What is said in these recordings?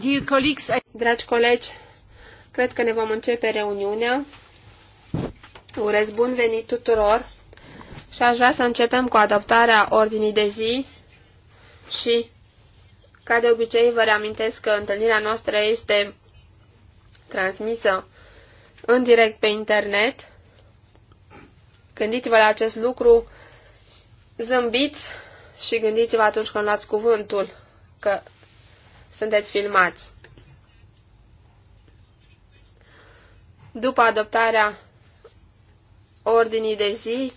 Dear colleagues, I... Dragi colegi, cred că ne vom începe reuniunea. Urez bun venit tuturor și aș vrea să începem cu adoptarea ordinii de zi și, ca de obicei, vă reamintesc că întâlnirea noastră este transmisă în direct pe internet. Gândiți-vă la acest lucru, zâmbiți și gândiți-vă atunci când luați cuvântul că sunteți filmați. După adoptarea ordinii de zi,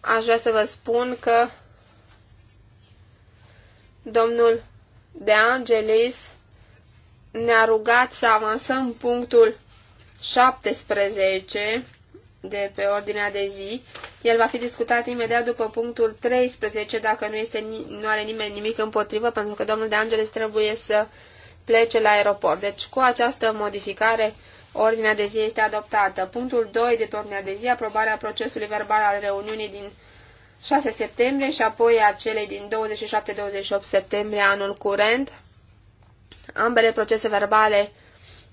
aș vrea să vă spun că domnul De Angelis ne-a rugat să avansăm punctul 17 de pe ordinea de zi. El va fi discutat imediat după punctul 13, dacă nu, este, nu are nimeni nimic împotrivă, pentru că domnul de Angeles trebuie să plece la aeroport. Deci, cu această modificare, ordinea de zi este adoptată. Punctul 2 de pe ordinea de zi, aprobarea procesului verbal al reuniunii din 6 septembrie și apoi a celei din 27-28 septembrie anul curent. Ambele procese verbale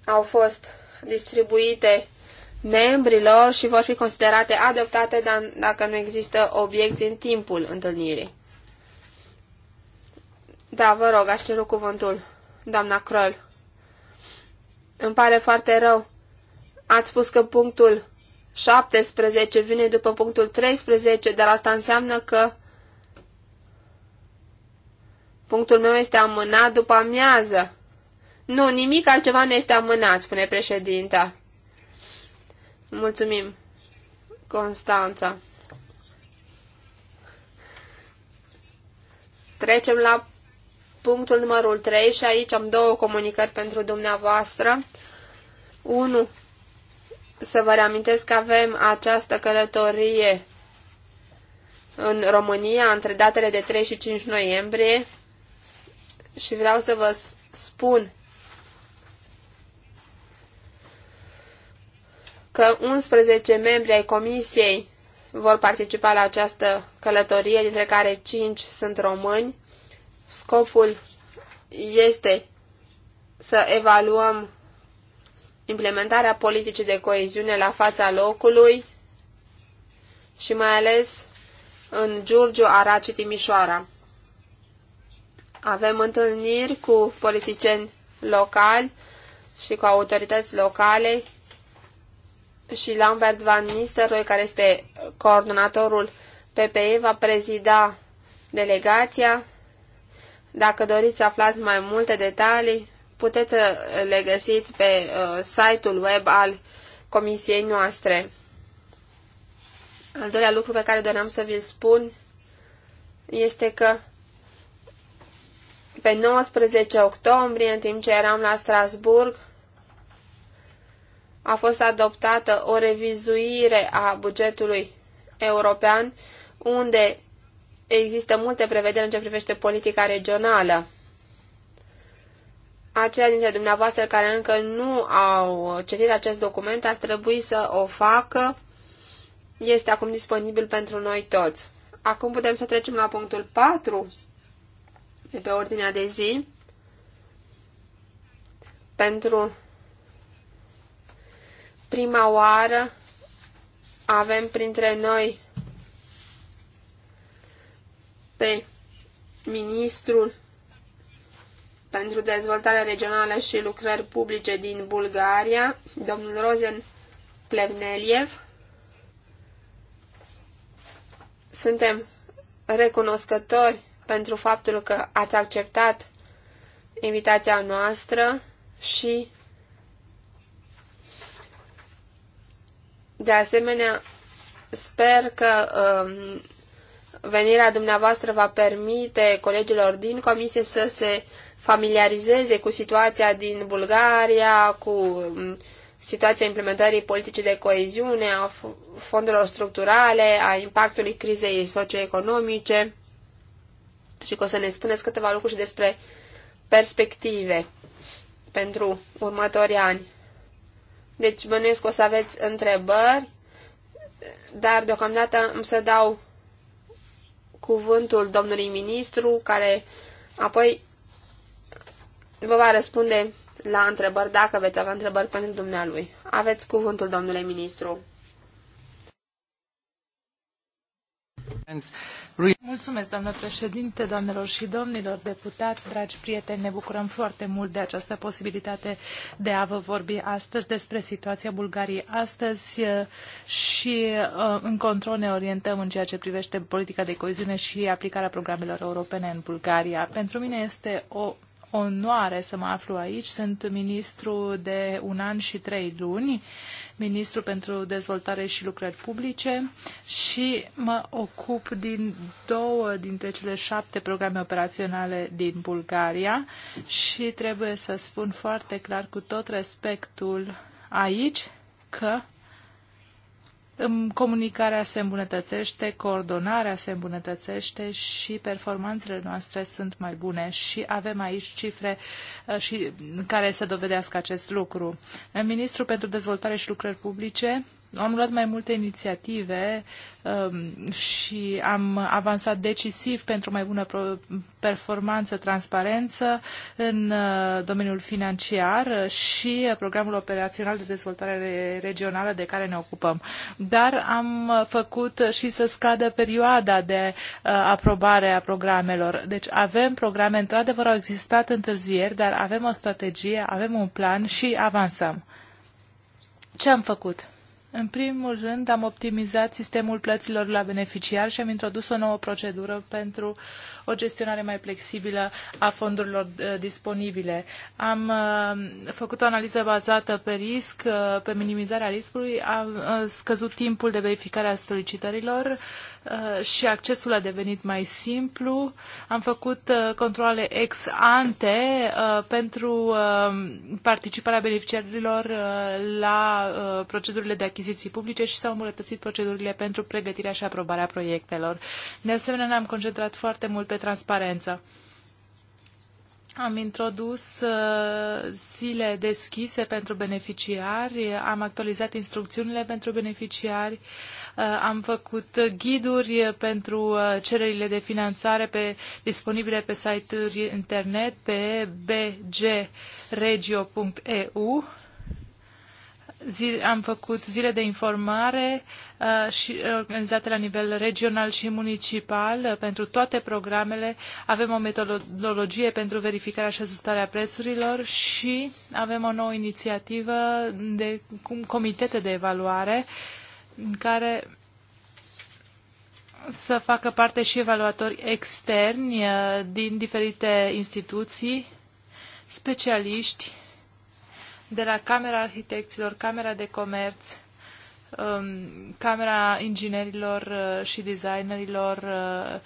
au fost distribuite membrilor și vor fi considerate adoptate dacă nu există obiecții în timpul întâlnirii. Da, vă rog, aș ceru cuvântul, doamna Kroll. Îmi pare foarte rău. Ați spus că punctul 17 vine după punctul 13, dar asta înseamnă că punctul meu este amânat după amiază. Nu, nimic altceva nu este amânat, spune președinta. Mulțumim, Constanța. Trecem la punctul numărul 3 și aici am două comunicări pentru dumneavoastră. 1. Să vă reamintesc că avem această călătorie în România între datele de 3 și 5 noiembrie și vreau să vă spun că 11 membri ai comisiei vor participa la această călătorie, dintre care 5 sunt români. Scopul este să evaluăm implementarea politicii de coeziune la fața locului și mai ales în Giurgiu, Araci, Timișoara. Avem întâlniri cu politicieni locali și cu autorități locale și Lambert Van Nistelrooy, care este coordonatorul PPE, va prezida delegația. Dacă doriți să aflați mai multe detalii, puteți să le găsiți pe uh, site-ul web al comisiei noastre. Al doilea lucru pe care doream să vi-l spun este că pe 19 octombrie, în timp ce eram la Strasburg, a fost adoptată o revizuire a bugetului european, unde există multe prevederi în ce privește politica regională. Aceia dintre dumneavoastră care încă nu au citit acest document ar trebui să o facă. Este acum disponibil pentru noi toți. Acum putem să trecem la punctul 4 de pe ordinea de zi pentru prima oară avem printre noi pe ministrul pentru dezvoltare regională și lucrări publice din Bulgaria, domnul Rozen Plevneliev. Suntem recunoscători pentru faptul că ați acceptat invitația noastră și De asemenea, sper că um, venirea dumneavoastră va permite colegilor din comisie să se familiarizeze cu situația din Bulgaria, cu um, situația implementării politicii de coeziune, a fondurilor structurale, a impactului crizei socioeconomice și că o să ne spuneți câteva lucruri și despre perspective pentru următorii ani deci bănuiesc că o să aveți întrebări, dar deocamdată îmi să dau cuvântul domnului ministru, care apoi vă va răspunde la întrebări, dacă veți avea întrebări pentru dumnealui. Aveți cuvântul, domnule ministru. Mulțumesc, doamnă președinte, doamnelor și domnilor deputați, dragi prieteni, ne bucurăm foarte mult de această posibilitate de a vă vorbi astăzi despre situația Bulgariei astăzi eh, și eh, încotro ne orientăm în ceea ce privește politica de coeziune și aplicarea programelor europene în Bulgaria. Pentru mine este o onoare să mă aflu aici. Sunt ministru de un an și trei luni, ministru pentru dezvoltare și lucrări publice și mă ocup din două dintre cele șapte programe operaționale din Bulgaria și trebuie să spun foarte clar cu tot respectul aici că comunicarea se îmbunătățește, coordonarea se îmbunătățește și performanțele noastre sunt mai bune și avem aici cifre uh, și care să dovedească acest lucru. Ministrul pentru Dezvoltare și Lucrări Publice am luat mai multe inițiative um, și am avansat decisiv pentru mai bună performanță, transparență în uh, domeniul financiar și programul operațional de dezvoltare regională de care ne ocupăm. Dar am făcut și să scadă perioada de uh, aprobare a programelor. Deci avem programe, într-adevăr au existat întârzieri, dar avem o strategie, avem un plan și avansăm. Ce am făcut? În primul rând, am optimizat sistemul plăților la beneficiar și am introdus o nouă procedură pentru o gestionare mai flexibilă a fondurilor uh, disponibile. Am uh, făcut o analiză bazată pe risc, uh, pe minimizarea riscului, am scăzut timpul de verificare a solicitărilor, Uh, și accesul a devenit mai simplu. Am făcut uh, controle ex ante uh, pentru participarea beneficiarilor la procedurile de achiziții publice și s-au îmbunătățit procedurile pentru pregătirea și aprobarea proiectelor. De asemenea, ne-am concentrat foarte mult pe transparență. Am introdus zile deschise pentru beneficiari, am actualizat instrucțiunile pentru beneficiari, Uh, am făcut ghiduri pentru uh, cererile de finanțare pe, disponibile pe site-uri internet pe bgregio.eu. Zile, am făcut zile de informare uh, și uh, organizate la nivel regional și municipal uh, pentru toate programele. Avem o metodologie pentru verificarea și ajustarea prețurilor și avem o nouă inițiativă de cum, comitete de evaluare uh, în care să facă parte și evaluatori externi uh, din diferite instituții, specialiști de la Camera Arhitecților, Camera de Comerț, um, Camera Inginerilor uh, și Designerilor, uh,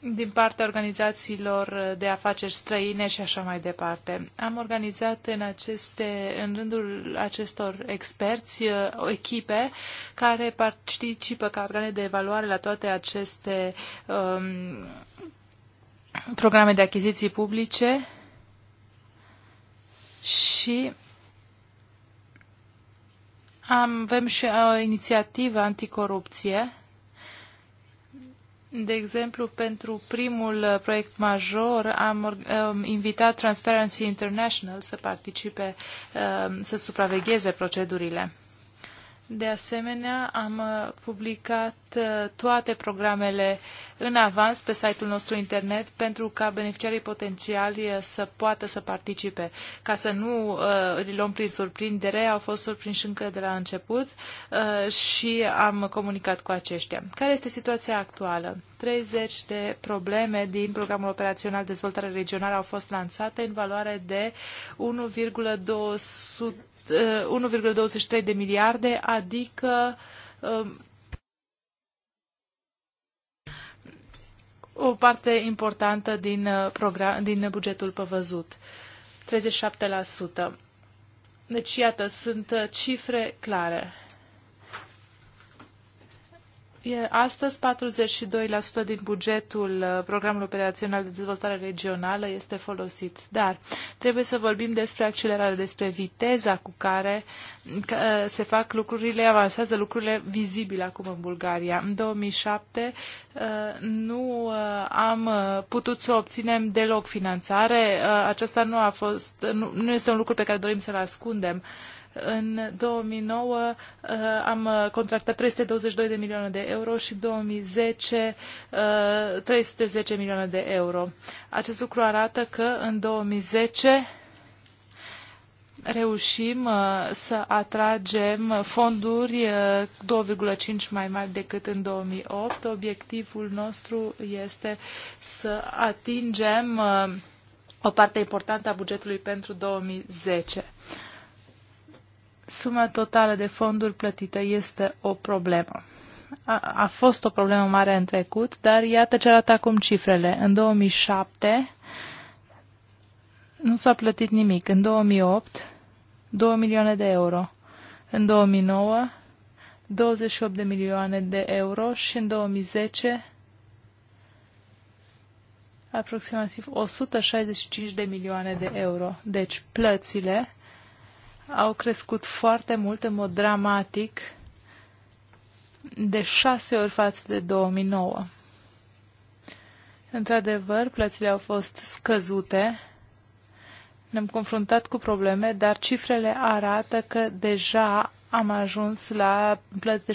din partea organizațiilor de afaceri străine și așa mai departe. Am organizat în, aceste, în rândul acestor experți uh, o echipe care participă ca organe de evaluare la toate aceste um, programe de achiziții publice și avem și o inițiativă anticorupție de exemplu, pentru primul uh, proiect major am invitat Transparency International să participe, uh, să supravegheze procedurile. De asemenea, am uh, publicat uh, toate programele în avans pe site-ul nostru internet pentru ca beneficiarii potențiali uh, să poată să participe. Ca să nu uh, îi luăm prin surprindere, au fost surprinși încă de la început uh, și am comunicat cu aceștia. Care este situația actuală? 30 de probleme din programul operațional dezvoltare regională au fost lansate în valoare de 1,200 Uh, 1,23 de miliarde, adică um, o parte importantă din, uh, program, din bugetul păvăzut, 37%. Deci, iată, sunt uh, cifre clare. E astăzi 42% din bugetul uh, programului operațional de dezvoltare regională este folosit, dar trebuie să vorbim despre accelerare, despre viteza cu care uh, se fac lucrurile, avansează lucrurile vizibile acum în Bulgaria. În 2007 uh, nu am putut să obținem deloc finanțare. Aceasta nu a fost, nu, este un lucru pe care dorim să-l ascundem în 2009 uh, am contractat 322 de milioane de euro și 2010 310 uh, milioane de euro. Acest lucru arată că în 2010 reușim uh, să atragem fonduri 2,5 mai mari decât în 2008. Obiectivul nostru este să atingem o parte importantă a bugetului pentru 2010 suma totală de fonduri plătite este o problemă. A, a fost o problemă mare în trecut, dar iată ce arată acum cifrele. În 2007 nu s-a plătit nimic. În 2008, 2 milioane de euro. În 2009, 28 de milioane de euro și în 2010 aproximativ 165 de milioane de euro. Deci plățile au crescut foarte mult, în mod dramatic, de șase ori față de 2009. Într-adevăr, plățile au fost scăzute, ne-am confruntat cu probleme, dar cifrele arată că deja am ajuns la plăți de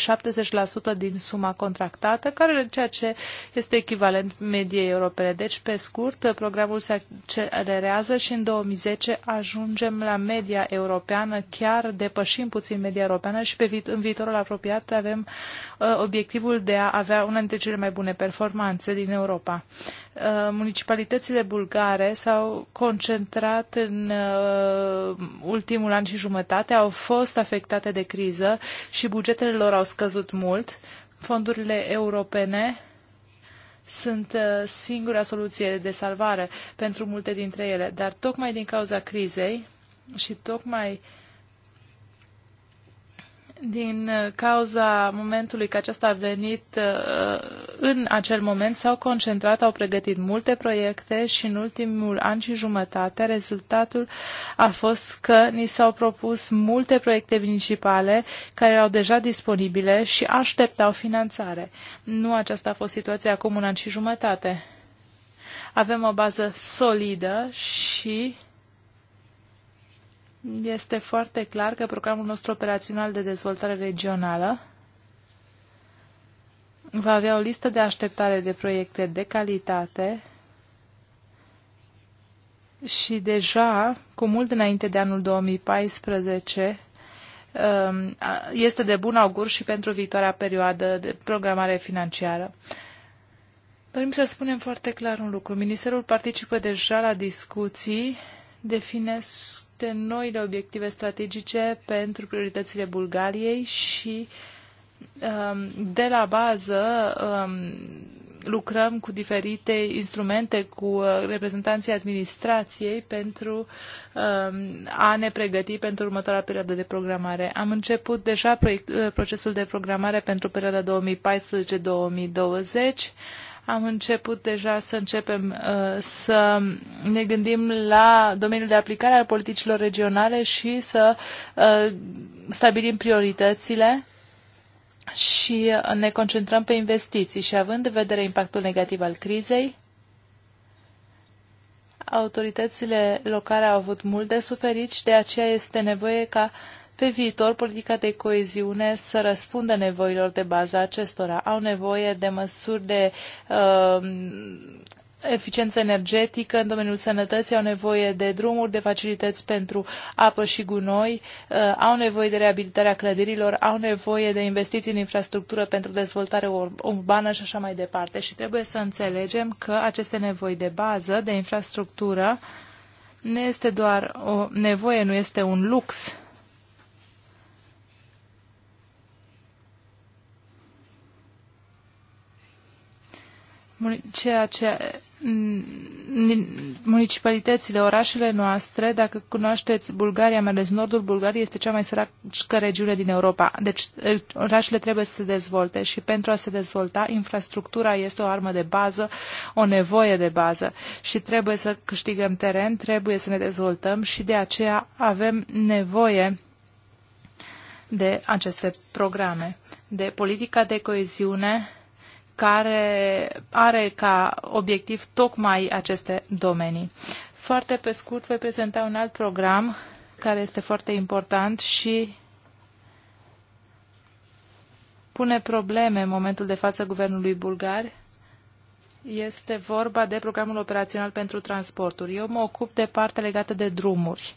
70% din suma contractată, care ceea ce este echivalent mediei europene. Deci, pe scurt, programul se accelerează și în 2010 ajungem la media europeană, chiar depășim puțin media europeană și pe viitor, în viitorul apropiat avem uh, obiectivul de a avea una dintre cele mai bune performanțe din Europa. Uh, municipalitățile bulgare s-au concentrat în uh, ultimul an și jumătate, au fost afectate de criză și bugetele lor au scăzut mult. Fondurile europene sunt uh, singura soluție de salvare pentru multe dintre ele, dar tocmai din cauza crizei și tocmai uh, din uh, cauza momentului că acesta a venit uh, în acel moment, s-au concentrat, au pregătit multe proiecte și în ultimul an și jumătate rezultatul a fost că ni s-au propus multe proiecte principale care erau deja disponibile și așteptau finanțare. Nu aceasta a fost situația acum un an și jumătate. Avem o bază solidă și este foarte clar că programul nostru operațional de dezvoltare regională va avea o listă de așteptare de proiecte de calitate și deja, cu mult înainte de anul 2014, um, este de bun augur și pentru viitoarea perioadă de programare financiară. Dorim să spunem foarte clar un lucru. Ministerul participă deja la discuții definește noile obiective strategice pentru prioritățile Bulgariei și um, de la bază um, lucrăm cu diferite instrumente, cu uh, reprezentanții administrației pentru um, a ne pregăti pentru următoarea perioadă de programare. Am început deja proiect, uh, procesul de programare pentru perioada 2014-2020 am început deja să începem uh, să ne gândim la domeniul de aplicare al politicilor regionale și să uh, stabilim prioritățile și ne concentrăm pe investiții și având în vedere impactul negativ al crizei, autoritățile locale au avut mult de suferit și de aceea este nevoie ca uh, pe viitor politica de coeziune să răspundă nevoilor de bază acestora. Au nevoie de măsuri de uh, eficiență energetică, în domeniul sănătății au nevoie de drumuri, de facilități pentru apă și gunoi, uh, au nevoie de reabilitarea clădirilor, au nevoie de investiții în infrastructură pentru dezvoltare urbană și așa mai departe. Și trebuie să înțelegem că aceste nevoi de bază, de infrastructură, nu este doar o nevoie, nu este un lux ceea ce mm, municipalitățile, orașele noastre, dacă cunoașteți Bulgaria, mai ales nordul Bulgariei, este cea mai săracă regiune din Europa. Deci orașele trebuie să se dezvolte și pentru a se dezvolta, infrastructura este o armă de bază, o nevoie de bază și trebuie să câștigăm teren, trebuie să ne dezvoltăm și de aceea avem nevoie de aceste programe, de politica de coeziune, care are ca obiectiv tocmai aceste domenii. Foarte pe scurt voi prezenta un alt program care este foarte important și pune probleme în momentul de față guvernului bulgar este vorba de programul operațional pentru transporturi. Eu mă ocup de partea legată de drumuri,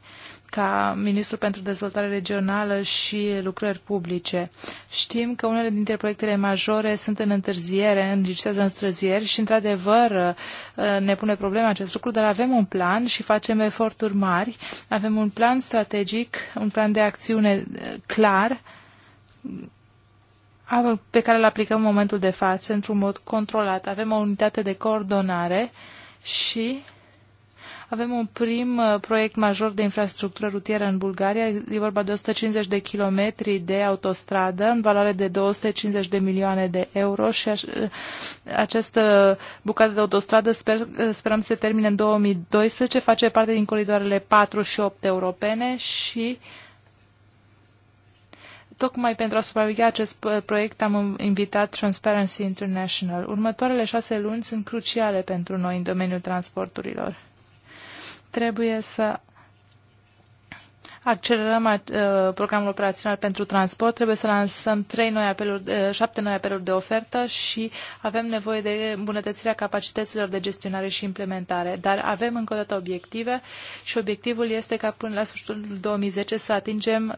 ca ministru pentru dezvoltare regională și lucrări publice. Știm că unele dintre proiectele majore sunt în întârziere, în străzieri și, într-adevăr, ne pune problema acest lucru, dar avem un plan și facem eforturi mari. Avem un plan strategic, un plan de acțiune eh, clar pe care îl aplicăm în momentul de față într-un mod controlat. Avem o unitate de coordonare și avem un prim uh, proiect major de infrastructură rutieră în Bulgaria. E vorba de 150 de kilometri de autostradă în valoare de 250 de milioane de euro și uh, această bucată de autostradă sper, uh, sperăm să se termine în 2012. Face parte din coridoarele 4 și 8 europene și uh, Tocmai pentru a supraveghea acest proiect am invitat Transparency International. Următoarele șase luni sunt cruciale pentru noi în domeniul transporturilor. Trebuie să accelerăm uh, programul operațional pentru transport, trebuie să lansăm trei noi apeluri, uh, șapte noi apeluri de ofertă și avem nevoie de îmbunătățirea capacităților de gestionare și implementare. Dar avem încă o dată obiective și obiectivul este ca până la sfârșitul 2010 să atingem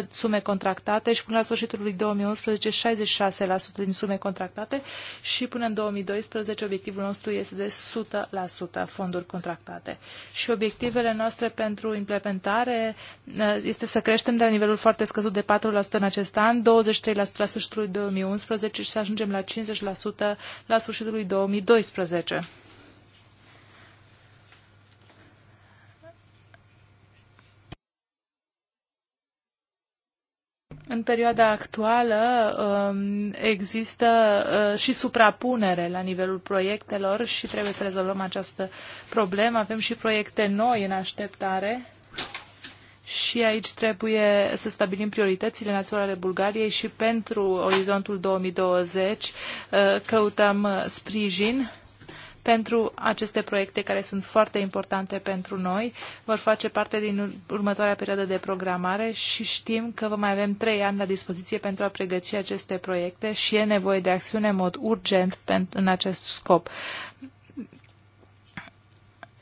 25% sume contractate și până la sfârșitul lui 2011 66% din sume contractate și până în 2012 obiectivul nostru este de 100% fonduri contractate. Și obiectivele noastre pentru implementare cercetare uh, este să creștem de la nivelul foarte scăzut de 4% în acest an, 23% la sfârșitul 2011 și să ajungem la 50% la sfârșitul lui 2012. În perioada actuală um, există uh, și suprapunere la nivelul proiectelor și trebuie să rezolvăm această problemă. Avem și proiecte noi în așteptare și aici trebuie să stabilim prioritățile naționale ale Bulgariei și pentru orizontul 2020 uh, căutăm sprijin pentru aceste proiecte care sunt foarte importante pentru noi. Vor face parte din următoarea perioadă de programare și știm că vă mai avem trei ani la dispoziție pentru a pregăti aceste proiecte și e nevoie de acțiune în mod urgent în acest scop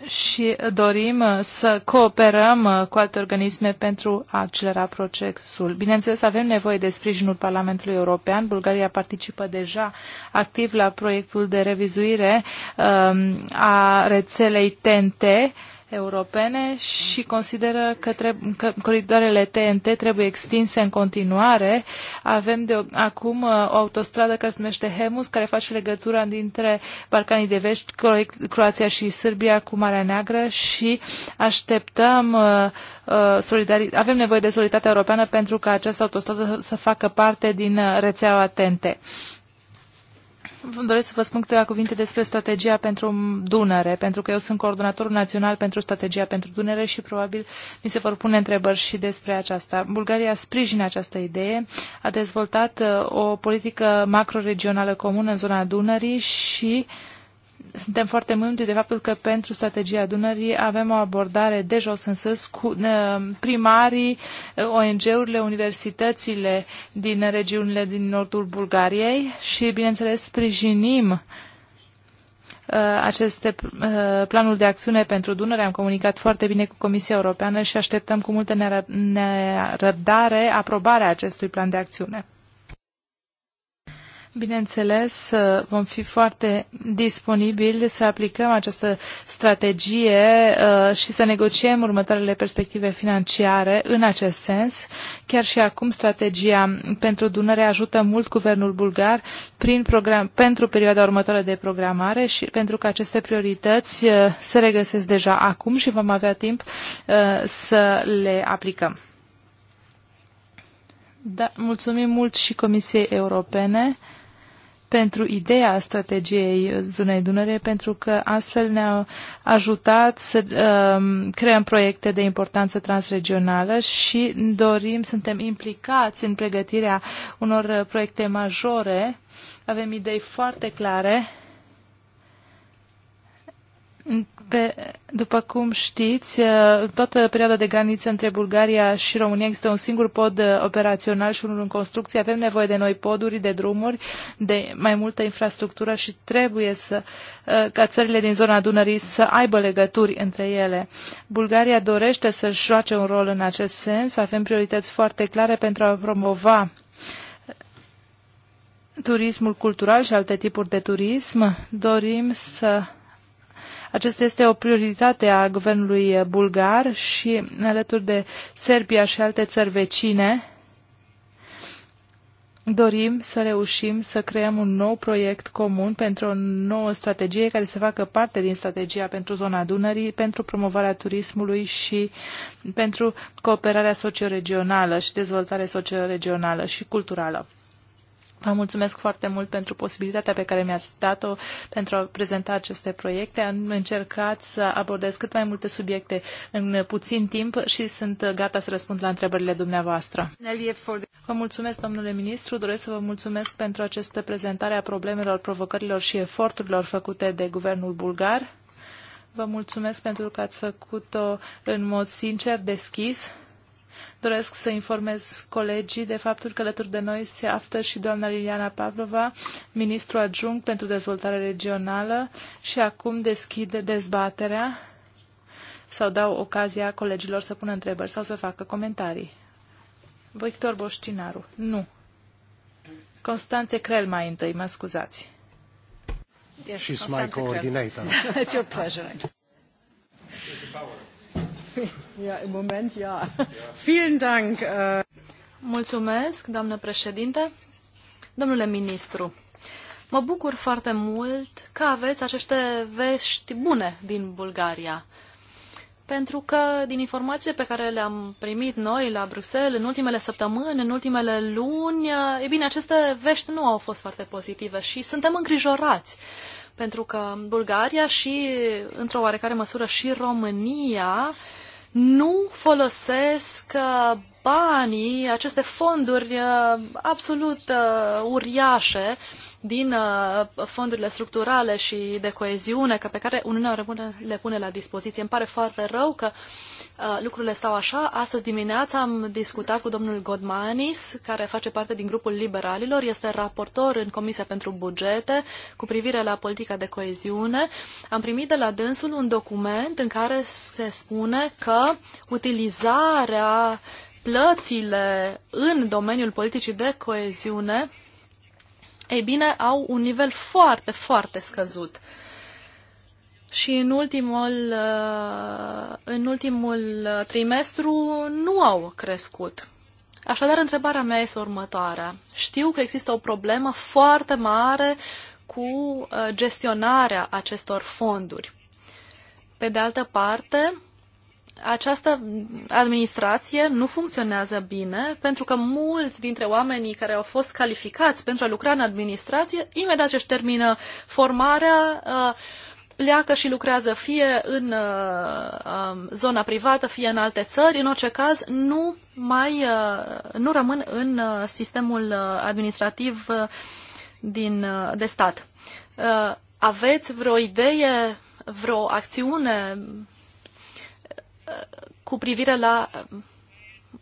și dorim uh, să cooperăm uh, cu alte organisme pentru a accelera procesul. Bineînțeles, avem nevoie de sprijinul Parlamentului European. Bulgaria participă deja activ la proiectul de revizuire um, a rețelei TNT europene și consideră că, treb- că coridoarele TNT trebuie extinse în continuare. Avem de acum uh, o autostradă care se numește Hemus, care face legătura dintre Balcanii de Vest, Croația și Sârbia cu Marea Neagră și așteptăm uh, uh, solidari- avem nevoie de solidaritatea europeană pentru ca această autostradă să facă parte din rețeaua TNT doresc să vă spun câteva cuvinte despre strategia pentru Dunăre, pentru că eu sunt coordonatorul național pentru strategia pentru Dunăre și probabil mi se vor pune întrebări și despre aceasta. Bulgaria sprijină această idee, a dezvoltat uh, o politică macroregională comună în zona Dunării și uh, suntem foarte mândri de faptul că pentru strategia Dunării avem o abordare de jos în sus cu primarii, ONG-urile, universitățile din regiunile din nordul Bulgariei și, bineînțeles, sprijinim uh, aceste uh, planuri de acțiune pentru Dunăre. Am comunicat foarte bine cu Comisia Europeană și așteptăm cu multă nerăbdare aprobarea acestui plan de acțiune. Bineînțeles, uh, vom fi foarte disponibili să aplicăm această strategie uh, și să negociem următoarele perspective financiare în acest sens. Chiar și acum, strategia pentru Dunăre ajută mult guvernul bulgar prin program, pentru perioada următoare de programare și pentru că aceste priorități uh, se regăsesc deja acum și vom avea timp să le aplicăm. Da, mulțumim mult și Comisiei Europene pentru ideea strategiei zonei Dunăre, pentru că astfel ne-a ajutat să um, creăm proiecte de importanță transregională și dorim, suntem implicați în pregătirea unor proiecte majore. Avem idei foarte clare pe, după cum știți, în uh, toată perioada de graniță între Bulgaria și România există un singur pod uh, operațional și unul în construcție. Avem nevoie de noi poduri, de drumuri, de mai multă infrastructură și trebuie să, uh, ca țările din zona Dunării să aibă legături între ele. Bulgaria dorește să-și joace un rol în acest sens. Avem priorități foarte clare pentru a promova turismul cultural și alte tipuri de turism. Dorim să acesta este o prioritate a guvernului bulgar și alături de Serbia și alte țări vecine dorim să reușim să creăm un nou proiect comun pentru o nouă strategie care să facă parte din strategia pentru zona Dunării, pentru promovarea turismului și pentru cooperarea socioregională și dezvoltare socioregională și culturală. Vă mulțumesc foarte mult pentru posibilitatea pe care mi-ați dat-o pentru a prezenta aceste proiecte. Am încercat să abordez cât mai multe subiecte în puțin timp și sunt gata să răspund la întrebările dumneavoastră. Vă mulțumesc, domnule ministru. Doresc să vă mulțumesc pentru această prezentare a problemelor, provocărilor și eforturilor făcute de guvernul bulgar. Vă mulțumesc pentru că ați făcut-o în mod sincer, deschis Doresc să informez colegii de faptul că alături de noi se află și doamna Liliana Pavlova, ministru adjunct pentru dezvoltare regională și acum deschide dezbaterea sau dau ocazia colegilor să pună întrebări sau să facă comentarii. Victor Boștinaru. Nu. Constanțe Crel mai întâi, mă scuzați. Yes, She's Constanze my coordinator. It's your pleasure. Ja, în moment, ja. Vielen Dank. Äh. Mulțumesc, doamnă președinte. Domnule ministru, mă bucur foarte mult că aveți aceste vești bune din Bulgaria pentru că din informații pe care le-am primit noi la Bruxelles în ultimele săptămâni, în ultimele luni, e bine, aceste vești nu au fost foarte pozitive și suntem îngrijorați. Pentru că Bulgaria și, într-o oarecare măsură, și România uh, nu folosesc uh, banii, aceste fonduri uh, absolut uh, uriașe din uh, fondurile structurale și de coeziune că pe care Uniunea Europeană le pune la dispoziție. Îmi pare foarte rău că uh, lucrurile stau așa. Astăzi dimineața am discutat cu domnul Godmanis, care face parte din grupul liberalilor, este raportor în Comisia pentru Bugete cu privire la politica de coeziune. Am primit de la dânsul un document în care se spune că utilizarea plățile în domeniul politicii de coeziune ei bine, au un nivel foarte, foarte scăzut. Și în ultimul, uh, în ultimul trimestru nu au crescut. Așadar, întrebarea mea este următoarea. Știu că există o problemă foarte mare cu uh, gestionarea acestor fonduri. Pe de altă parte, această administrație nu funcționează bine pentru că mulți dintre oamenii care au fost calificați pentru a lucra în administrație, imediat ce își termină formarea, pleacă uh, și lucrează fie în uh, um, zona privată, fie în alte țări. În orice caz, nu mai uh, nu rămân în sistemul administrativ din, de stat. Aveți vreo idee, vreo acțiune cu privire la um,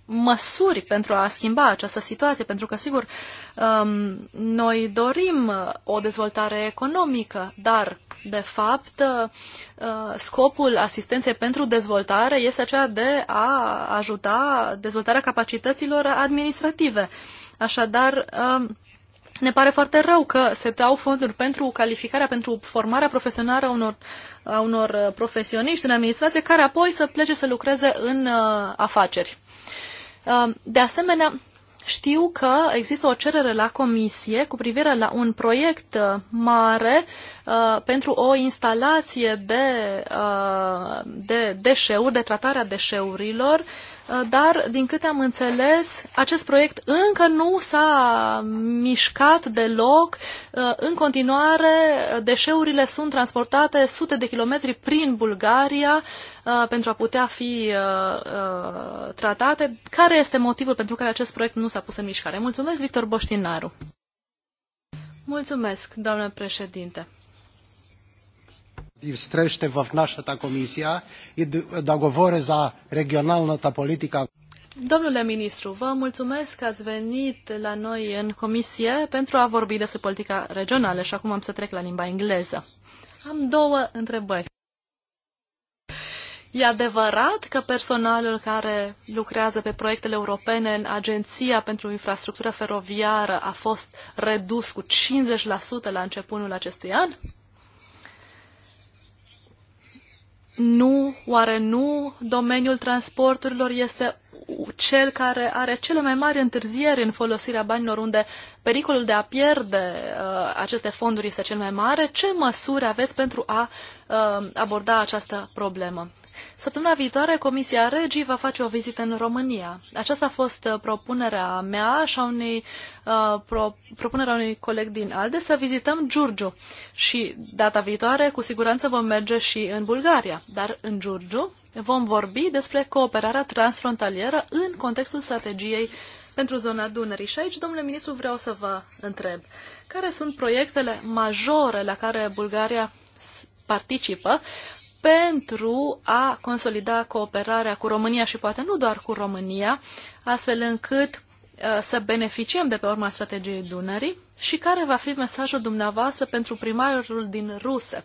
măsuri pentru a schimba această situație, pentru că, sigur, um, noi dorim uh, o dezvoltare economică, dar, de fapt, uh, uh, scopul asistenței pentru dezvoltare este aceea de a ajuta dezvoltarea capacităților administrative. Așadar, um, ne pare foarte rău că se dau fonduri pentru calificarea, pentru formarea profesională a unor, a unor uh, profesioniști în administrație care apoi să plece să lucreze în uh, afaceri. Uh, de asemenea, știu că există o cerere la comisie cu privire la un proiect uh, mare uh, pentru o instalație de, uh, de deșeuri, de tratarea deșeurilor Uh, dar, din câte am înțeles, acest proiect încă nu s-a mișcat deloc. Uh, în continuare, deșeurile sunt transportate sute de kilometri prin Bulgaria uh, pentru a putea fi tratate. Care este motivul pentru care acest proiect nu s-a pus în mișcare? Mulțumesc, Victor Boștinaru. Mulțumesc, doamnă președinte strešte vavnaša ta komisija și da govore za regionalna ta politika. Domnule ministru, vă mulțumesc că ați venit la noi în comisie pentru a vorbi despre politica regională și acum am să trec la limba engleză. Am două întrebări. E adevărat că personalul care lucrează pe proiectele europene în Agenția pentru Infrastructură Feroviară a fost redus cu 50% la începutul acestui an? nu, oare nu domeniul transporturilor este cel care are cele mai mari întârzieri în folosirea banilor, unde pericolul de a pierde uh, aceste fonduri este cel mai mare, ce măsuri aveți pentru a uh, aborda această problemă? Săptămâna viitoare, Comisia Regii va face o vizită în România. Aceasta a fost uh, propunerea mea și a unei, uh, pro, propunerea unui coleg din ALDE să vizităm Giurgiu. Și data viitoare, cu siguranță, vom merge și în Bulgaria. Dar în Giurgiu vom vorbi despre cooperarea transfrontalieră în contextul strategiei pentru zona Dunării. Și aici, domnule ministru, vreau să vă întreb. Care sunt proiectele majore la care Bulgaria participă pentru a consolida cooperarea cu România și poate nu doar cu România, astfel încât uh, să beneficiem de pe urma strategiei Dunării și care va fi mesajul dumneavoastră pentru primarul din Ruse.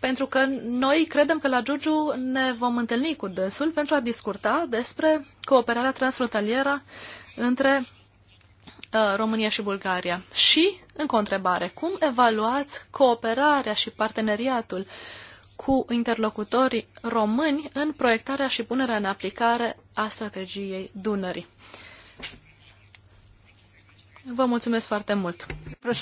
Pentru că noi credem că la Giurgiu ne vom întâlni cu dânsul pentru a discuta despre cooperarea transfrontalieră între uh, România și Bulgaria. Și, în întrebare, cum evaluați cooperarea și parteneriatul uh, cu interlocutorii români în proiectarea și punerea în aplicare a strategiei Dunării. Vă mulțumesc foarte mult. Uh,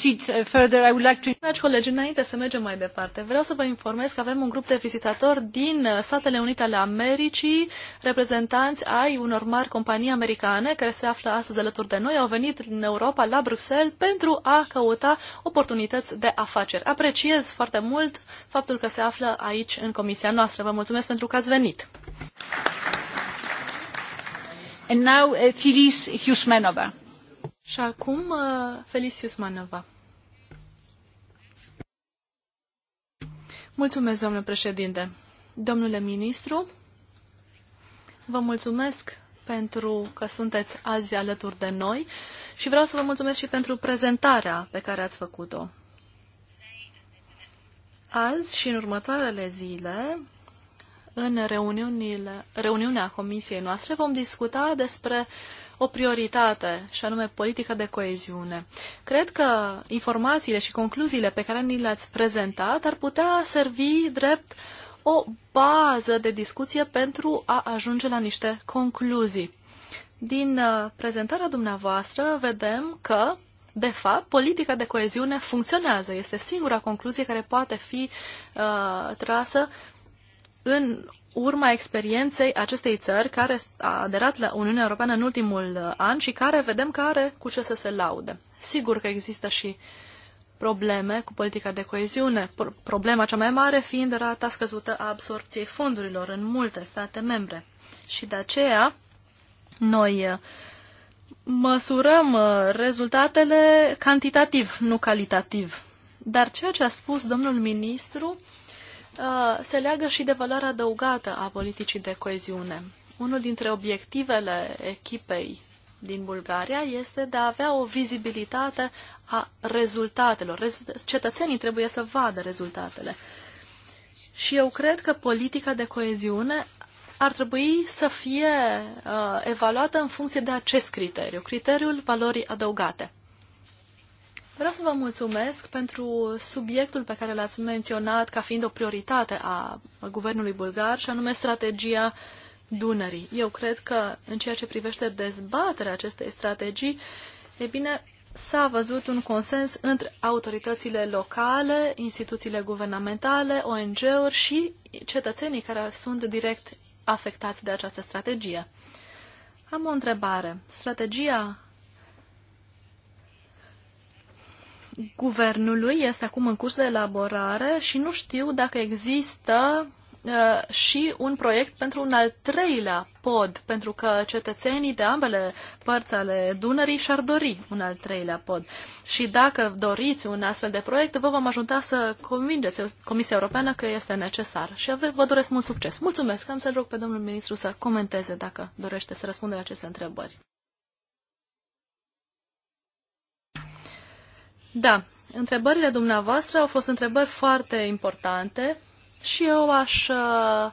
further, I would like to... Dragi colegi, înainte să mergem mai departe, vreau să vă informez că avem un grup de vizitatori din uh, Statele Unite ale Americii, reprezentanți ai unor mari companii americane care se află astăzi alături de noi, au venit în Europa, la Bruxelles, pentru a căuta oportunități de afaceri. Apreciez foarte mult faptul că se află aici, în comisia noastră. Vă mulțumesc pentru că ați venit. And now, uh, Filiz și acum, uh, Felicius Manova. Mulțumesc, domnule președinte. Domnule ministru, vă mulțumesc pentru că sunteți azi alături de noi și vreau să vă mulțumesc și pentru prezentarea pe care ați făcut-o. Azi și în următoarele zile, în reuniunile, reuniunea comisiei noastre, vom discuta despre uh, o prioritate, și anume politica de coeziune. Cred că informațiile și concluziile pe care ni le-ați prezentat ar putea servi drept o bază de discuție pentru a ajunge la niște concluzii. Din uh, prezentarea dumneavoastră vedem că de fapt, politica de coeziune funcționează. Este singura concluzie care poate fi uh, trasă în urma experienței acestei țări care a aderat la Uniunea Europeană în ultimul uh, an și care vedem că are cu ce să se laude. Sigur că există și probleme cu politica de coeziune, problema cea mai mare fiind rata scăzută a absorpției fondurilor în multe state membre. Și de aceea noi uh, măsurăm uh, rezultatele cantitativ, nu calitativ. Dar ceea ce a spus domnul ministru Uh, se leagă și de valoarea adăugată a politicii de coeziune. Unul dintre obiectivele echipei din Bulgaria este de a avea o vizibilitate a rezultatelor. Cetățenii trebuie să vadă rezultatele. Și eu cred că politica de coeziune ar trebui să fie uh, evaluată în funcție de acest criteriu, criteriul valorii adăugate. Vreau să vă mulțumesc pentru subiectul pe care l-ați menționat ca fiind o prioritate a guvernului bulgar și anume strategia Dunării. Eu cred că în ceea ce privește dezbaterea acestei strategii, e bine, s-a văzut un consens între autoritățile locale, instituțiile guvernamentale, ONG-uri și cetățenii care sunt direct afectați de această strategie. Am o întrebare. Strategia guvernului este acum în curs de elaborare și nu știu dacă există uh, și un proiect pentru un al treilea pod, pentru că cetățenii de ambele părți ale Dunării și-ar dori un al treilea pod. Și dacă doriți un astfel de proiect, vă vom ajuta să convingeți Comisia Europeană că este necesar. Și vă doresc mult succes. Mulțumesc. Am să rog pe domnul ministru să comenteze dacă dorește să răspundă la aceste întrebări. Da, întrebările dumneavoastră au fost întrebări foarte importante și eu aș uh,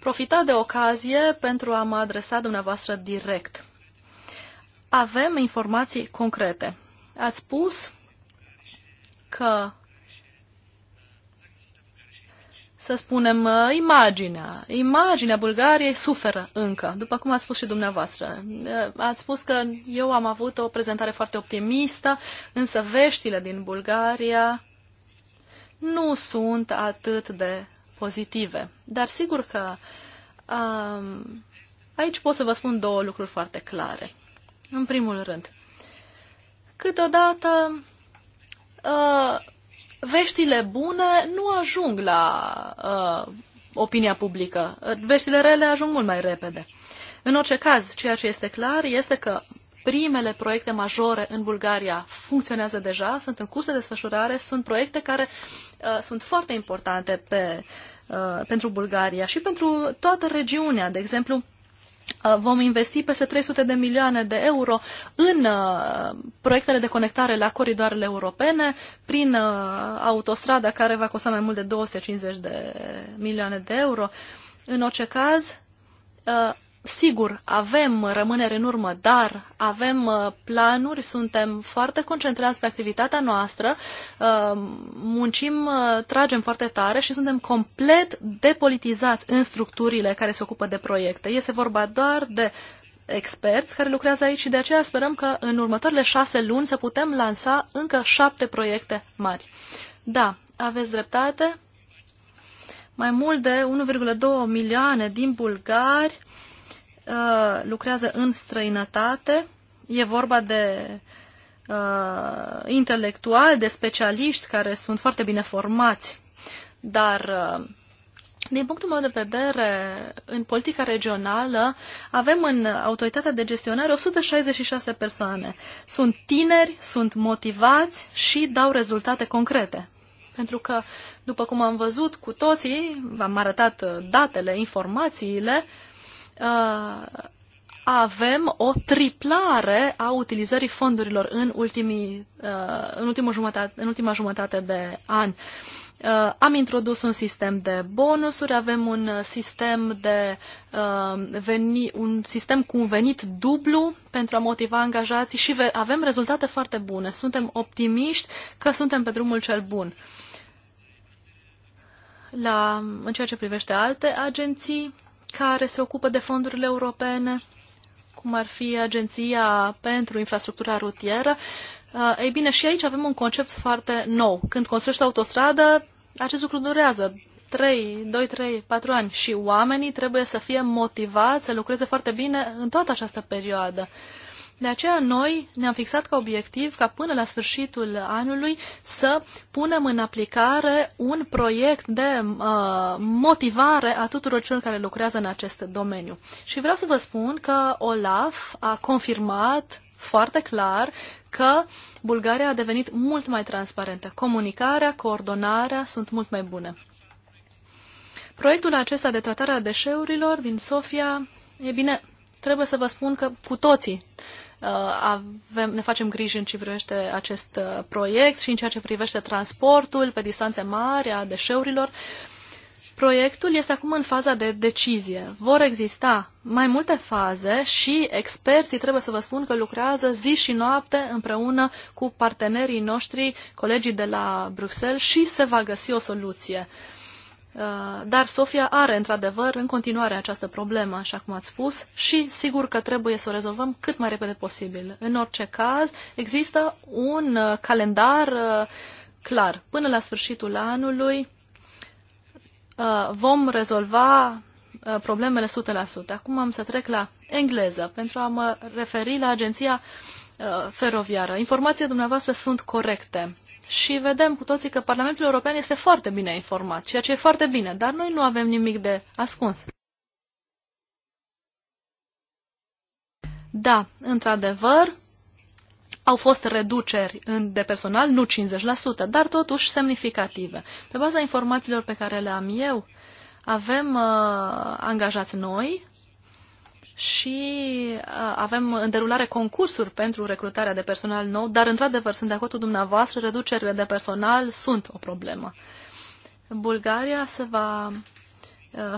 profita de ocazie pentru a mă adresa dumneavoastră direct. Avem informații concrete. Ați spus că să spunem, uh, imaginea. Imaginea Bulgariei suferă încă, după cum ați spus și dumneavoastră. Uh, ați spus că eu am avut o prezentare foarte optimistă, însă veștile din Bulgaria nu sunt atât de pozitive. Dar sigur că um, aici pot să vă spun două lucruri foarte clare. În primul rând, câteodată uh, veștile bune nu ajung la uh, opinia publică. Veștile rele ajung mult mai repede. În orice caz, ceea ce este clar este că primele proiecte majore în Bulgaria funcționează deja, sunt în curs de desfășurare, sunt proiecte care uh, sunt foarte importante pe, uh, pentru Bulgaria și pentru toată regiunea. De exemplu, Uh, vom investi peste 300 de milioane de euro în uh, proiectele de conectare la coridoarele europene prin uh, autostrada care va costa mai mult de 250 de milioane de euro. În orice caz, Sigur, avem rămâneri în urmă, dar avem uh, planuri, suntem foarte concentrați pe activitatea noastră, uh, muncim, uh, tragem foarte tare și suntem complet depolitizați în structurile care se ocupă de proiecte. Este vorba doar de experți care lucrează aici și de aceea sperăm că în următoarele șase luni să putem lansa încă șapte proiecte mari. Da, aveți dreptate. Mai mult de 1,2 milioane din bulgari Uh, lucrează în străinătate. E vorba de uh, intelectuali, de specialiști care sunt foarte bine formați. Dar, uh, din punctul meu de vedere, în politica regională avem în autoritatea de gestionare 166 persoane. Sunt tineri, sunt motivați și dau rezultate concrete. Pentru că, după cum am văzut cu toții, v-am arătat uh, datele, informațiile, uh, Uh, avem o triplare a utilizării fondurilor în, ultimii, uh, în, ultimul jumătate, în ultima jumătate de an. Uh, am introdus un sistem de bonusuri, avem un sistem, de, veni, un sistem cu un venit dublu pentru a motiva angajații și avem rezultate foarte bune. Suntem optimiști că suntem pe drumul cel bun. La, în ceea ce privește alte agenții, care se ocupă de fondurile europene, cum ar fi Agenția pentru Infrastructura Rutieră. Uh, ei bine, și aici avem un concept foarte nou. Când construiești autostradă, acest lucru durează 3, 2, 3, 4 ani și oamenii trebuie să fie motivați să lucreze foarte bine în toată această perioadă. Uh, de aceea noi ne-am fixat ca obiectiv ca până la sfârșitul anului să punem în aplicare un proiect de uh, motivare a tuturor celor care lucrează în acest domeniu. Și vreau să vă spun că OLAF a confirmat foarte clar că Bulgaria a devenit mult mai transparentă. Comunicarea, coordonarea sunt mult mai bune. Proiectul acesta de tratare a deșeurilor din Sofia, e bine, trebuie să vă spun că cu toții Uh, avem, ne facem griji în ce privește acest uh, proiect și în ceea ce privește transportul pe distanțe mari a deșeurilor. Proiectul este acum în faza de decizie. Vor exista mai multe faze și experții, trebuie să vă spun că lucrează zi și noapte împreună cu partenerii noștri, colegii de la Bruxelles și se va găsi o soluție. Uh, Uh, dar Sofia are, într-adevăr, în continuare această problemă, așa cum ați spus, și sigur că trebuie să o rezolvăm cât mai repede posibil. În orice caz, există un uh, calendar uh, clar. Până la sfârșitul anului vom rezolva problemele 100%. Acum am să trec la engleză pentru a mă referi la agenția feroviară. Informațiile dumneavoastră sunt corecte și vedem cu toții că Parlamentul European este foarte bine informat, ceea ce e foarte bine, dar noi nu avem nimic de ascuns. Da, într-adevăr, au fost reduceri de personal, nu 50%, dar totuși semnificative. Pe baza informațiilor pe care le am eu, avem uh, angajați noi și avem în derulare concursuri pentru recrutarea de personal nou, dar într-adevăr sunt de acord cu dumneavoastră, reducerile de personal sunt o problemă. Bulgaria se va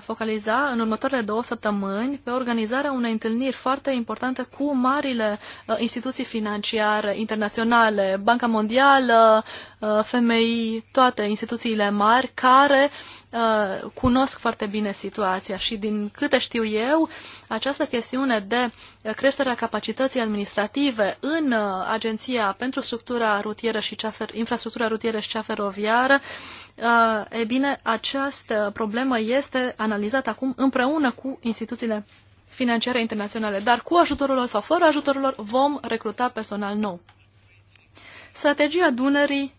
focaliza în următoarele două săptămâni pe organizarea unei întâlniri foarte importante cu marile instituții financiare internaționale, Banca Mondială, Uh, femei, toate instituțiile mari care uh, cunosc foarte bine situația și din câte știu eu, această chestiune de creșterea capacității administrative în uh, Agenția pentru structura rutieră și cea fer- infrastructura rutieră și cea feroviară, e bine, această problemă este analizată acum împreună cu instituțiile financiare internaționale, dar cu ajutorul lor sau fără ajutorul lor vom recruta personal nou. Strategia Dunării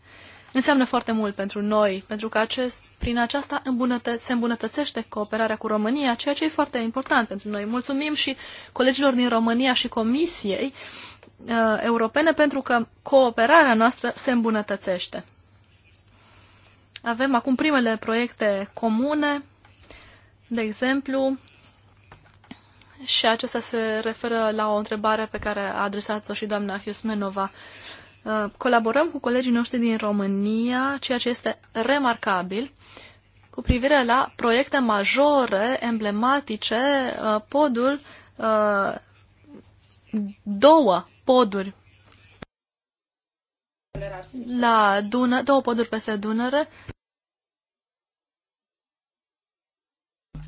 înseamnă foarte mult pentru noi, pentru că acest, prin aceasta îmbunătă- se îmbunătățește cooperarea cu România, ceea ce e foarte important pentru noi. Mulțumim și colegilor din România și Comisiei uh, Europene pentru că cooperarea noastră se îmbunătățește. Avem acum primele proiecte comune, de exemplu, și acesta se referă la o întrebare pe care a adresat-o și doamna Hiusmenova. Uh, Uh, colaborăm cu colegii noștri din România, ceea ce este remarcabil, cu privire la proiecte majore, emblematice, uh, podul, uh, două poduri la Dună, două poduri peste Dunăre,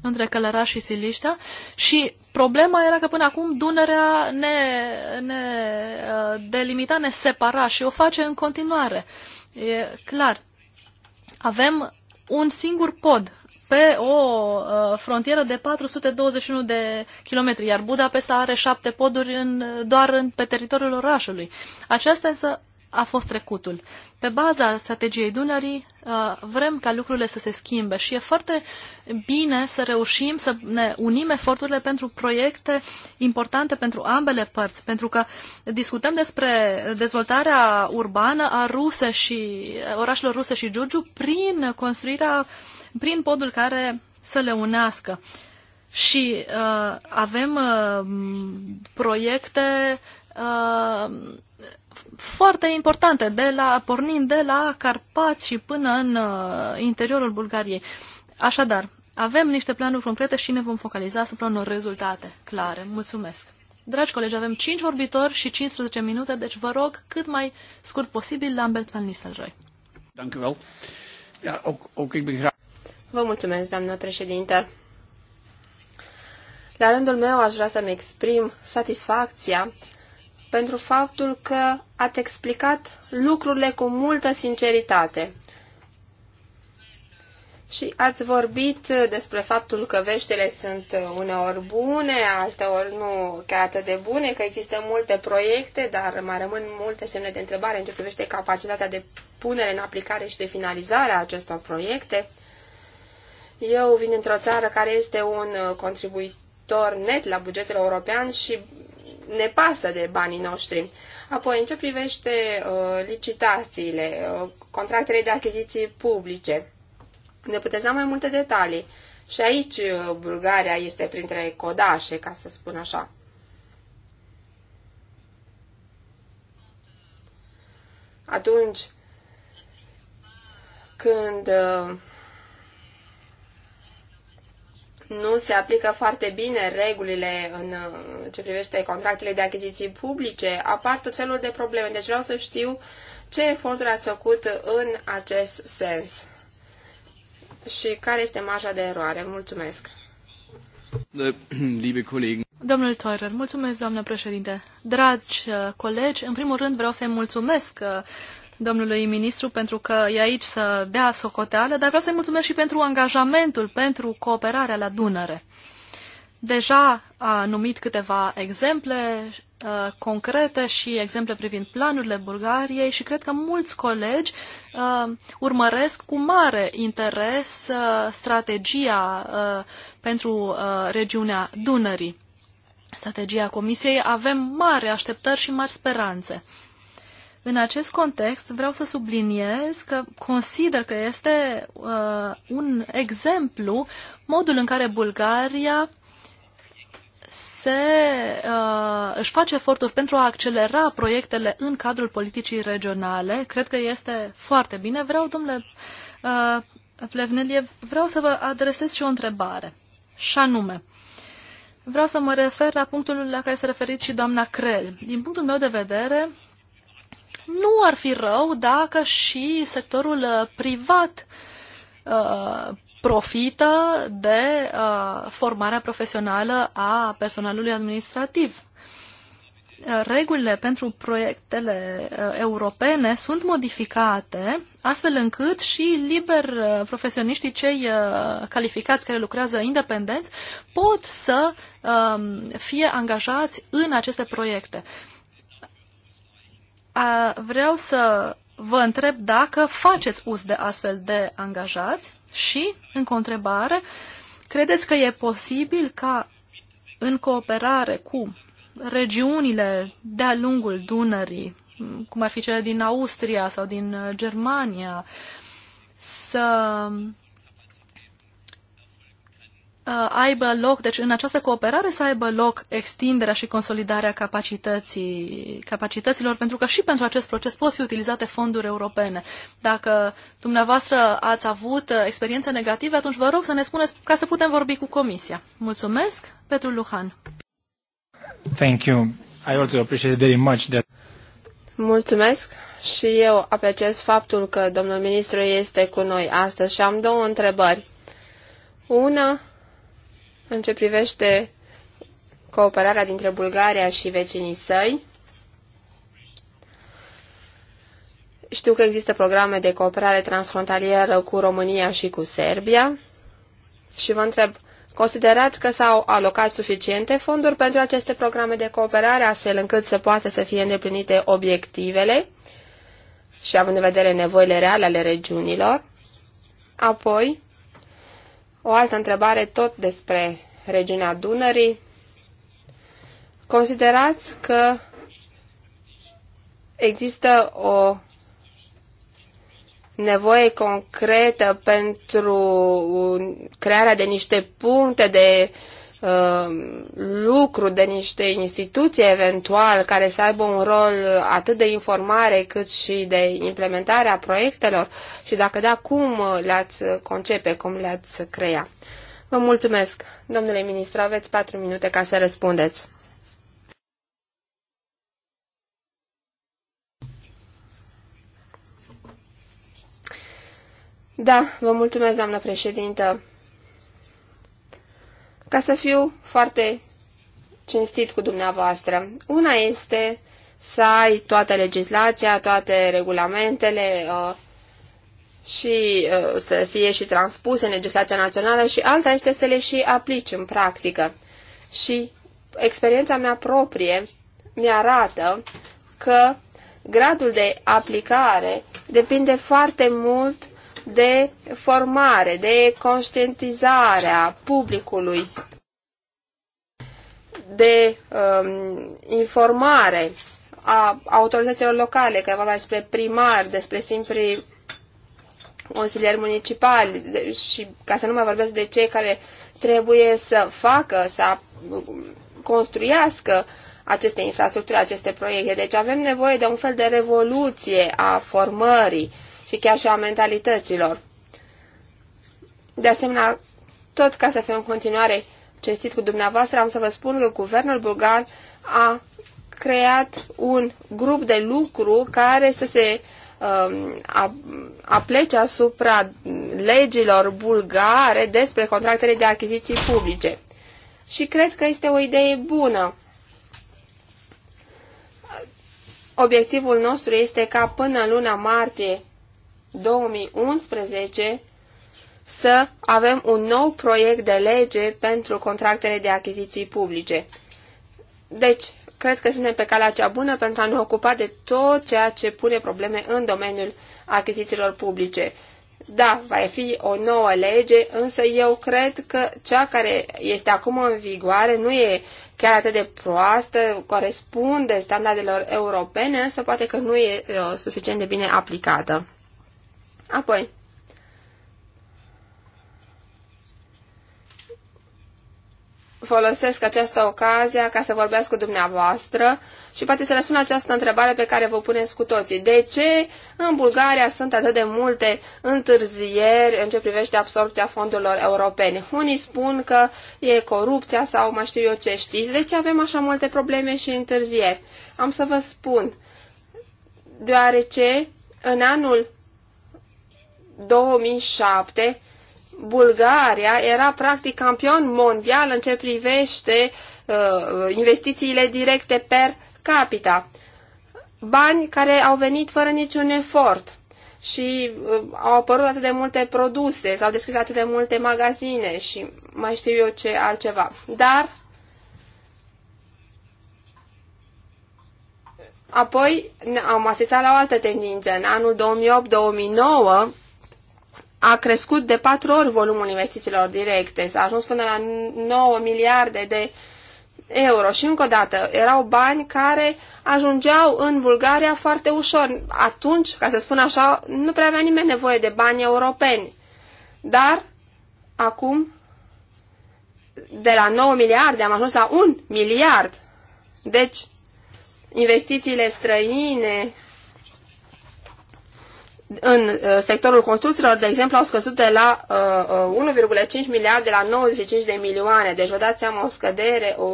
între Călăra și Siliștea și problema era că până acum Dunărea ne, ne uh, delimita, ne separa și o face în continuare. E clar. Avem un singur pod pe o uh, frontieră de 421 de kilometri, iar Budapesta are șapte poduri în, doar în, pe teritoriul orașului. Aceasta este a fost trecutul. Pe baza strategiei Dunării uh, vrem ca lucrurile să se schimbe și e foarte bine să reușim să ne unim eforturile pentru proiecte importante pentru ambele părți, pentru că discutăm despre dezvoltarea urbană a ruse și uh, orașelor ruse și Giurgiu prin construirea, prin podul care să le unească. Și uh, avem uh, proiecte uh, foarte importante, de la, pornind de la Carpați și până în uh, interiorul Bulgariei. Așadar, avem niște planuri concrete și ne vom focaliza asupra unor rezultate clare. Mulțumesc! Dragi colegi, avem 5 vorbitori și 15 minute, deci vă rog cât mai scurt posibil, Lambert van Nistelrooy. Vă mulțumesc, doamnă președinte. La rândul meu aș vrea să-mi exprim satisfacția pentru faptul că ați explicat lucrurile cu multă sinceritate. Și ați vorbit despre faptul că veștile sunt uneori bune, alteori nu chiar atât de bune, că există multe proiecte, dar mai rămân multe semne de întrebare în ce privește capacitatea de punere în aplicare și de finalizare a acestor proiecte. Eu vin într-o țară care este un contribuitor net la bugetul european și ne pasă de banii noștri. Apoi, în ce privește uh, licitațiile, uh, contractele de achiziții publice, ne puteți da mai multe detalii. Și aici uh, Bulgaria este printre codașe, ca să spun așa. Atunci când uh, nu se aplică foarte bine regulile în uh, ce privește contractele de achiziții publice, apar tot felul de probleme. Deci vreau să știu ce eforturi ați făcut în acest sens și care este marja de eroare. Mulțumesc! Domnul Teurer, mulțumesc, doamnă președinte. Dragi uh, colegi, în primul rând vreau să-i mulțumesc uh, domnului ministru pentru că e aici să dea socoteală, dar vreau să-i mulțumesc și pentru angajamentul, pentru cooperarea la Dunăre. Deja a numit câteva exemple uh, concrete și exemple privind planurile Bulgariei și cred că mulți colegi uh, urmăresc cu mare interes uh, strategia uh, pentru uh, regiunea Dunării. Strategia Comisiei avem mari așteptări și mari speranțe. În acest context vreau să subliniez că consider că este uh, un exemplu modul în care Bulgaria se uh, își face eforturi pentru a accelera proiectele în cadrul politicii regionale. Cred că este foarte bine. Vreau, domnule uh, Plevnelie, vreau să vă adresez și o întrebare. Și anume, vreau să mă refer la punctul la care s-a referit și doamna Crel. Din punctul meu de vedere, nu ar fi rău dacă și sectorul uh, privat uh, profită de uh, formarea profesională a personalului administrativ. Regulile pentru proiectele europene sunt modificate astfel încât și liber profesioniștii cei calificați care lucrează independenți pot să um, fie angajați în aceste proiecte a, vreau să vă întreb dacă faceți uz de astfel de angajați și, în întrebare, credeți că e posibil ca în cooperare cu regiunile de-a lungul Dunării, cum ar fi cele din Austria sau din uh, Germania, să Uh, aibă loc, deci în această cooperare să aibă loc extinderea și consolidarea capacității, capacităților, pentru că și pentru acest proces pot fi utilizate fonduri europene. Dacă dumneavoastră ați avut uh, experiențe negative, atunci vă rog să ne spuneți ca să putem vorbi cu Comisia. Mulțumesc, Petru Luhan. Thank you. I also appreciate very much that... Mulțumesc și eu apreciez faptul că domnul ministru este cu noi astăzi și am două întrebări. Una în ce privește cooperarea dintre Bulgaria și vecinii săi. Știu că există programe de cooperare transfrontalieră cu România și cu Serbia și vă întreb, considerați că s-au alocat suficiente fonduri pentru aceste programe de cooperare astfel încât să poată să fie îndeplinite obiectivele și având în vedere nevoile reale ale regiunilor? Apoi, o altă întrebare tot despre regiunea Dunării. Considerați că există o nevoie concretă pentru crearea de niște puncte de uh, Uh, lucru de niște instituții eventual care să aibă un rol atât de informare cât și de implementare a proiectelor și dacă da, cum le-ați concepe, cum le-ați crea. Vă mulțumesc. Domnule ministru, aveți patru minute ca să răspundeți. Da, vă mulțumesc, doamnă președintă. Ca să fiu foarte cinstit cu dumneavoastră, una este să ai toată legislația, toate regulamentele uh, și uh, să fie și transpuse în legislația națională și alta este să le și aplici în practică. Și experiența mea proprie mi-arată că gradul de aplicare depinde foarte mult de formare, de conștientizare a publicului, de um, informare a autorităților locale, că e vorba despre primari, despre simpli consilieri municipali și ca să nu mai vorbesc de cei care trebuie să facă, să construiască aceste infrastructuri, aceste proiecte. Deci avem nevoie de un fel de revoluție a formării și chiar și a mentalităților. De asemenea, tot ca să fim în continuare cestit cu dumneavoastră, am să vă spun că guvernul bulgar a creat un grup de lucru care să se um, a, a plece asupra legilor bulgare despre contractele de achiziții publice. Și cred că este o idee bună. Obiectivul nostru este ca până luna martie 2011 să avem un nou proiect de lege pentru contractele de achiziții publice. Deci, cred că suntem pe calea cea bună pentru a ne ocupa de tot ceea ce pune probleme în domeniul achizițiilor publice. Da, va fi o nouă lege, însă eu cred că cea care este acum în vigoare nu e chiar atât de proastă, corespunde standardelor europene, însă poate că nu e uh, suficient de bine aplicată. Apoi, folosesc această ocazie ca să vorbesc cu dumneavoastră și poate să răspund această întrebare pe care vă puneți cu toții. De ce în Bulgaria sunt atât de multe întârzieri în ce privește absorpția fondurilor europene? Unii spun că e corupția sau mai știu eu ce știți. De ce avem așa multe probleme și întârzieri? Am să vă spun. Deoarece în anul 2007, Bulgaria era practic campion mondial în ce privește uh, investițiile directe per capita. Bani care au venit fără niciun efort și uh, au apărut atât de multe produse, s-au deschis atât de multe magazine și mai știu eu ce altceva. Dar apoi am asistat la o altă tendință. În anul 2008-2009 a crescut de patru ori volumul investițiilor directe, s-a ajuns până la 9 miliarde de euro și încă o dată erau bani care ajungeau în Bulgaria foarte ușor. Atunci, ca să spun așa, nu prea avea nimeni nevoie de bani europeni. Dar acum de la 9 miliarde am ajuns la 1 miliard. Deci investițiile străine în uh, sectorul construcțiilor, de exemplu, au scăzut de la uh, 1,5 uh, miliarde la 95 de milioane. Deci vă dați seama o scădere uh,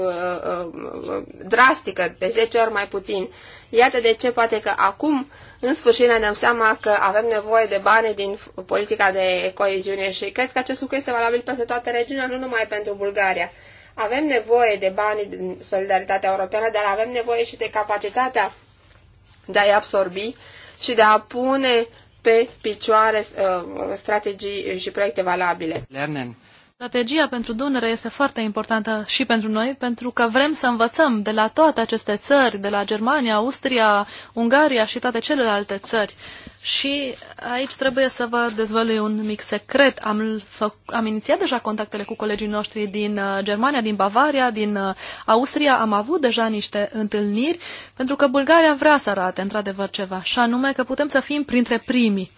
uh, drastică, de 10 ori mai puțin. Iată de ce poate că acum, în sfârșit, ne dăm seama că avem nevoie de bani din politica de coeziune și cred că acest lucru este valabil pentru toată regiunea, nu numai pentru Bulgaria. Avem nevoie de bani din Solidaritatea Europeană, dar avem nevoie și de capacitatea de a-i absorbi și de a pune pe picioare uh, strategii și proiecte valabile. Learning. Strategia pentru Dunăre este foarte importantă și pentru noi, pentru că vrem să învățăm de la toate aceste țări, de la Germania, Austria, Ungaria și toate celelalte țări. Și aici trebuie să vă dezvălui un mic secret. Am, am inițiat deja contactele cu colegii noștri din uh, Germania, din Bavaria, din uh, Austria. Am avut deja niște întâlniri, pentru că Bulgaria vrea să arate într-adevăr ceva, și anume că putem să fim printre primii.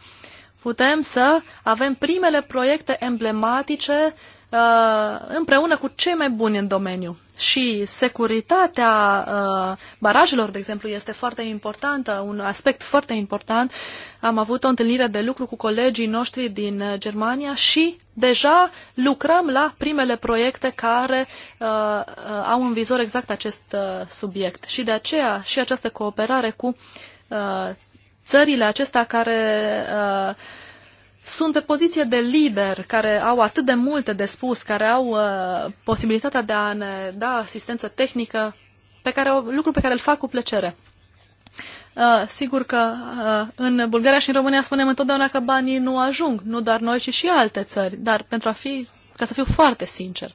Putem să avem primele proiecte emblematice Uh, împreună cu cei mai buni în domeniu. Și securitatea uh, barajelor, de exemplu, este foarte importantă, un aspect foarte important. Am avut o întâlnire de lucru cu colegii noștri din uh, Germania și deja lucrăm la primele proiecte care au în vizor exact acest subiect. Și de aceea și această cooperare cu țările acestea care uh, sunt pe poziție de lider, care au atât de multe de spus, care au uh, posibilitatea de a ne da asistență tehnică, pe care o, lucru pe care îl fac cu plăcere. Uh, sigur că uh, în Bulgaria și în România spunem întotdeauna că banii nu ajung, nu doar noi, ci și alte țări, dar pentru a fi, ca să fiu foarte sincer,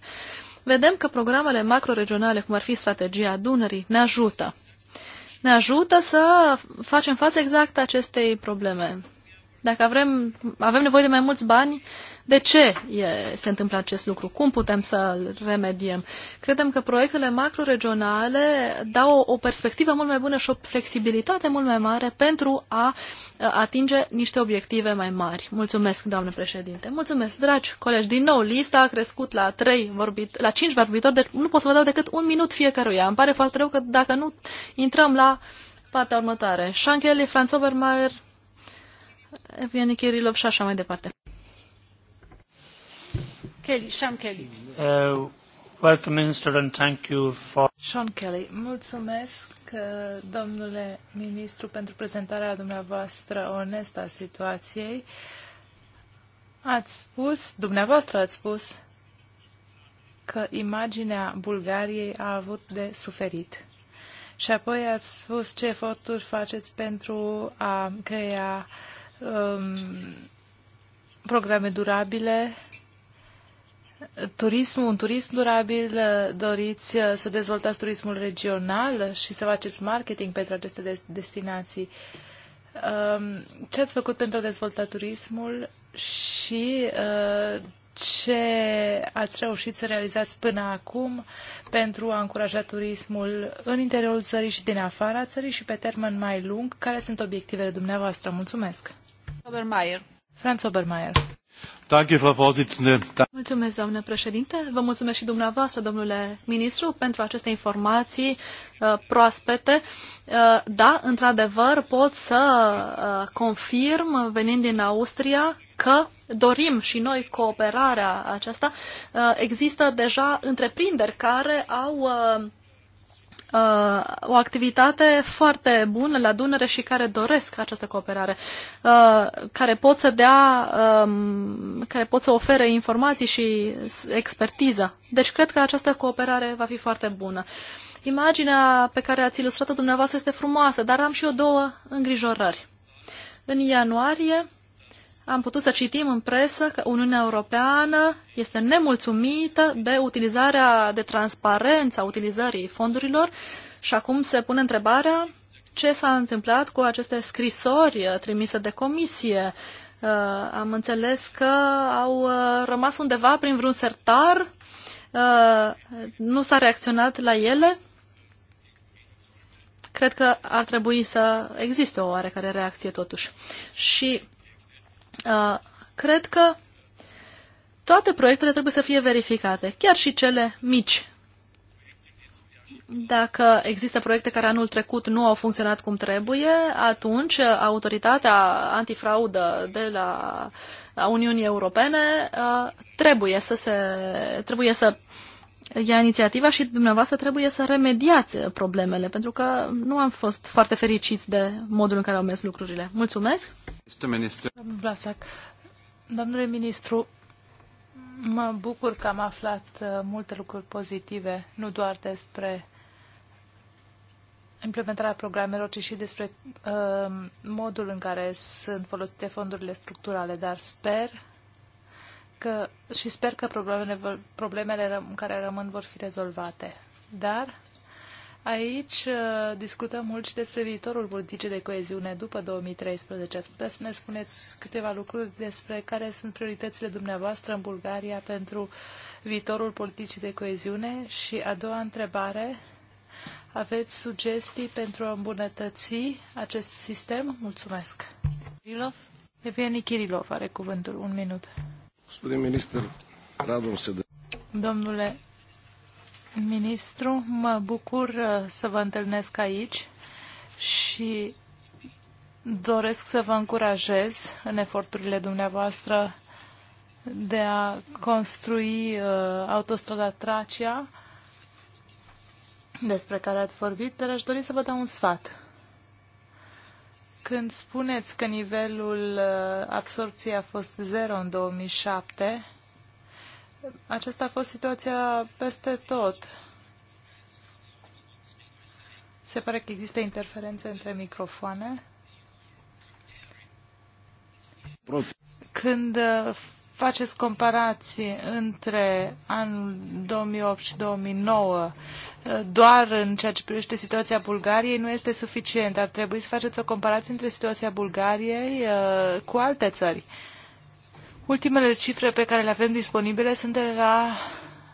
vedem că programele macroregionale, cum ar fi strategia Dunării, ne ajută. Ne ajută să facem față exact acestei probleme dacă avem, avem nevoie de mai mulți bani, de ce e, se întâmplă acest lucru? Cum putem să-l remediem? Credem că proiectele macroregionale dau o, o perspectivă mult mai bună și o flexibilitate mult mai mare pentru a atinge niște obiective mai mari. Mulțumesc, doamnă președinte. Mulțumesc, dragi colegi. Din nou, lista a crescut la, 3 vorbit, la 5 vorbitori, deci nu pot să vă dau decât un minut fiecăruia. Îmi pare foarte rău că dacă nu intrăm la partea următoare. Șanchele, Franz Obermeier, Evgeni Kirilov și așa mai departe. Kelly, Sean Kelly. Uh, welcome, Minister, and thank you for... Sean Kelly, mulțumesc, uh, domnule ministru, pentru prezentarea dumneavoastră onestă a situației. Ați spus, dumneavoastră ați spus, că imaginea Bulgariei a avut de suferit. Și apoi ați spus ce eforturi faceți pentru a crea uh, Um, programe durabile, turismul, un turism durabil, uh, doriți uh, să dezvoltați turismul regional și să faceți marketing pentru aceste destinații. Um, ce ați făcut pentru a dezvolta turismul și uh, ce ați reușit să realizați până acum pentru a încuraja turismul în interiorul țării și din afara țării și pe termen mai lung? Care sunt obiectivele dumneavoastră? Mulțumesc! Obermeier. Franz Obermeier. Danke, Frau Vorsitzende. Da- mulțumesc, doamnă președinte. Vă mulțumesc și dumneavoastră, domnule ministru, pentru aceste informații uh, proaspete. Uh, da, într-adevăr, pot să uh, confirm, venind din Austria, că dorim și noi cooperarea aceasta. Uh, există deja întreprinderi care au uh, uh, o activitate foarte bună la Dunăre și care doresc această cooperare, uh, care pot să dea, um, care pot să ofere informații și expertiză. Deci cred că această cooperare va fi foarte bună. Imaginea pe care ați ilustrat-o dumneavoastră este frumoasă, dar am și eu două îngrijorări. În ianuarie am putut să citim în presă că Uniunea Europeană este nemulțumită de utilizarea de transparență a utilizării fondurilor și acum se pune întrebarea ce s-a întâmplat cu aceste scrisori trimise de comisie. Uh, am înțeles că au uh, rămas undeva prin vreun sertar, uh, nu s-a reacționat la ele cred că ar trebui să existe o oarecare reacție totuși. Și Uh, cred că toate proiectele trebuie să fie verificate, chiar și cele mici. Dacă există proiecte care anul trecut nu au funcționat cum trebuie, atunci autoritatea antifraudă de la Uniunii Europene uh, trebuie să se trebuie să ia inițiativa și dumneavoastră trebuie să remediați problemele, pentru că nu am fost foarte fericiți de modul în care au mers lucrurile. Mulțumesc! Domnul Vlasac, domnule ministru, mă bucur că am aflat uh, multe lucruri pozitive, nu doar despre implementarea programelor, ci și despre uh, modul în care sunt folosite fondurile structurale, dar sper că, și sper că problemele, problemele care rămân vor fi rezolvate. Dar aici uh, discutăm mult și despre viitorul politicii de coeziune după 2013. Ați putea să ne spuneți câteva lucruri despre care sunt prioritățile dumneavoastră în Bulgaria pentru viitorul politicii de coeziune? Și a doua întrebare, aveți sugestii pentru a îmbunătăți acest sistem? Mulțumesc! Kirilov? Evgeni Kirilov are cuvântul. Un minut. Господин министр, радвам се да... Domnule ministru, mă bucur uh, să vă întâlnesc aici și doresc să vă încurajez în eforturile dumneavoastră de a construi uh, autostrada Tracia, despre care ați vorbit, dar aș dori să vă dau un sfat. Când spuneți că nivelul uh, absorpției a fost zero în 2007, aceasta a fost situația peste tot. Se pare că există interferențe între microfoane. Când uh, faceți comparații între anul 2008 și 2009, doar în ceea ce privește situația Bulgariei nu este suficient. Ar trebui să faceți o comparație între situația Bulgariei uh, cu alte țări. Ultimele cifre pe care le avem disponibile sunt de la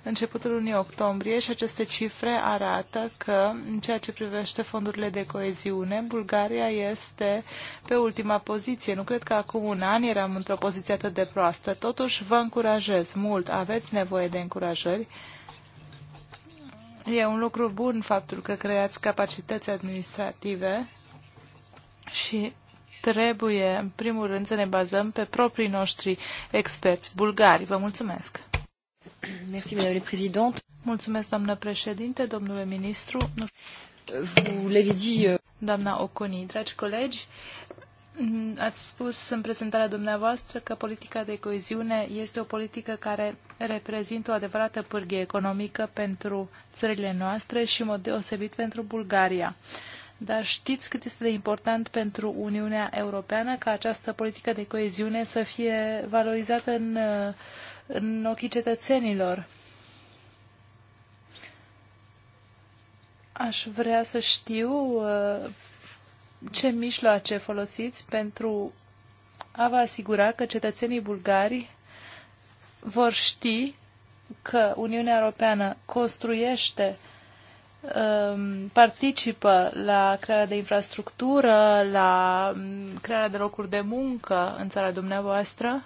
începutul lunii octombrie și aceste cifre arată că, în ceea ce privește fondurile de coeziune, Bulgaria este pe ultima poziție. Nu cred că acum un an eram într-o poziție atât de proastă. Totuși, vă încurajez mult. Aveți nevoie de încurajări. Uh, E un lucru bun faptul că creați capacități administrative și trebuie, în primul rând, să ne bazăm pe proprii noștri experți bulgari. Vă mulțumesc! Merci, Madame Présidente. Mulțumesc, doamnă președinte, domnule ministru. Vous l'avez dit... Euh- Doamna Oconi, dragi colegi, Mm, ați spus în prezentarea dumneavoastră că politica de coeziune este o politică care reprezintă o adevărată pârghie economică pentru țările noastre și în mod deosebit pentru Bulgaria. Dar știți cât este de important pentru Uniunea Europeană ca această politică de coeziune să fie valorizată în, în ochii cetățenilor? Aș vrea să știu uh, ce mijloace folosiți pentru a vă asigura că cetățenii bulgari vor ști că Uniunea Europeană construiește, um, participă la crearea de infrastructură, la um, crearea de locuri de muncă în țara dumneavoastră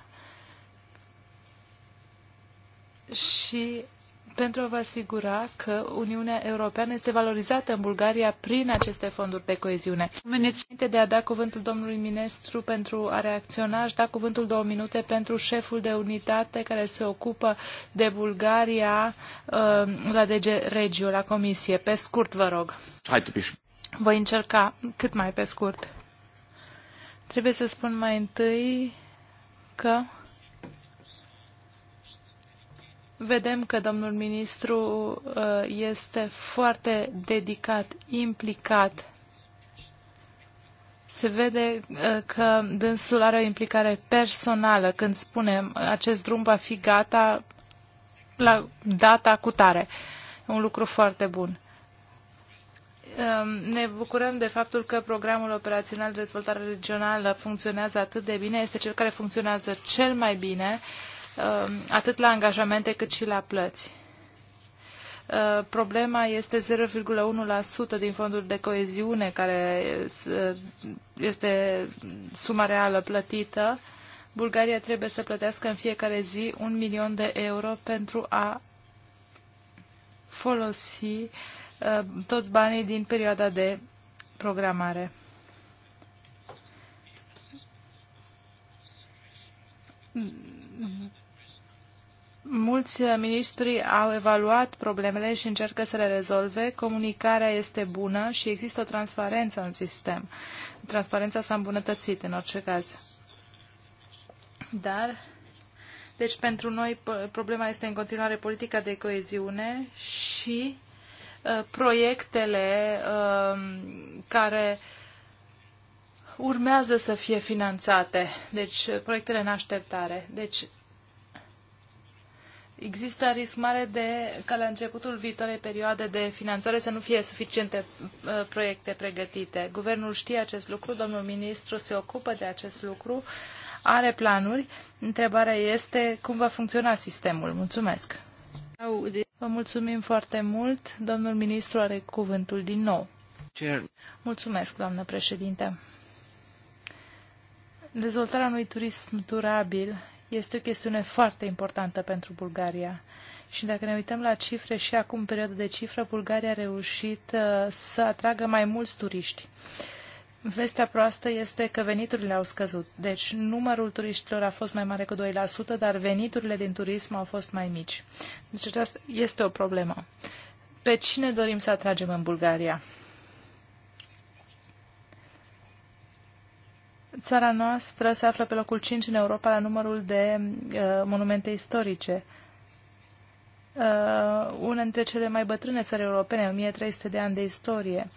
și pentru a vă asigura că Uniunea Europeană este valorizată în Bulgaria prin aceste fonduri de coeziune. Înainte de a da cuvântul domnului ministru pentru a reacționa, aș da cuvântul două minute pentru șeful de unitate care se ocupă de Bulgaria uh, la DG Regio, la Comisie. Pe scurt, vă rog. Voi încerca cât mai pe scurt. Trebuie să spun mai întâi că Vedem că domnul ministru uh, este foarte dedicat, implicat. Se vede uh, că dânsul are o implicare personală când spunem acest drum va fi gata la data cu tare. un lucru foarte bun. Uh, ne bucurăm de faptul că programul operațional de dezvoltare regională funcționează atât de bine, este cel care funcționează cel mai bine Um, atât la angajamente cât și la plăți. Uh, problema este 0,1% din fondul de coeziune, care uh, este suma reală plătită. Bulgaria trebuie să plătească în fiecare zi un milion de euro pentru a folosi uh, toți banii din perioada de programare. Mulți uh, miniștri au evaluat problemele și încearcă să le rezolve. Comunicarea este bună și există o transparență în sistem. Transparența s-a îmbunătățit în orice caz. Dar, deci pentru noi problema este în continuare politica de coeziune și uh, proiectele uh, care urmează să fie finanțate, deci uh, proiectele în așteptare. Deci Există risc mare de ca la începutul viitoarei perioade de finanțare să nu fie suficiente uh, proiecte pregătite. Guvernul știe acest lucru, domnul ministru se ocupă de acest lucru, are planuri. Întrebarea este cum va funcționa sistemul. Mulțumesc! Vă mulțumim foarte mult. Domnul ministru are cuvântul din nou. Mulțumesc, doamnă președinte. Dezvoltarea unui turism durabil este o chestiune foarte importantă pentru Bulgaria. Și dacă ne uităm la cifre și acum, în perioada de cifră, Bulgaria a reușit uh, să atragă mai mulți turiști. Vestea proastă este că veniturile au scăzut. Deci numărul turiștilor a fost mai mare cu 2%, dar veniturile din turism au fost mai mici. Deci aceasta este o problemă. Pe cine dorim să atragem în Bulgaria? Țara noastră se află pe locul 5 în Europa la numărul de uh, monumente istorice. Uh, una dintre cele mai bătrâne țări europene, 1300 de ani de istorie.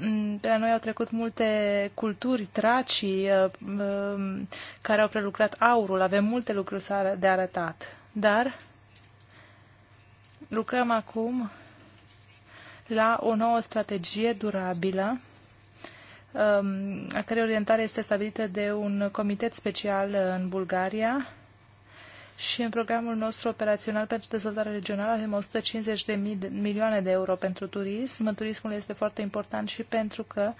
Mm, pe la noi au trecut multe culturi, tracii, uh, mm, care au prelucrat aurul. Avem multe lucruri de arătat. Dar lucrăm acum la o nouă strategie durabilă Um, a cărei orientare este stabilită de un comitet special în Bulgaria și în programul nostru operațional pentru dezvoltare regională avem 150 de, mii de milioane de euro pentru turism. Turismul este foarte important și pentru că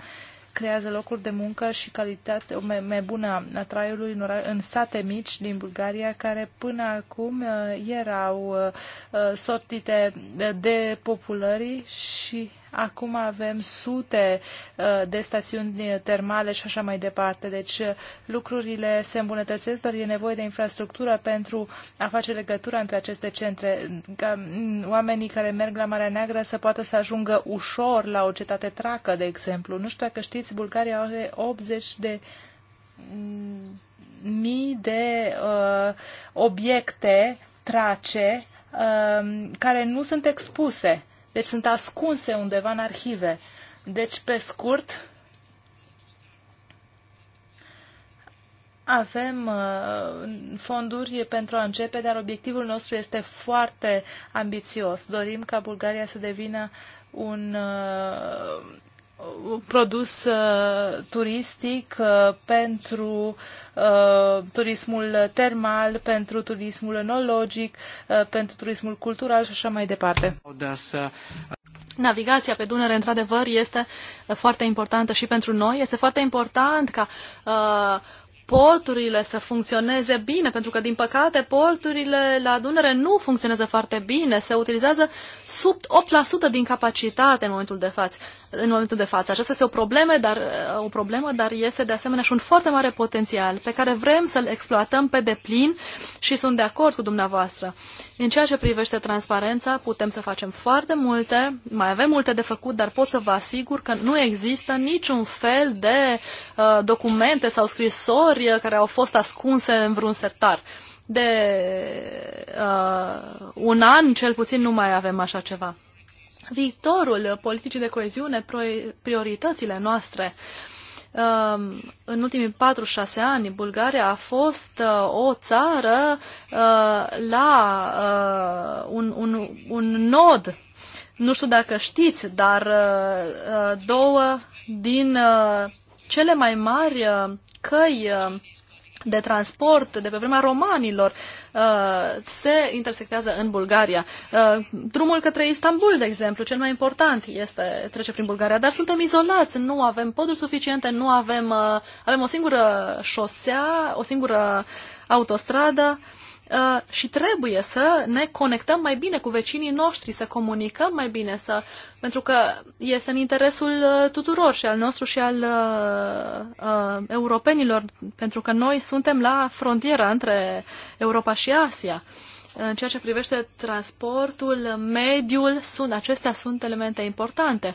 creează locuri de muncă și calitate mai, mai bună a traiului în, ora, în sate mici din Bulgaria, care până acum uh, erau uh, uh sortite de, uh, de populării și Acum avem sute uh, de stațiuni uh, termale și așa mai departe. Deci uh, lucrurile se îmbunătățesc, dar e nevoie de infrastructură pentru a face legătura între aceste centre. Ca mm, oamenii care merg la Marea Neagră să poată să ajungă ușor la o cetate tracă, de exemplu. Nu știu dacă știți, Bulgaria are 80 de mm, mii de uh, obiecte trace uh, care nu sunt expuse deci sunt ascunse undeva în arhive. Deci, pe scurt, avem uh, fonduri pentru a începe, dar obiectivul nostru este foarte ambițios. Dorim ca Bulgaria să devină un uh, Uh, produs uh, turistic uh, pentru turismul termal, pentru turismul enologic, pentru turismul cultural și așa mai departe. Navigația pe Dunăre, într-adevăr, este foarte importantă și pentru noi. Este foarte important ca uh, porturile să funcționeze bine, pentru că, din păcate, porturile la Dunăre nu funcționează foarte bine, se utilizează sub 8% din capacitate în momentul de față. În momentul de față. Aceasta este o problemă, dar, o problemă, dar este de asemenea și un foarte mare potențial pe care vrem să-l exploatăm pe deplin și sunt de acord cu dumneavoastră. În ceea ce privește transparența, putem să facem foarte multe, mai avem multe de făcut, dar pot să vă asigur că nu există niciun fel de uh, documente sau scrisori valori uh, care au fost ascunse în vreun sertar. De uh, un an, cel puțin, nu mai avem așa ceva. Viitorul politicii de coeziune, prioritățile noastre, um, în ultimii 4-6 ani, Bulgaria a fost uh, o țară uh, la un, un, un nod. Nu știu dacă știți, dar două din cele mai mari căi uh, de transport de pe vremea romanilor uh, se intersectează în Bulgaria. Uh, drumul către Istanbul, de exemplu, cel mai important este trece prin Bulgaria, dar suntem izolați, nu avem poduri suficiente, nu avem avem o singură șosea, o singură autostradă uh, și trebuie să ne conectăm mai bine cu vecinii noștri, să comunicăm mai bine, să, pentru că este în interesul uh, tuturor și al nostru și al uh, uh, europenilor, pentru că noi suntem la frontiera între Europa și Asia. În ceea ce privește transportul, mediul, sunt, acestea sunt elemente importante.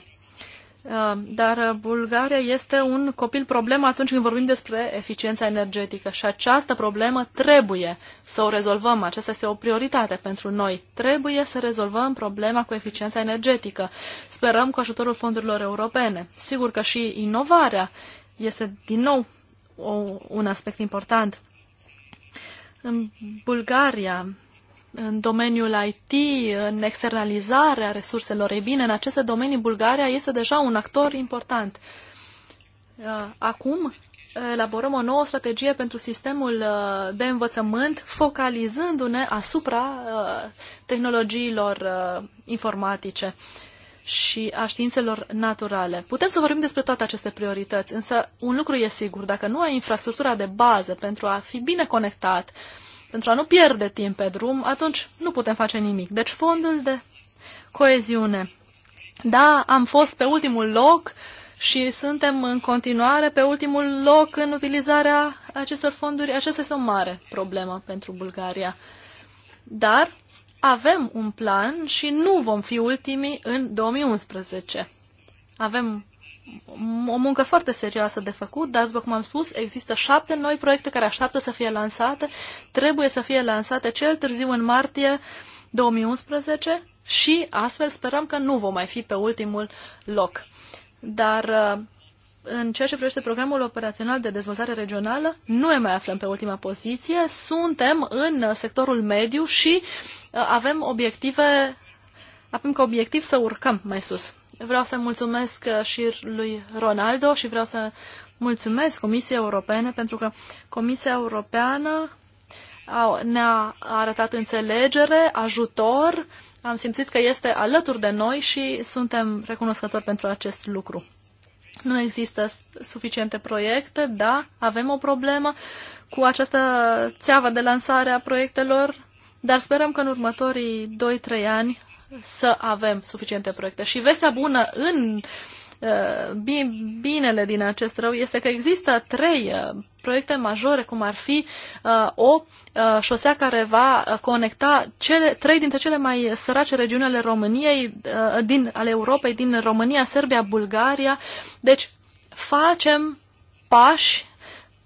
Ehm, dar uh, Bulgaria este un copil problemă atunci când vorbim despre eficiența energetică și această problemă trebuie să o rezolvăm. Aceasta este o prioritate pentru noi. Trebuie să rezolvăm problema cu eficiența energetică. Sperăm cu ajutorul fondurilor europene. Sigur că și inovarea este din nou un aspect important. În Bulgaria, în domeniul IT, în externalizarea resurselor. Ei bine, în aceste domenii, Bulgaria este deja un actor important. Uh, acum elaborăm o nouă strategie pentru sistemul uh, de învățământ, focalizându-ne asupra uh, tehnologiilor informatice și a științelor naturale. Putem să vorbim despre toate aceste priorități, însă un lucru e sigur, dacă nu ai infrastructura de bază pentru a fi bine conectat, uh, pentru a nu pierde timp pe drum, atunci nu putem face nimic. Deci fondul de coeziune. Da, am fost pe ultimul loc și suntem în continuare pe ultimul loc în utilizarea acestor fonduri. Aceasta este o mare problemă pentru Bulgaria. Dar avem un plan și nu vom fi ultimii în 2011. Avem o muncă foarte serioasă de făcut, dar, după cum am spus, există șapte noi proiecte care așteaptă să fie lansate. Trebuie să fie lansate cel târziu în martie 2011 și astfel sperăm că nu vom mai fi pe ultimul loc. Dar uh, în ceea ce privește programul operațional de dezvoltare regională, nu ne mai aflăm pe ultima poziție, suntem în sectorul mediu și uh, avem obiective, avem ca obiectiv să urcăm mai sus. Vreau să mulțumesc uh, și lui Ronaldo și vreau să mulțumesc Comisiei Europene pentru că Comisia Europeană ne-a arătat înțelegere, ajutor, am simțit că este alături de noi și suntem recunoscători pentru acest lucru. Nu există suficiente proiecte, da, avem o problemă cu această țeavă de lansare a proiectelor, dar sperăm că în următorii 2-3 ani să avem suficiente proiecte. Și vestea bună în uh, binele din acest rău este că există trei uh, proiecte majore, cum ar fi uh, o șosea care va conecta cele, trei dintre cele mai sărace regiuni ale României, din, ale Europei, din România, Serbia, Bulgaria. Deci facem pași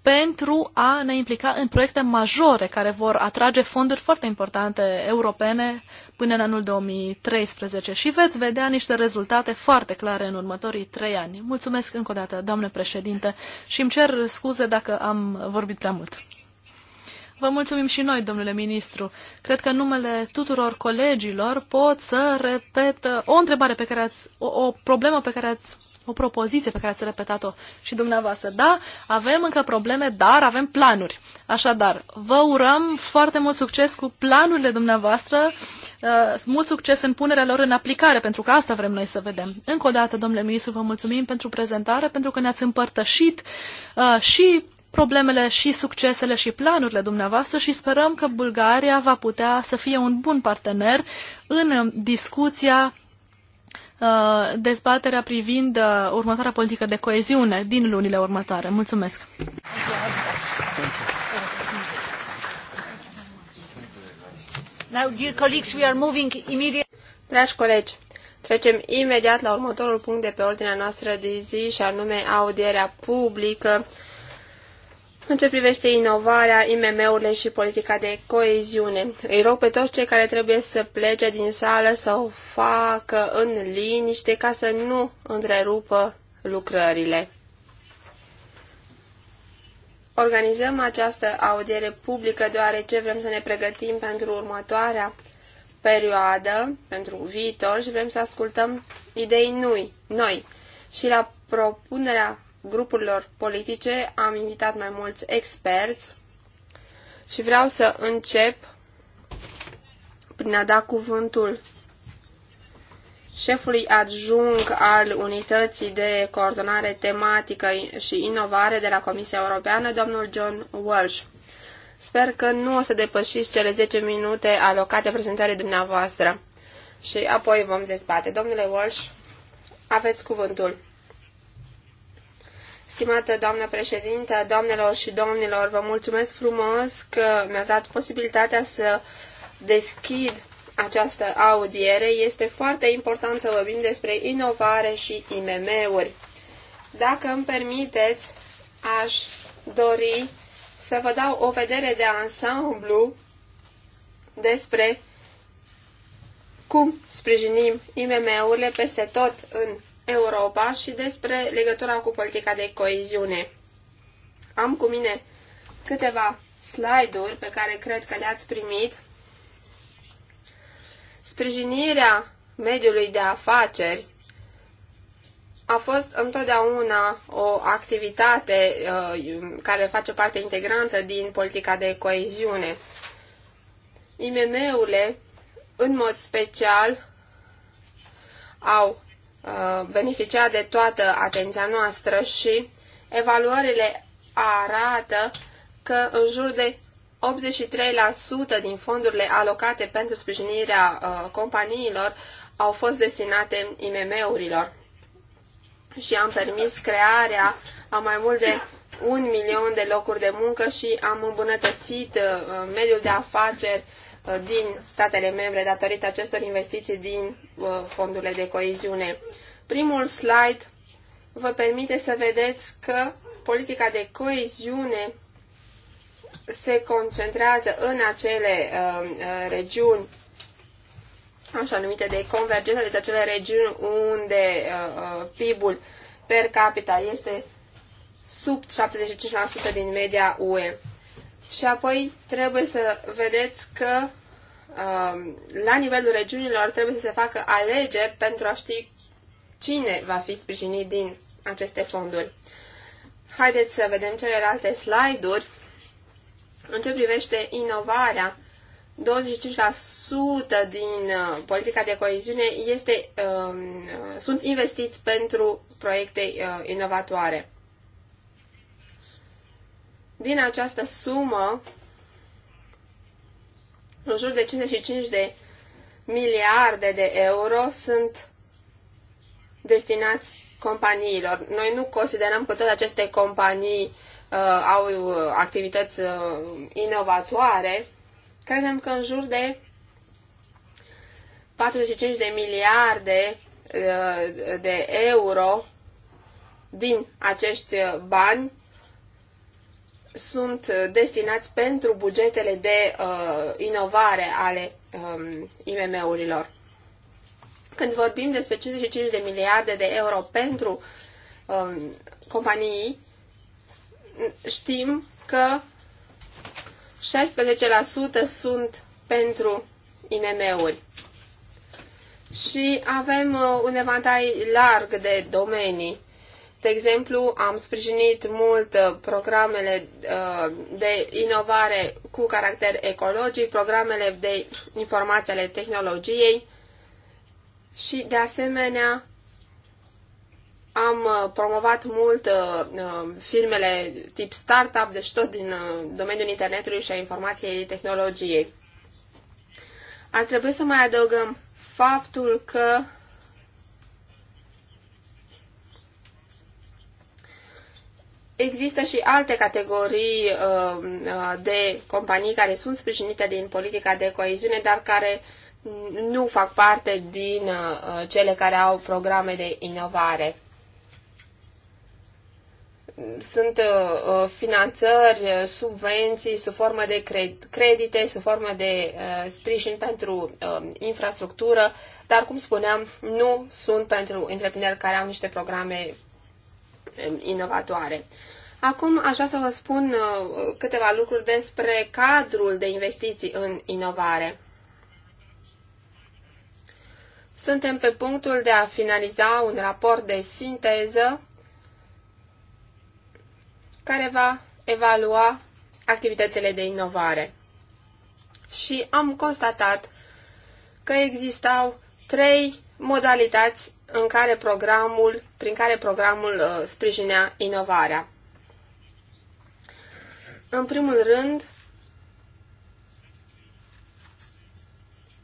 pentru a ne implica în proiecte majore care vor atrage fonduri foarte importante europene până în anul 2013 și veți vedea niște rezultate foarte clare în următorii trei ani. Mulțumesc încă o dată, doamnă președinte, și îmi cer scuze dacă am vorbit prea mult. Vă mulțumim și noi, domnule ministru. Cred că numele tuturor colegilor pot să repet o întrebare pe care ați, o, o problemă pe care ați o propoziție pe care ați repetat-o și dumneavoastră. Da, avem încă probleme, dar avem planuri. Așadar, vă urăm foarte mult succes cu planurile dumneavoastră, uh, mult succes în punerea lor în aplicare, pentru că asta vrem noi să vedem. Încă o dată, domnule ministru, vă mulțumim pentru prezentare, pentru că ne-ați împărtășit uh, și problemele și succesele și planurile dumneavoastră și sperăm că Bulgaria va putea să fie un bun partener în discuția Uh, dezbaterea privind uh, următoarea politică de coeziune din lunile următoare. Mulțumesc! Now, dear colleagues, we are moving immediately. Dragi colegi, trecem imediat la următorul punct de pe ordinea noastră de zi și anume audierea publică în ce privește inovarea, IMM-urile și politica de coeziune, îi rog pe toți cei care trebuie să plece din sală să o facă în liniște ca să nu întrerupă lucrările. Organizăm această audiere publică deoarece vrem să ne pregătim pentru următoarea perioadă, pentru viitor și vrem să ascultăm idei noi. noi. Și la propunerea grupurilor politice, am invitat mai mulți experți și vreau să încep prin a da cuvântul șefului adjunct al Unității de Coordonare Tematică și Inovare de la Comisia Europeană, domnul John Walsh. Sper că nu o să depășiți cele 10 minute alocate prezentării dumneavoastră și apoi vom dezbate. Domnule Walsh, aveți cuvântul. Stimată doamnă președintă, doamnelor și domnilor, vă mulțumesc frumos că mi-ați dat posibilitatea să deschid această audiere. Este foarte important să vorbim despre inovare și IMM-uri. Dacă îmi permiteți, aș dori să vă dau o vedere de ansamblu despre cum sprijinim IMM-urile peste tot în Europa și despre legătura cu politica de coeziune. Am cu mine câteva slide-uri pe care cred că le-ați primit. Sprijinirea mediului de afaceri a fost întotdeauna o activitate uh, care face parte integrantă din politica de coeziune. IMM-urile, în mod special, au Uh, beneficia de toată atenția noastră și evaluările arată că în jur de 83% din fondurile alocate pentru sprijinirea uh, companiilor au fost destinate IMM-urilor și am permis crearea a mai mult de un milion de locuri de muncă și am îmbunătățit uh, mediul de afaceri Uh, din statele membre datorită acestor investiții din uh, fondurile de coeziune. Primul slide vă permite să vedeți că politica de coeziune se concentrează în acele uh, regiuni așa numite de convergență, deci acele regiuni unde PIB-ul per capita este sub 75% din media UE. Și apoi trebuie să vedeți că um, la nivelul regiunilor trebuie să se facă alegeri pentru a ști cine va fi sprijinit din aceste fonduri. Haideți să vedem celelalte slide-uri. În ce privește inovarea, 25% din uh, politica de coeziune este, um, sunt investiți pentru proiecte uh, inovatoare. Din această sumă, în jur de 55 de miliarde de euro sunt destinați companiilor. Noi nu considerăm că toate aceste companii uh, au uh, activități uh, inovatoare. Credem că în jur de 45 de miliarde uh, de euro din acești uh, bani sunt uh, destinați pentru bugetele de uh, inovare ale um, IMM-urilor. Când vorbim despre 55 de miliarde de euro pentru um, companii, știm că 16% sunt pentru IMM-uri. Și avem uh, un evantai larg de domenii de exemplu, am sprijinit mult uh, programele uh, de inovare cu caracter ecologic, programele de informații ale tehnologiei și, de asemenea, am uh, promovat mult filmele tip startup, deci tot din domeniul internetului și a informației tehnologiei. Ar trebui să mai adăugăm faptul că Există și alte categorii uh, uh, de companii care sunt sprijinite din politica de coeziune, dar care nu fac parte din uh, cele care au programe de inovare. Sunt finanțări, subvenții sub formă de credite, sub formă de sprijin pentru infrastructură, dar, cum spuneam, nu sunt pentru întreprinderi care au niște programe inovatoare. Acum aș vrea să vă spun uh, câteva lucruri despre cadrul de investiții în inovare. Suntem pe punctul de a finaliza un raport de sinteză care va evalua activitățile de inovare. Și am constatat că existau trei modalități în care programul, prin care programul uh, sprijinea inovarea. În primul rând,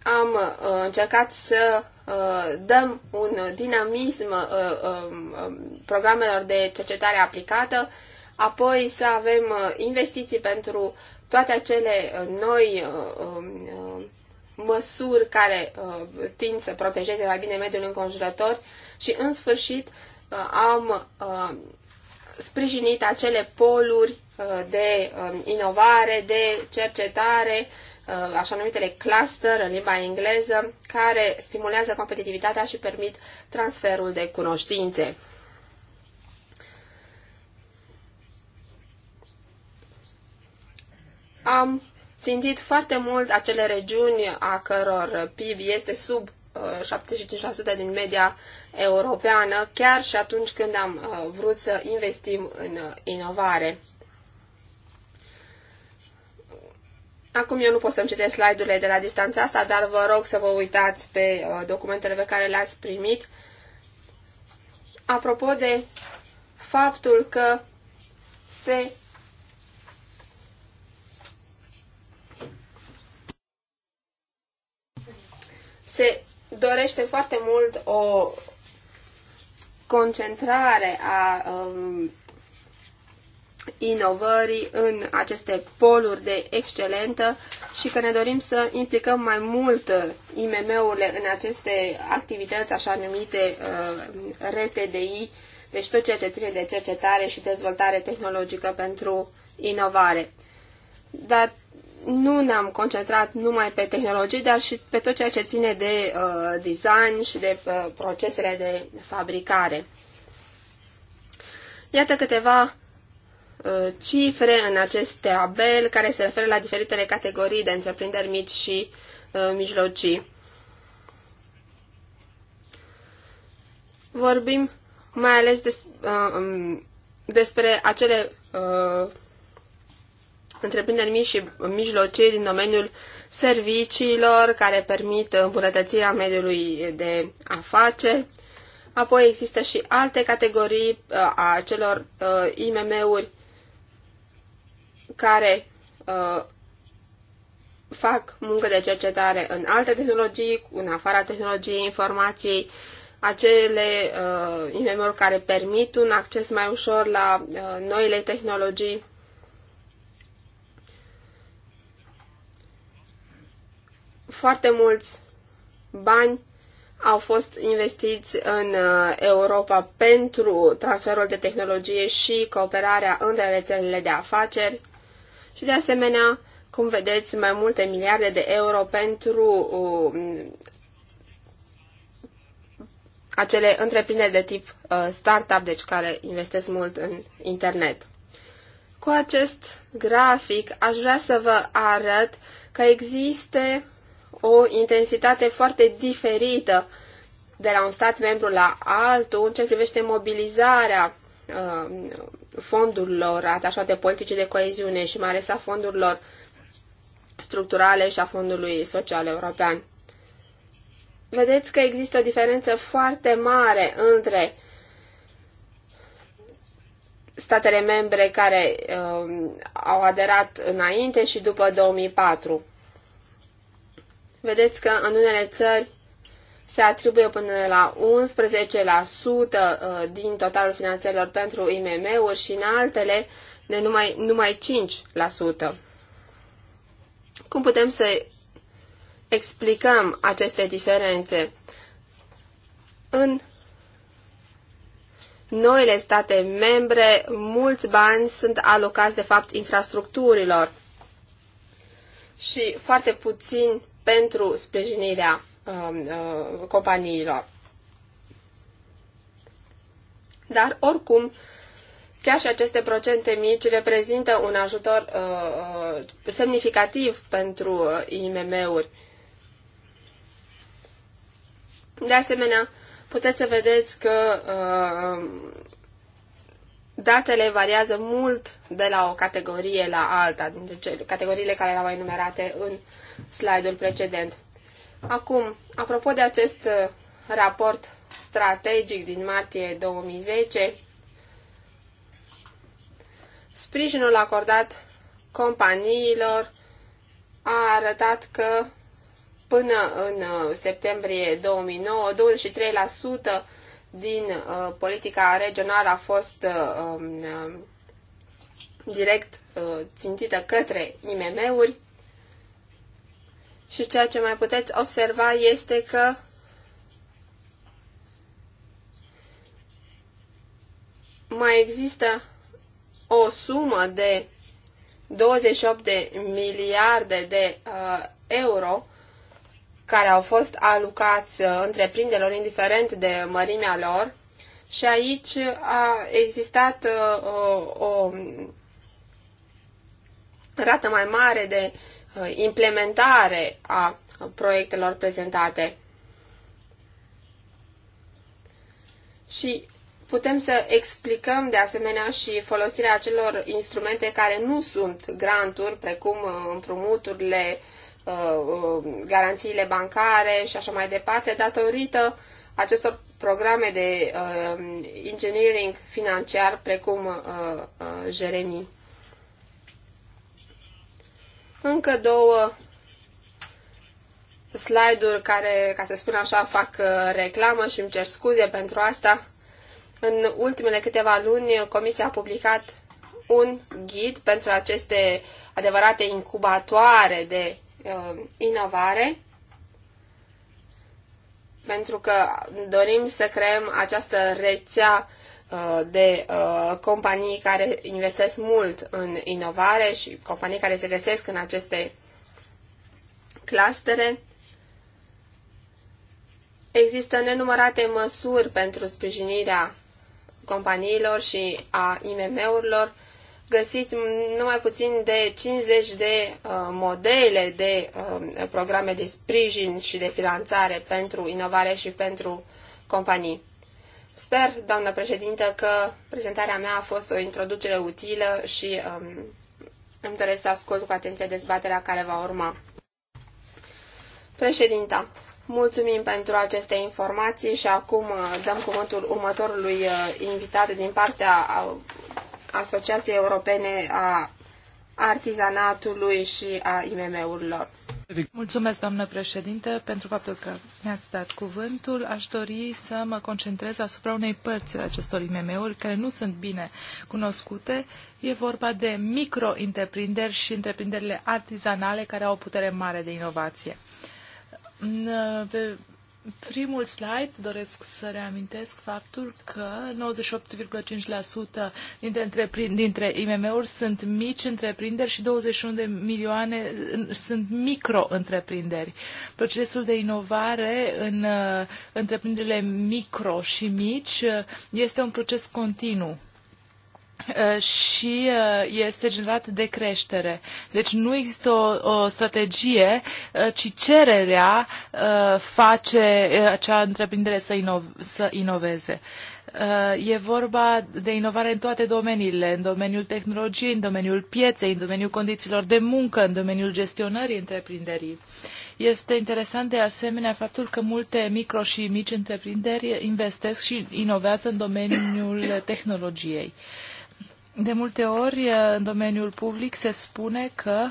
am uh, încercat să uh, dăm un dinamism um, um, programelor de cercetare aplicată, apoi să avem investiții pentru toate acele noi um, măsuri care uh, tind să protejeze mai bine mediul înconjurător și, în sfârșit, uh, am uh, sprijinit acele poluri uh, de uh, inovare, de cercetare, uh, așa numitele cluster în limba engleză, care stimulează competitivitatea și permit transferul de cunoștințe. Am țintit foarte mult acele regiuni a căror PIB este sub 75% uh, din media europeană, chiar și atunci când am uh, vrut să investim în uh, inovare. Acum eu nu pot să-mi citesc slide-urile de la distanța asta, dar vă rog să vă uitați pe documentele pe care le-ați primit. Apropo de faptul că se se dorește foarte mult o concentrare a um, inovării în aceste poluri de excelentă și că ne dorim să implicăm mai mult IMM-urile în aceste activități așa numite uh, RTDI, deci tot ceea ce ține de cercetare și dezvoltare tehnologică pentru inovare. Dar nu ne-am concentrat numai pe tehnologie, dar și pe tot ceea ce ține de uh, design și de uh, procesele de fabricare. Iată câteva uh, cifre în acest tabel care se referă la diferitele categorii de întreprinderi mici și uh, mijlocii. Vorbim mai ales des, uh, um, despre acele uh, întreprinderi mici și mijlocii din domeniul serviciilor care permit îmbunătățirea mediului de afaceri. Apoi există și alte categorii uh, a celor uh, IMM-uri care uh, fac muncă de cercetare în alte tehnologii, în afara tehnologiei informației, acele uh, IMM-uri care permit un acces mai ușor la uh, noile tehnologii. Foarte mulți bani au fost investiți în uh, Europa pentru transferul de tehnologie și cooperarea între rețelele de afaceri și, de asemenea, cum vedeți, mai multe miliarde de euro pentru uh, acele întreprinderi de tip uh, startup, deci care investesc mult în internet. Cu acest grafic aș vrea să vă arăt că există o intensitate foarte diferită de la un stat membru la altul în ce privește mobilizarea uh, fondurilor atașate politice de coeziune și mai ales a fondurilor structurale și a fondului social european. Vedeți că există o diferență foarte mare între statele membre care uh, au aderat înainte și după 2004. Vedeți că în unele țări se atribuie până la 11% uh, din totalul finanțelor pentru IMM-uri și în altele de numai, numai 5%. Cum putem să explicăm aceste diferențe? În noile state membre, mulți bani sunt alocați de fapt infrastructurilor și foarte puțin pentru sprijinirea um, uh, companiilor. Dar, oricum, chiar și aceste procente mici reprezintă un ajutor uh, uh, semnificativ pentru IMM-uri. De asemenea, puteți să vedeți că uh, datele variază mult de la o categorie la alta, dintre cele, categoriile care erau enumerate în slide-ul precedent. Acum, apropo de acest uh, raport strategic din martie 2010, sprijinul acordat companiilor a arătat că până în uh, septembrie 2009, 23% din uh, politica regională a fost um, direct țintită către IMM-uri și ceea ce mai puteți observa este că mai există o sumă de 28 de miliarde de uh, euro care au fost uh, întreprinderilor indiferent de mărimea lor și aici a existat uh, o, o rată mai mare de Uh, implementare a proiectelor prezentate. Și putem să explicăm de asemenea și folosirea acelor instrumente care nu sunt granturi, precum uh, împrumuturile, uh, garanțiile bancare și așa mai departe, datorită acestor programe de engineering financiar precum Jeremy. Încă două slide-uri care, ca să spun așa, fac uh, reclamă și îmi cer scuze pentru asta. În ultimele câteva luni, Comisia a publicat un ghid pentru aceste adevărate incubatoare de uh, inovare, pentru că dorim să creăm această rețea Uh, de uh, companii care investesc mult în inovare și companii care se găsesc în aceste clustere. Există nenumărate măsuri pentru sprijinirea companiilor și a IMM-urilor. Găsiți numai puțin de 50 de uh, modele de uh, programe de sprijin și de finanțare pentru inovare și pentru companii. Sper, doamnă președintă, că prezentarea mea a fost o introducere utilă și um, îmi doresc să ascult cu atenție dezbaterea care va urma. Președinta, mulțumim pentru aceste informații și acum uh, dăm cuvântul următorului uh, invitat din partea uh, Asociației Europene a Artizanatului și a IMM-urilor. Mulțumesc, doamnă președinte, pentru faptul că mi-ați dat cuvântul. Aș dori să mă concentrez asupra unei părți ale acestor IMM-uri care nu sunt bine cunoscute. E vorba de micro întreprinderi și întreprinderile artizanale care au o putere mare de inovație primul slide doresc să reamintesc faptul că 98,5% dintre, întreprin, dintre IMM-uri sunt mici întreprinderi și 21 de milioane sunt micro-întreprinderi. Procesul de inovare în uh, întreprinderile micro și mici uh, este un proces continuu Uh, și uh, este generat de creștere. Deci nu există o, o strategie, uh, ci cererea face acea întreprindere să, ino- să inoveze. E vorba de inovare în toate domeniile, în domeniul tehnologiei, în domeniul pieței, în domeniul condițiilor de muncă, în domeniul gestionării întreprinderii. Este interesant de asemenea faptul că multe micro și mici întreprinderi investesc și inovează în domeniul tehnologiei. Uh, de multe ori, eh, în domeniul public se spune că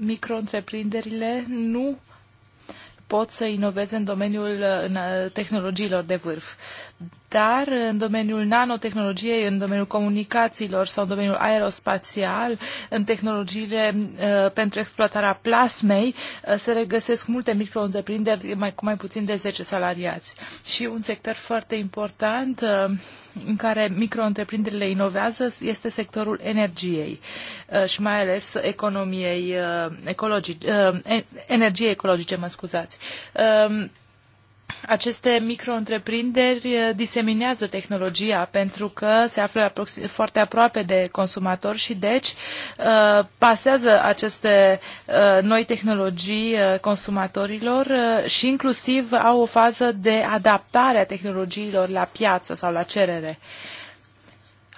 micro-întreprinderile nu pot să inoveze în domeniul eh, în eh, tehnologiilor de vârf dar în domeniul nanotehnologiei, în domeniul comunicațiilor sau în domeniul aerospațial, în tehnologiile uh, pentru exploatarea plasmei, uh, se regăsesc multe micro-întreprinderi mai, cu mai puțin de 10 salariați. Și un sector foarte important uh, în care micro inovează este sectorul energiei uh, și mai ales economiei uh, ecologice, uh, energiei ecologice, mă scuzați. Um, aceste micro-întreprinderi eh, diseminează tehnologia pentru că se află foarte aproape de consumator și deci eh, pasează aceste eh, noi tehnologii consumatorilor și inclusiv au o fază de adaptare a tehnologiilor la piață sau la cerere.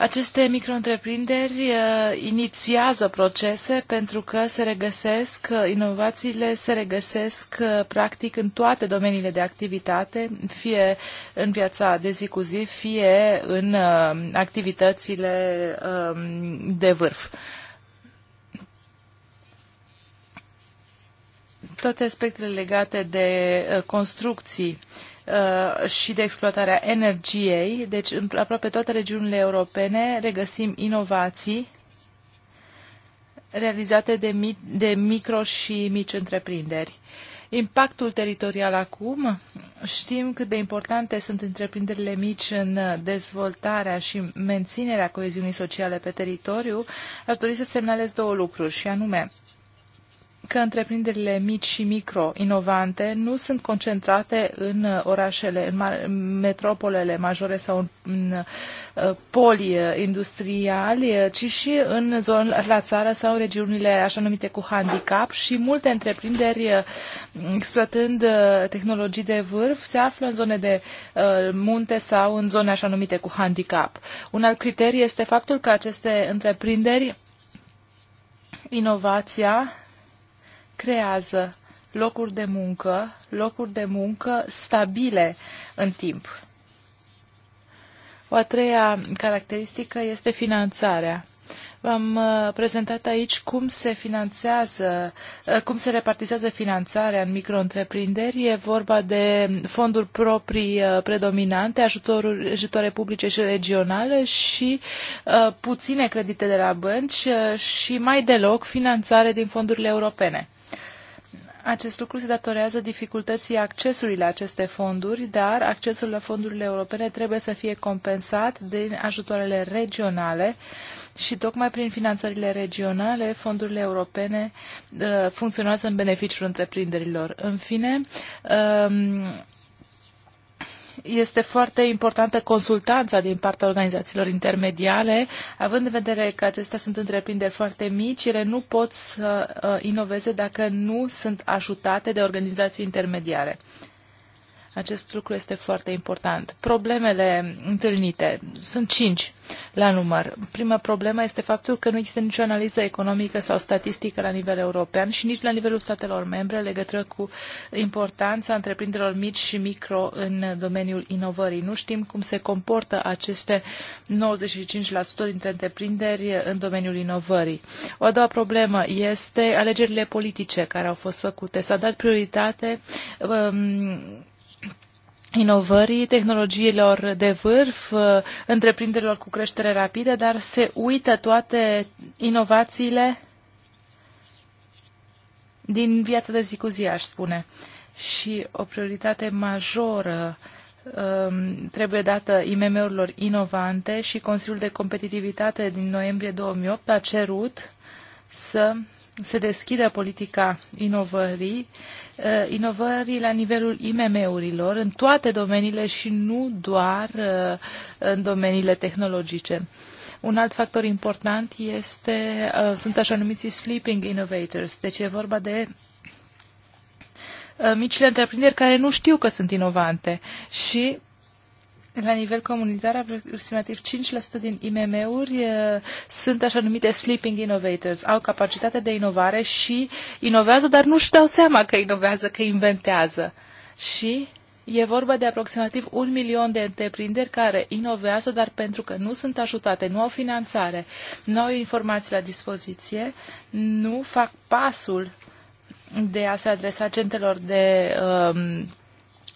Aceste micro-întreprinderi uh, inițiază procese pentru că se regăsesc, uh, inovațiile se regăsesc uh, practic în toate domeniile de activitate, fie în piața de zi cu zi, fie în activitățile um, de vârf. Toate aspectele legate de construcții Uh, și de exploatarea energiei. Deci, în aproape toate regiunile europene regăsim inovații realizate de, mi- de micro și mici întreprinderi. Impactul teritorial acum, știm cât de importante sunt întreprinderile mici în dezvoltarea și menținerea coeziunii sociale pe teritoriu. Aș dori să semnalez două lucruri și anume, că întreprinderile mici și micro-inovante nu sunt concentrate în uh, orașele, în metropolele majore sau în, în uh, poli uh, industriali, ci și în zona la țară sau în regiunile așa numite cu handicap și multe întreprinderi exploatând tehnologii de vârf se află în zone de munte sau în zone așa numite cu handicap. Un alt criteriu este faptul că aceste întreprinderi inovația creează locuri de muncă, locuri de muncă stabile în timp. O a treia caracteristică este finanțarea. V-am uh, prezentat aici cum se finanțează, uh, cum se repartizează finanțarea în micro-întreprinderi. E vorba de fonduri proprii uh, predominante, ajutoruri, ajutoare publice și regionale și puține credite de la bănci și mai deloc finanțare din fondurile europene. Acest lucru se datorează dificultății accesului la aceste fonduri, dar accesul la fondurile europene trebuie să fie compensat de ajutoarele regionale și tocmai prin finanțările regionale fondurile europene uh, funcționează în beneficiul întreprinderilor. În fine, uh, este foarte importantă consultanța din partea organizațiilor intermediale, având în vedere că acestea sunt întreprinderi foarte mici, ele nu pot să uh, inoveze dacă nu sunt ajutate de organizații intermediare acest lucru este foarte important. Problemele întâlnite sunt cinci la număr. Prima problemă este faptul că nu există nicio analiză economică sau statistică la nivel european și nici la nivelul statelor membre legătură cu importanța întreprinderilor mici și micro în domeniul inovării. Nu știm cum se comportă aceste 95% dintre întreprinderi în domeniul inovării. O a doua problemă este alegerile politice care au fost făcute. S-a dat prioritate um, inovării, tehnologiilor de vârf, uh, întreprinderilor cu creștere rapidă, dar se uită toate inovațiile din viața de zi cu zi, aș spune. Și o prioritate majoră um, trebuie dată IMM-urilor inovante și Consiliul de Competitivitate din noiembrie 2008 a cerut să se deschidă politica inovării, eh, inovării la nivelul IMM-urilor în toate domeniile și nu doar eh, în domeniile tehnologice. Un alt factor important este, eh, sunt așa numiți sleeping innovators, deci e vorba de micile întreprinderi care nu știu că sunt inovante și la nivel comunitar, aproximativ 5% din IMM-uri uh, sunt așa numite sleeping innovators, au capacitatea de inovare și inovează, dar nu-și dau seama că inovează, că inventează. Și e vorba de aproximativ un milion de întreprinderi care inovează, dar pentru că nu sunt ajutate, nu au finanțare, nu au informații la dispoziție, nu fac pasul de a se adresa centelor de um,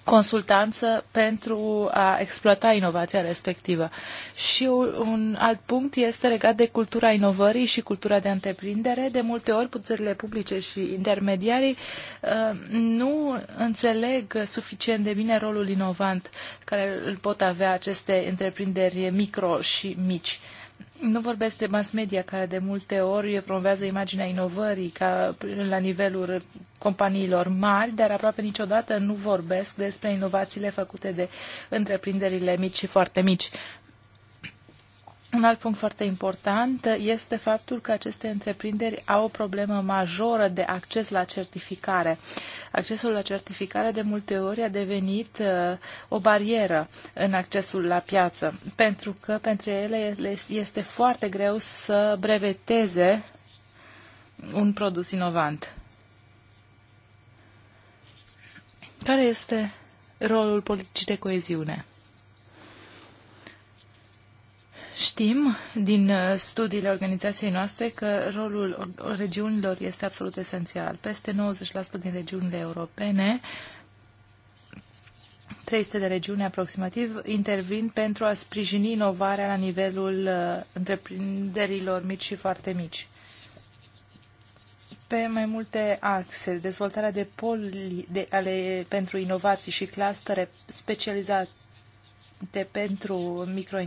consultanță pentru a exploata inovația respectivă. Și un alt punct este legat de cultura inovării și cultura de întreprindere. De multe ori, puterile publice și intermediarii uh, nu înțeleg suficient de bine rolul inovant care îl pot avea aceste întreprinderi micro și mici. Nu vorbesc de mass media care de multe ori promovează imaginea inovării ca la nivelul companiilor mari, dar aproape niciodată nu vorbesc despre inovațiile făcute de întreprinderile mici și foarte mici. Un alt punct foarte important este faptul că aceste întreprinderi au o problemă majoră de acces la certificare. Accesul la certificare de multe ori a devenit uh, o barieră în accesul la piață, pentru că pentru ele este foarte greu să breveteze un produs inovant. Care este rolul politicii de coeziune? Știm din uh, studiile organizației noastre că rolul regiunilor este absolut esențial. Peste 90% din regiunile europene, 300 de regiuni aproximativ, intervin pentru a sprijini inovarea la nivelul uh, întreprinderilor mici și foarte mici pe mai multe axe, dezvoltarea de poli de, ale, pentru inovații și clustere specializate pentru micro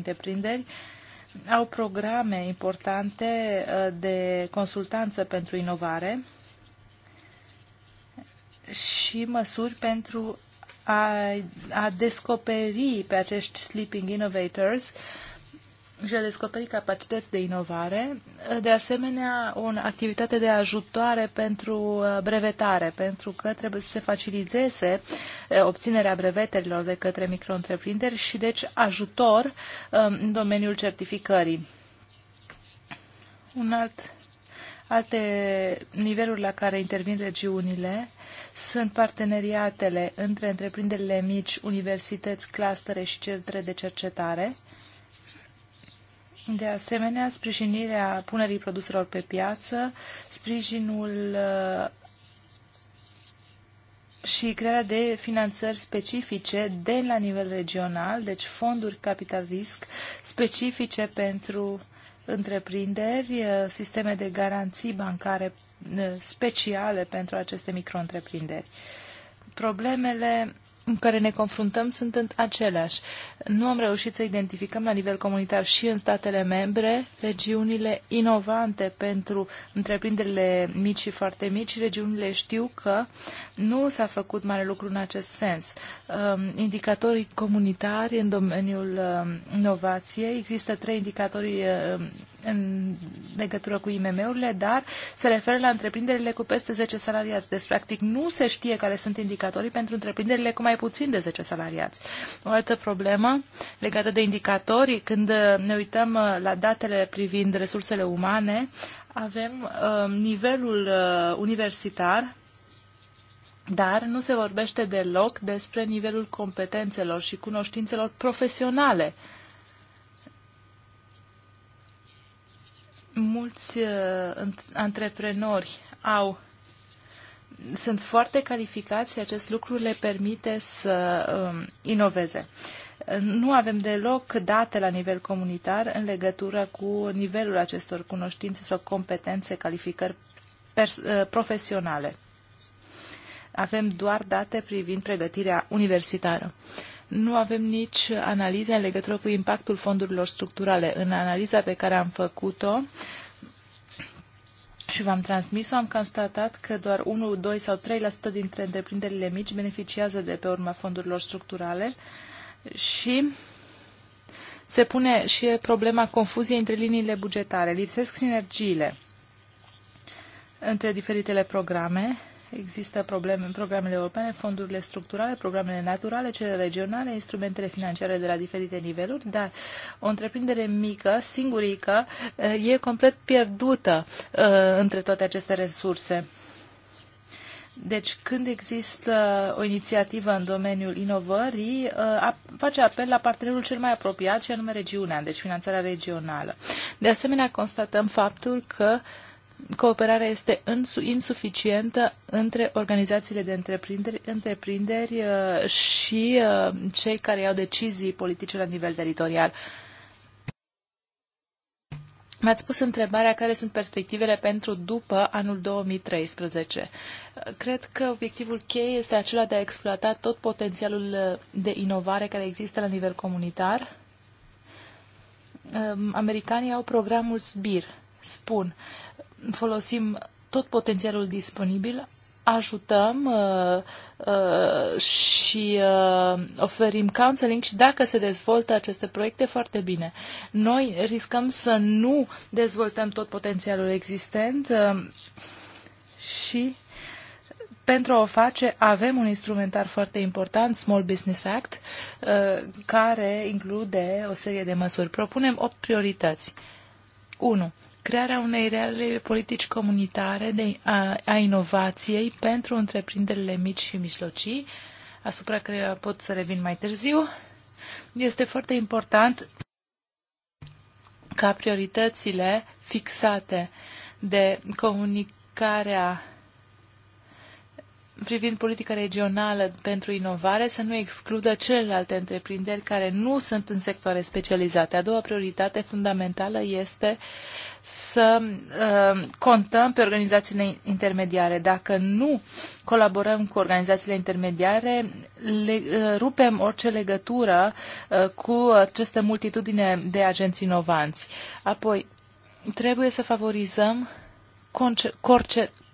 au programe importante uh, de consultanță pentru inovare și măsuri pentru a, a descoperi pe acești sleeping innovators uh, și a descoperit capacități de inovare, de asemenea o activitate de ajutoare pentru uh, brevetare, pentru că trebuie să se faciliteze uh, obținerea brevetelor de către micro-întreprinderi și deci ajutor um, în domeniul certificării. Un alt Alte niveluri la care intervin regiunile sunt parteneriatele între întreprinderile mici, universități, clustere și centre de cercetare de asemenea, sprijinirea punerii produselor pe piață, sprijinul uh, și crearea de finanțări specifice de la nivel regional, deci fonduri capital risc specifice pentru întreprinderi, uh, sisteme de garanții bancare uh, speciale pentru aceste micro-întreprinderi. Problemele în care ne confruntăm sunt aceleași. Nu am reușit să identificăm la nivel comunitar și în statele membre regiunile inovante pentru întreprinderile mici și foarte mici. Regiunile știu că nu s-a făcut mare lucru în acest sens. Um, indicatorii comunitari în domeniul um, inovației, există trei indicatori um, în legătură cu IMM-urile, dar se referă la întreprinderile cu peste 10 salariați. Deci, practic, nu se știe care sunt indicatorii pentru întreprinderile cu mai puțin de 10 salariați. O altă problemă legată de indicatori, când uh, ne uităm uh, la datele privind resursele umane, avem uh, nivelul universitar, dar nu se vorbește deloc despre nivelul competențelor și cunoștințelor profesionale. Mulți antreprenori au sunt foarte calificați și acest lucru le permite să um, inoveze. Nu avem deloc date la nivel comunitar în legătură cu nivelul acestor cunoștințe sau competențe, calificări uh, profesionale. Avem doar date privind pregătirea universitară. Nu avem nici analize în legătură cu impactul fondurilor structurale. În analiza pe care am făcut-o, uh, și v-am transmis-o, am constatat că doar 1, 2 sau 3% dintre întreprinderile mici beneficiază de pe urma fondurilor structurale și se pune și problema confuziei între liniile bugetare. Lipsesc sinergiile între diferitele programe Există probleme în programele europene, fondurile structurale, programele naturale, cele regionale, instrumentele financiare de la diferite niveluri, dar o întreprindere mică, singurică, e complet pierdută uh, între toate aceste resurse. Deci, când există o inițiativă în domeniul inovării, uh, face apel la partenerul cel mai apropiat, și anume regiunea, deci finanțarea regională. De asemenea, constatăm faptul că uh, cooperarea este insuficientă între organizațiile de întreprinderi, întreprinderi uh, și uh, cei care iau decizii politice la nivel teritorial. Mi-ați pus întrebarea care sunt perspectivele pentru după anul 2013. Cred că obiectivul cheie este acela de a exploata tot potențialul uh, de inovare care există la nivel comunitar. Um, americanii au programul SBIR, spun, folosim tot potențialul disponibil, ajutăm uh, uh, și uh, oferim counseling și dacă se dezvoltă aceste proiecte, foarte bine. Noi riscăm să nu dezvoltăm tot potențialul existent uh, și pentru a o face avem un instrumentar foarte important, Small Business Act, uh, care include o serie de măsuri. Propunem 8 priorități. 1 crearea unei reale politici comunitare de, a, a inovației pentru întreprinderile mici și mijlocii, asupra care pot să revin mai târziu. Este foarte important ca prioritățile fixate de comunicarea privind politica regională pentru inovare să nu excludă celelalte întreprinderi care nu sunt în sectoare specializate. A doua prioritate fundamentală este să uh, contăm pe organizațiile intermediare. Dacă nu colaborăm cu organizațiile intermediare, le, uh, rupem orice legătură uh, cu această multitudine de agenți inovanți. Apoi, trebuie să favorizăm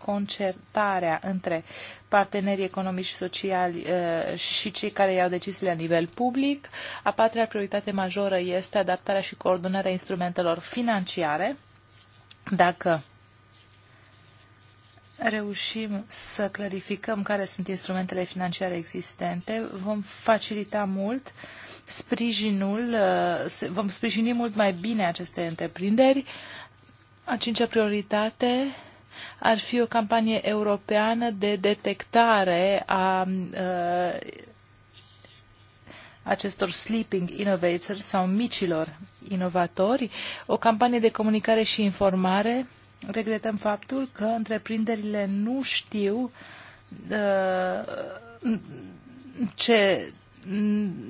concertarea între partenerii economici și sociali uh, și cei care iau deciziile la nivel public. A patra prioritate majoră este adaptarea și coordonarea instrumentelor financiare. Dacă reușim să clarificăm care sunt instrumentele financiare existente, vom facilita mult sprijinul, uh, vom sprijini mult mai bine aceste întreprinderi. A cincea prioritate ar fi o campanie europeană de detectare a uh, acestor sleeping innovators sau micilor inovatori, o campanie de comunicare și informare. Regretăm faptul că întreprinderile nu știu uh, ce,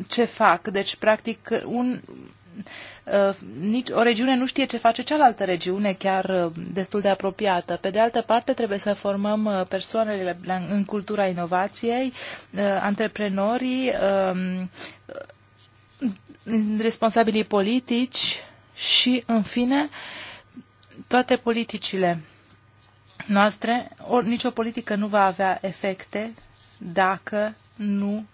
ce fac. Deci, practic, un, Uh, nici o regiune nu știe ce face cealaltă regiune, chiar uh, destul de apropiată. Pe de altă parte, trebuie să formăm uh, persoanele în cultura inovației, antreprenorii, um, responsabilii politici și, în fine, toate politicile noastre, or, nicio politică nu va avea efecte dacă nu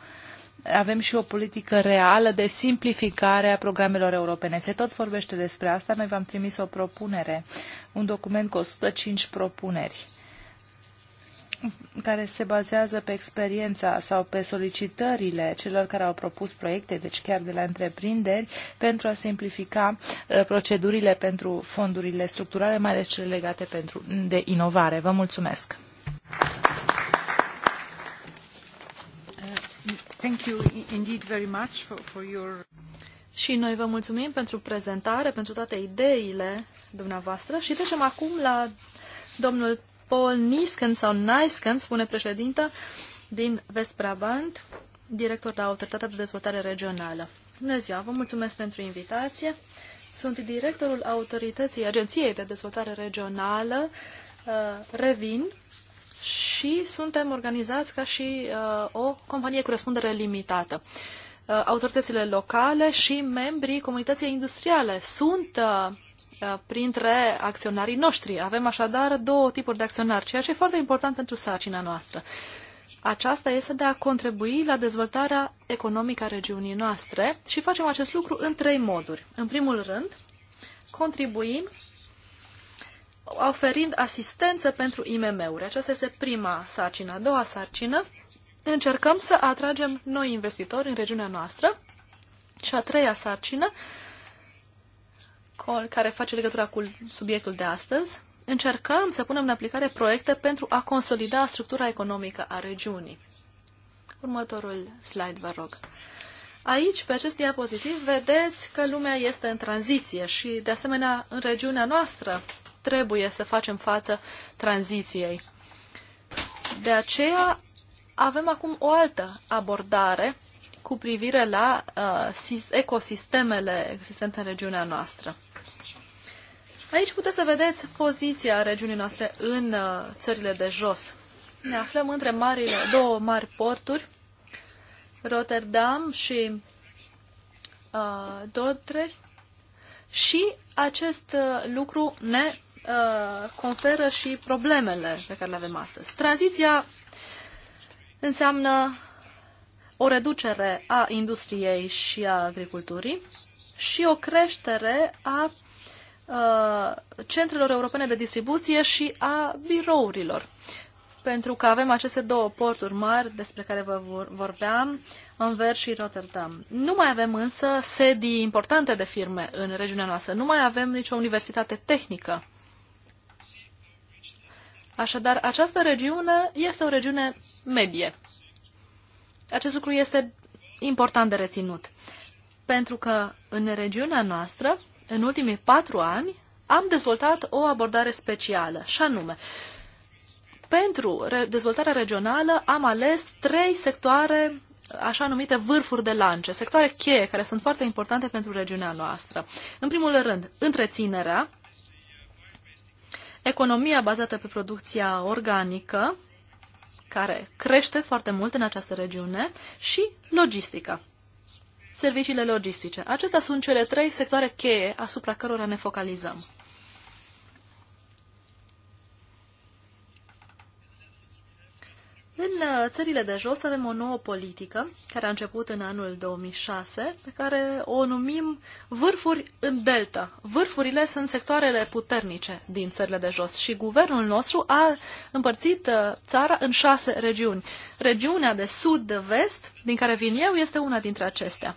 avem și o politică reală de simplificare a programelor europene. Se tot vorbește despre asta. Noi v-am trimis o propunere, un document cu 105 propuneri care se bazează pe experiența sau pe solicitările celor care au propus proiecte, deci chiar de la întreprinderi, pentru a simplifica uh, procedurile pentru fondurile structurale, mai ales cele legate pentru, de inovare. Vă mulțumesc! Și noi vă mulțumim pentru prezentare, pentru toate ideile dumneavoastră și trecem acum la domnul Paul Nisken sau Nisken, spune președinta, din Vestbrabant, director la Autoritatea de Dezvoltare Regională. Bună ziua, vă mulțumesc pentru invitație. Sunt directorul Autorității Agenției de Dezvoltare Regională. Uh, Revin și suntem organizați ca și uh, o companie cu răspundere limitată. Uh, autoritățile locale și membrii comunității industriale sunt uh, uh, printre acționarii noștri. Avem așadar două tipuri de acționari, ceea ce e foarte important pentru sarcina noastră. Aceasta este de a contribui la dezvoltarea economică a regiunii noastre și facem acest lucru în trei moduri. În primul rând, contribuim oferind asistență pentru IMM-uri. Aceasta este prima sarcină. A doua sarcină, încercăm să atragem noi investitori în regiunea noastră. Și a treia sarcină, care face legătura cu subiectul de astăzi, încercăm să punem în aplicare proiecte pentru a consolida structura economică a regiunii. Următorul slide, vă rog. Aici, pe acest diapozitiv, vedeți că lumea este în tranziție și, de asemenea, în regiunea noastră trebuie să facem față tranziției. De aceea avem acum o altă abordare cu privire la uh, ecosistemele existente în regiunea noastră. Aici puteți să vedeți poziția regiunii noastre în uh, țările de jos. Ne aflăm între marile, două mari porturi, Rotterdam și uh, Dordrecht, și acest uh, lucru ne Uh, conferă și problemele pe care le avem astăzi. Tranziția înseamnă o reducere a industriei și a agriculturii și o creștere a uh, centrelor europene de distribuție și a birourilor. Pentru că avem aceste două porturi mari despre care vă vorbeam, Anvers și Rotterdam. Nu mai avem însă sedii importante de firme în regiunea noastră. Nu mai avem nicio universitate tehnică Așadar, această regiune este o regiune medie. Acest lucru este important de reținut, pentru că în regiunea noastră, în ultimii patru ani, am dezvoltat o abordare specială, și anume, pentru dezvoltarea regională am ales trei sectoare așa numite vârfuri de lance, sectoare cheie care sunt foarte importante pentru regiunea noastră. În primul rând, întreținerea, economia bazată pe producția organică, care crește foarte mult în această regiune, și logistica. Serviciile logistice. Acestea sunt cele trei sectoare cheie asupra cărora ne focalizăm. În uh, țările de jos avem o nouă politică care a început în anul 2006, pe care o numim vârfuri în delta. Vârfurile sunt sectoarele puternice din țările de jos și guvernul nostru a împărțit uh, țara în șase regiuni. Regiunea de sud-vest, din care vin eu, este una dintre acestea.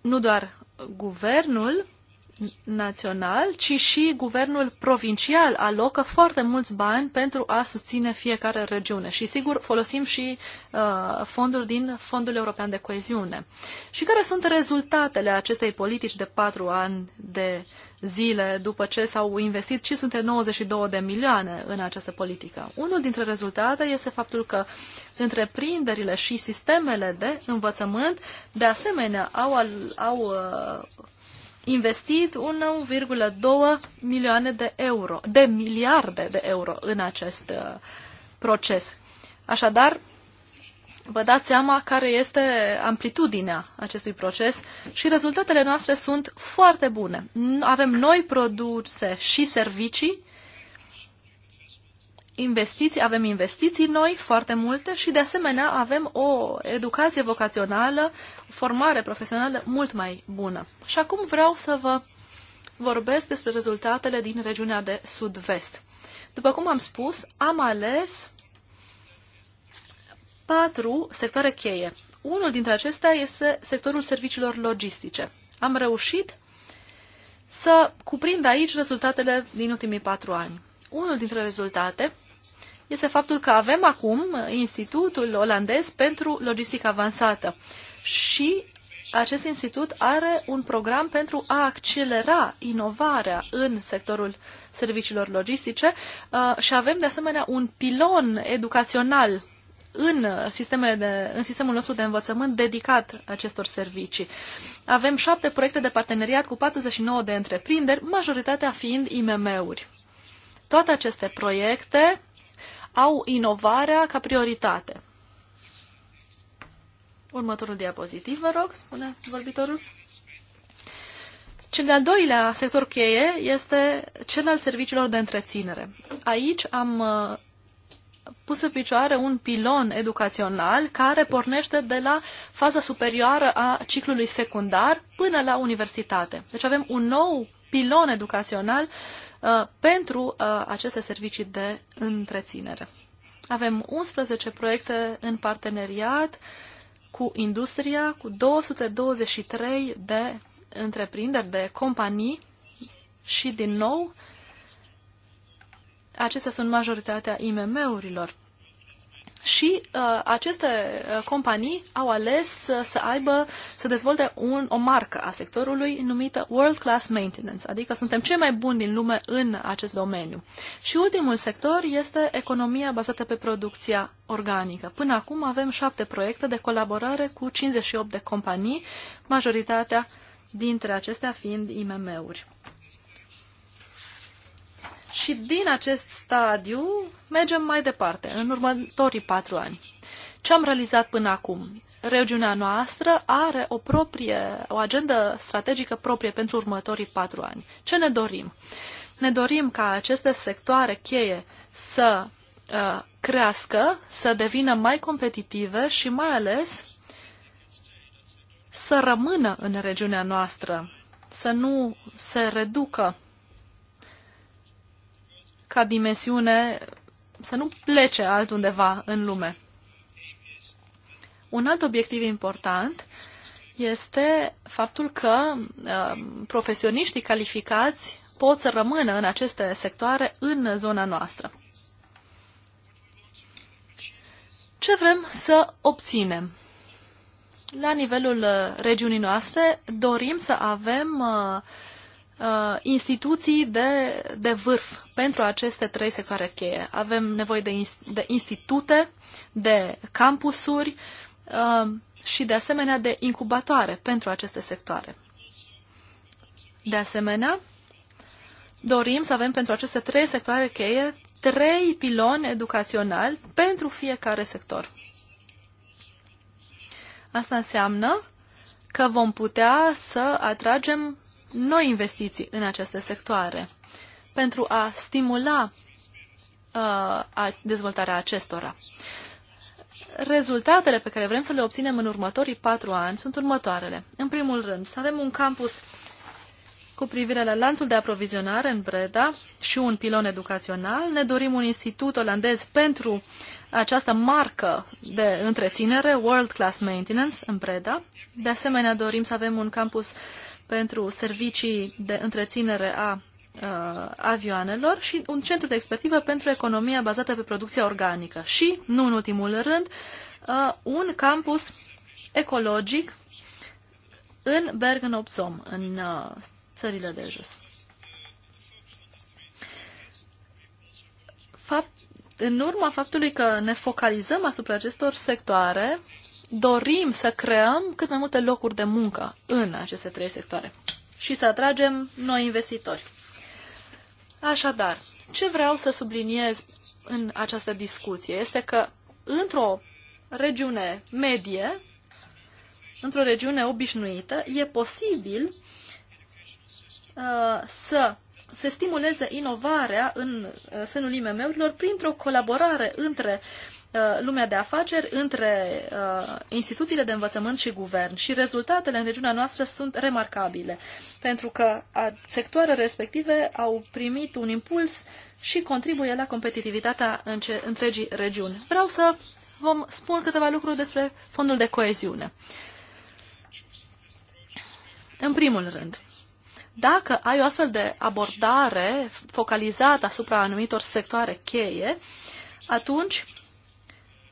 Nu doar guvernul național, ci și guvernul provincial alocă foarte mulți bani pentru a susține fiecare regiune. Și sigur, folosim și uh, fonduri din Fondul European de Coeziune. Și care sunt rezultatele acestei politici de patru ani de zile după ce s-au investit 592 de milioane în această politică? Unul dintre rezultate este faptul că întreprinderile și sistemele de învățământ, de asemenea, au, au uh, investit 1,2 milioane de euro, de miliarde de euro în acest uh, proces. Așadar, vă dați seama care este amplitudinea acestui proces și rezultatele noastre sunt foarte bune. Avem noi produse și servicii investiții, avem investiții noi, foarte multe și de asemenea avem o educație vocațională, o formare profesională mult mai bună. Și acum vreau să vă vorbesc despre rezultatele din regiunea de sud-vest. După cum am spus, am ales patru sectoare cheie. Unul dintre acestea este sectorul serviciilor logistice. Am reușit să cuprind aici rezultatele din ultimii patru ani. Unul dintre rezultate este faptul că avem acum Institutul Olandez pentru Logistică Avansată și acest institut are un program pentru a accelera inovarea în sectorul serviciilor logistice uh, și avem de asemenea un pilon educațional în, sistemele de, în sistemul nostru de învățământ dedicat acestor servicii. Avem șapte proiecte de parteneriat cu 49 de întreprinderi, majoritatea fiind IMM-uri. Toate aceste proiecte au inovarea ca prioritate. Următorul diapozitiv, vă rog, spune vorbitorul. Cel de-al doilea sector cheie este cel al serviciilor de întreținere. Aici am uh, pus în picioare un pilon educațional care pornește de la faza superioară a ciclului secundar până la universitate. Deci avem un nou pilon educațional uh, Uh, pentru uh, aceste servicii de întreținere. Avem 11 proiecte în parteneriat cu industria, cu 223 de întreprinderi, de companii și, din nou, acestea sunt majoritatea IMM-urilor și uh, aceste uh, companii au ales uh, să aibă, să dezvolte un, o marcă a sectorului numită World Class Maintenance, adică suntem cei mai buni din lume în acest domeniu. Și ultimul sector este economia bazată pe producția organică. Până acum avem șapte proiecte de colaborare cu 58 de companii, majoritatea dintre acestea fiind IMM-uri și din acest stadiu mergem mai departe, în următorii patru ani. Ce am realizat până acum? Regiunea noastră are o proprie, o agendă strategică proprie pentru următorii patru ani. Ce ne dorim? Ne dorim ca aceste sectoare cheie să uh, crească, să devină mai competitive și mai ales să rămână în regiunea noastră, să nu se reducă ca dimensiune să nu plece altundeva în lume. Un alt obiectiv important este faptul că uh, profesioniștii calificați pot să rămână în aceste sectoare în zona noastră. Ce vrem să obținem? La nivelul uh, regiunii noastre dorim să avem uh, uh, instituții de, de vârf pentru aceste trei sectoare cheie. Avem nevoie de, inst- de institute, de campusuri uh, și de asemenea de incubatoare pentru aceste sectoare. De asemenea, dorim să avem pentru aceste trei sectoare cheie trei piloni educaționali pentru fiecare sector. Asta înseamnă că vom putea să atragem noi investiții în aceste sectoare pentru a stimula uh, dezvoltarea acestora. Rezultatele pe care vrem să le obținem în următorii patru ani sunt următoarele. În primul rând, să avem un campus cu privire la lanțul de aprovizionare în Breda și un pilon educațional. Ne dorim un institut olandez pentru această marcă de întreținere, World Class Maintenance, în Breda. De asemenea, dorim să avem un campus uh, pentru servicii de întreținere a uh, avioanelor și un centru de expertivă pentru economia bazată pe producția organică și, nu în ultimul rând, uh, un campus ecologic în Bergen-op-Zoom, în uh, țările de jos. Fapt, în urma faptului că ne focalizăm asupra acestor sectoare, dorim să creăm cât mai multe locuri de muncă în aceste trei sectoare și să atragem noi investitori. Așadar, ce vreau să subliniez în această discuție este că într-o regiune medie, într-o regiune obișnuită, e posibil uh, să se stimuleze inovarea în uh, sânul IMM-urilor printr-o colaborare între uh, Uh, lumea de afaceri, între uh, instituțiile de învățământ și guvern. Și rezultatele în regiunea noastră sunt remarcabile, pentru că sectoarele respective au primit un impuls și contribuie la competitivitatea întregii regiuni. Vreau să vom spun câteva lucruri despre fondul de coeziune. În primul rând, dacă ai o astfel de abordare focalizată asupra anumitor sectoare cheie, atunci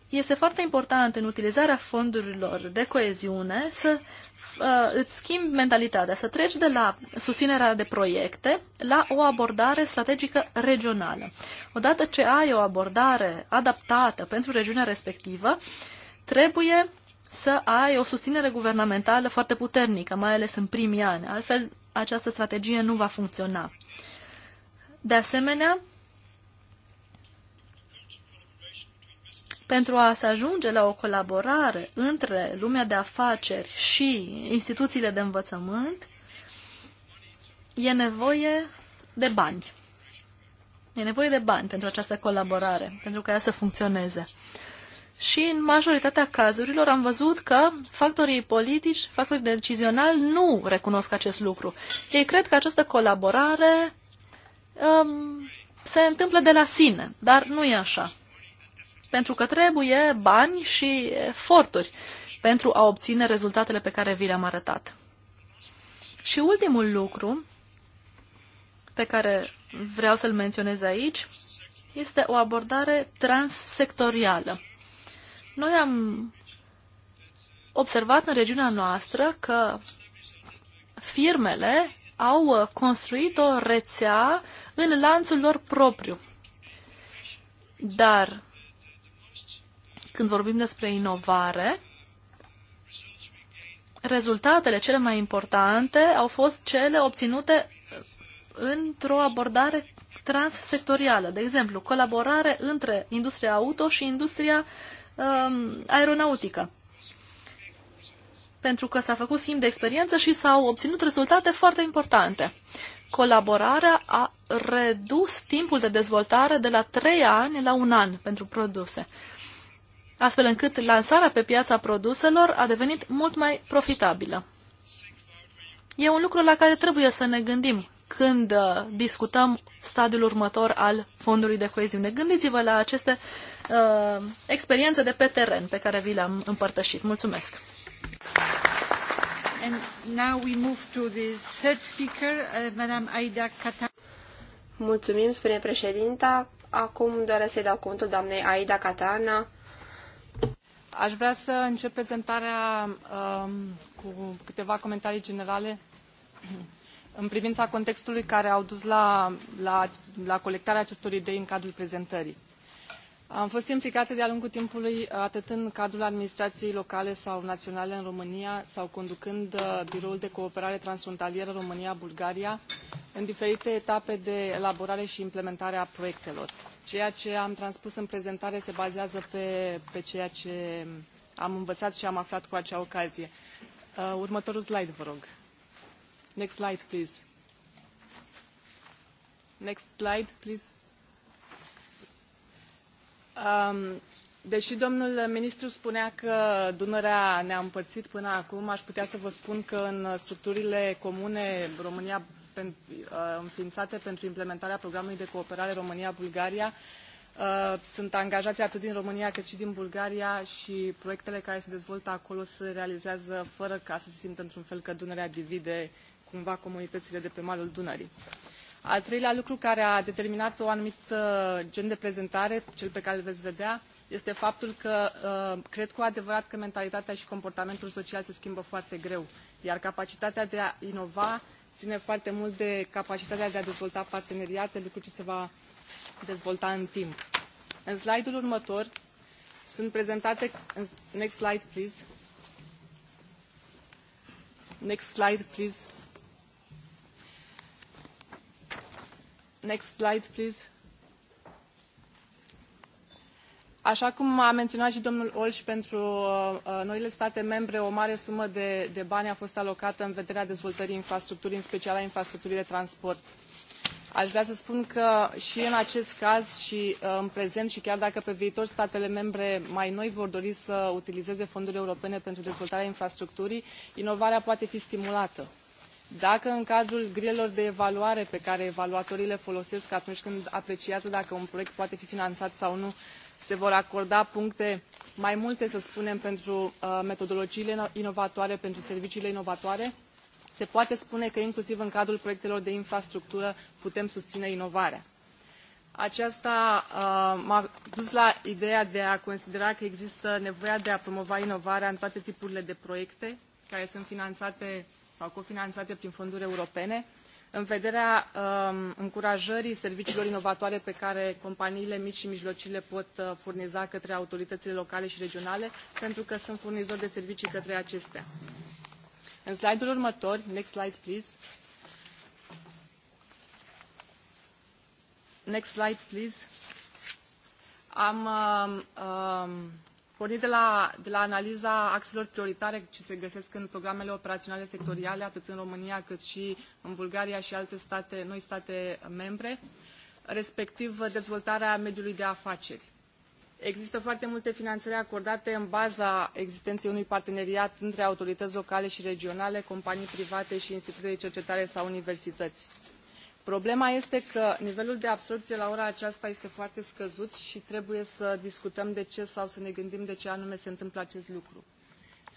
este foarte important în utilizarea fondurilor de coeziune să uh, îți schimbi mentalitatea, să treci de la susținerea de proiecte la o abordare strategică regională. Odată ce ai o abordare adaptată pentru regiunea respectivă, trebuie să ai o susținere guvernamentală foarte puternică, mai ales în primii ani. Altfel, această strategie nu va funcționa. De asemenea, pentru a se ajunge la o colaborare între lumea de afaceri și instituțiile de învățământ, e nevoie de bani. E nevoie de bani pentru această colaborare, pentru ca ea să funcționeze. Și în majoritatea cazurilor am văzut că factorii politici, factorii decizionali nu recunosc acest lucru. Ei cred că această colaborare um, se întâmplă de la sine, dar nu e așa pentru că trebuie bani și eforturi pentru a obține rezultatele pe care vi le-am arătat. Și ultimul lucru pe care vreau să-l menționez aici este o abordare transsectorială. Noi am observat în regiunea noastră că firmele au construit o rețea în lanțul lor propriu. Dar când vorbim despre inovare, rezultatele cele mai importante au fost cele obținute într-o abordare transsectorială. De exemplu, colaborare între industria auto și industria um, aeronautică. Pentru că s-a făcut schimb de experiență și s-au obținut rezultate foarte importante. Colaborarea a redus timpul de dezvoltare de la 3 ani la un an pentru produse. Uh, astfel încât lansarea pe piața produselor a devenit mult mai profitabilă. E un lucru la care trebuie să ne gândim când uh, discutăm stadiul următor al fondului de coeziune. Gândiți-vă la aceste uh, experiențe de pe teren pe care vi le-am împărtășit. Mulțumesc! And now we move to the third speaker, uh, Aida Katan. Mulțumim, spune președinta. Acum doresc să-i dau cuvântul doamnei Aida Catana, Aș vrea să încep prezentarea um, cu câteva comentarii generale în privința contextului care au dus la, la, la colectarea acestor idei în cadrul prezentării. Am fost implicată de-a lungul timpului uh, atât în cadrul administrației locale sau naționale în România sau conducând uh, biroul de cooperare transfrontalieră România-Bulgaria în diferite etape de elaborare și implementare a proiectelor. Ceea ce am transpus în prezentare se bazează pe, pe ceea ce am învățat și am aflat cu acea ocazie. Uh, următorul slide, vă rog. Next slide, please. Next slide, please. Um, Deși domnul ministru spunea că Dunărea ne-a împărțit până acum, aș putea să vă spun că în structurile comune România uh, înființate pentru implementarea programului de cooperare România-Bulgaria uh, sunt angajați atât din România cât și din Bulgaria și proiectele care se dezvoltă acolo se realizează fără ca să se simtă într-un fel că Dunărea divide cumva comunitățile de pe malul Dunării. Al treilea lucru care a determinat o anumit uh, gen de prezentare, cel pe care îl veți vedea, este faptul că uh, cred cu adevărat că mentalitatea și comportamentul social se schimbă foarte greu, iar capacitatea de a inova ține foarte mult de capacitatea de a dezvolta parteneriate, lucru ce se va dezvolta în timp. În slide-ul următor sunt prezentate... Next slide, please. Next slide, please. Next slide, please. Așa cum a menționat și domnul Olș, pentru uh, uh, noile state membre o mare sumă de, de bani a fost alocată în vederea dezvoltării infrastructurii, în special a infrastructurii de transport. Aș vrea să spun că și în acest caz și uh, în prezent și chiar dacă pe viitor statele membre mai noi vor dori să utilizeze fonduri europene pentru dezvoltarea infrastructurii, inovarea poate fi stimulată. Dacă în cadrul grilelor de evaluare pe care evaluatorii le folosesc atunci când apreciază dacă un proiect poate fi finanțat sau nu, se vor acorda puncte mai multe, să spunem, pentru uh, metodologiile inovatoare, pentru serviciile inovatoare, se poate spune că inclusiv în cadrul proiectelor de infrastructură putem susține inovarea. Aceasta uh, m-a dus la ideea de a considera că există nevoia de a promova inovarea în toate tipurile de proiecte care sunt finanțate sau cofinanțate prin fonduri europene în vederea um, încurajării serviciilor inovatoare pe care companiile mici și mijlocii le pot uh, furniza către autoritățile locale și regionale, pentru că sunt furnizori de servicii către acestea. În slide-ul următor, next slide please. Next slide please. Am uh, uh, Pornind de la, de la analiza axelor prioritare ce se găsesc în programele operaționale sectoriale, atât în România cât și în Bulgaria și alte state, noi state membre, respectiv dezvoltarea mediului de afaceri. Există foarte multe finanțări acordate în baza existenței unui parteneriat între autorități locale și regionale, companii private și instituții de cercetare sau universități. Problema este că nivelul de absorbție la ora aceasta este foarte scăzut și trebuie să discutăm de ce sau să ne gândim de ce anume se întâmplă acest lucru.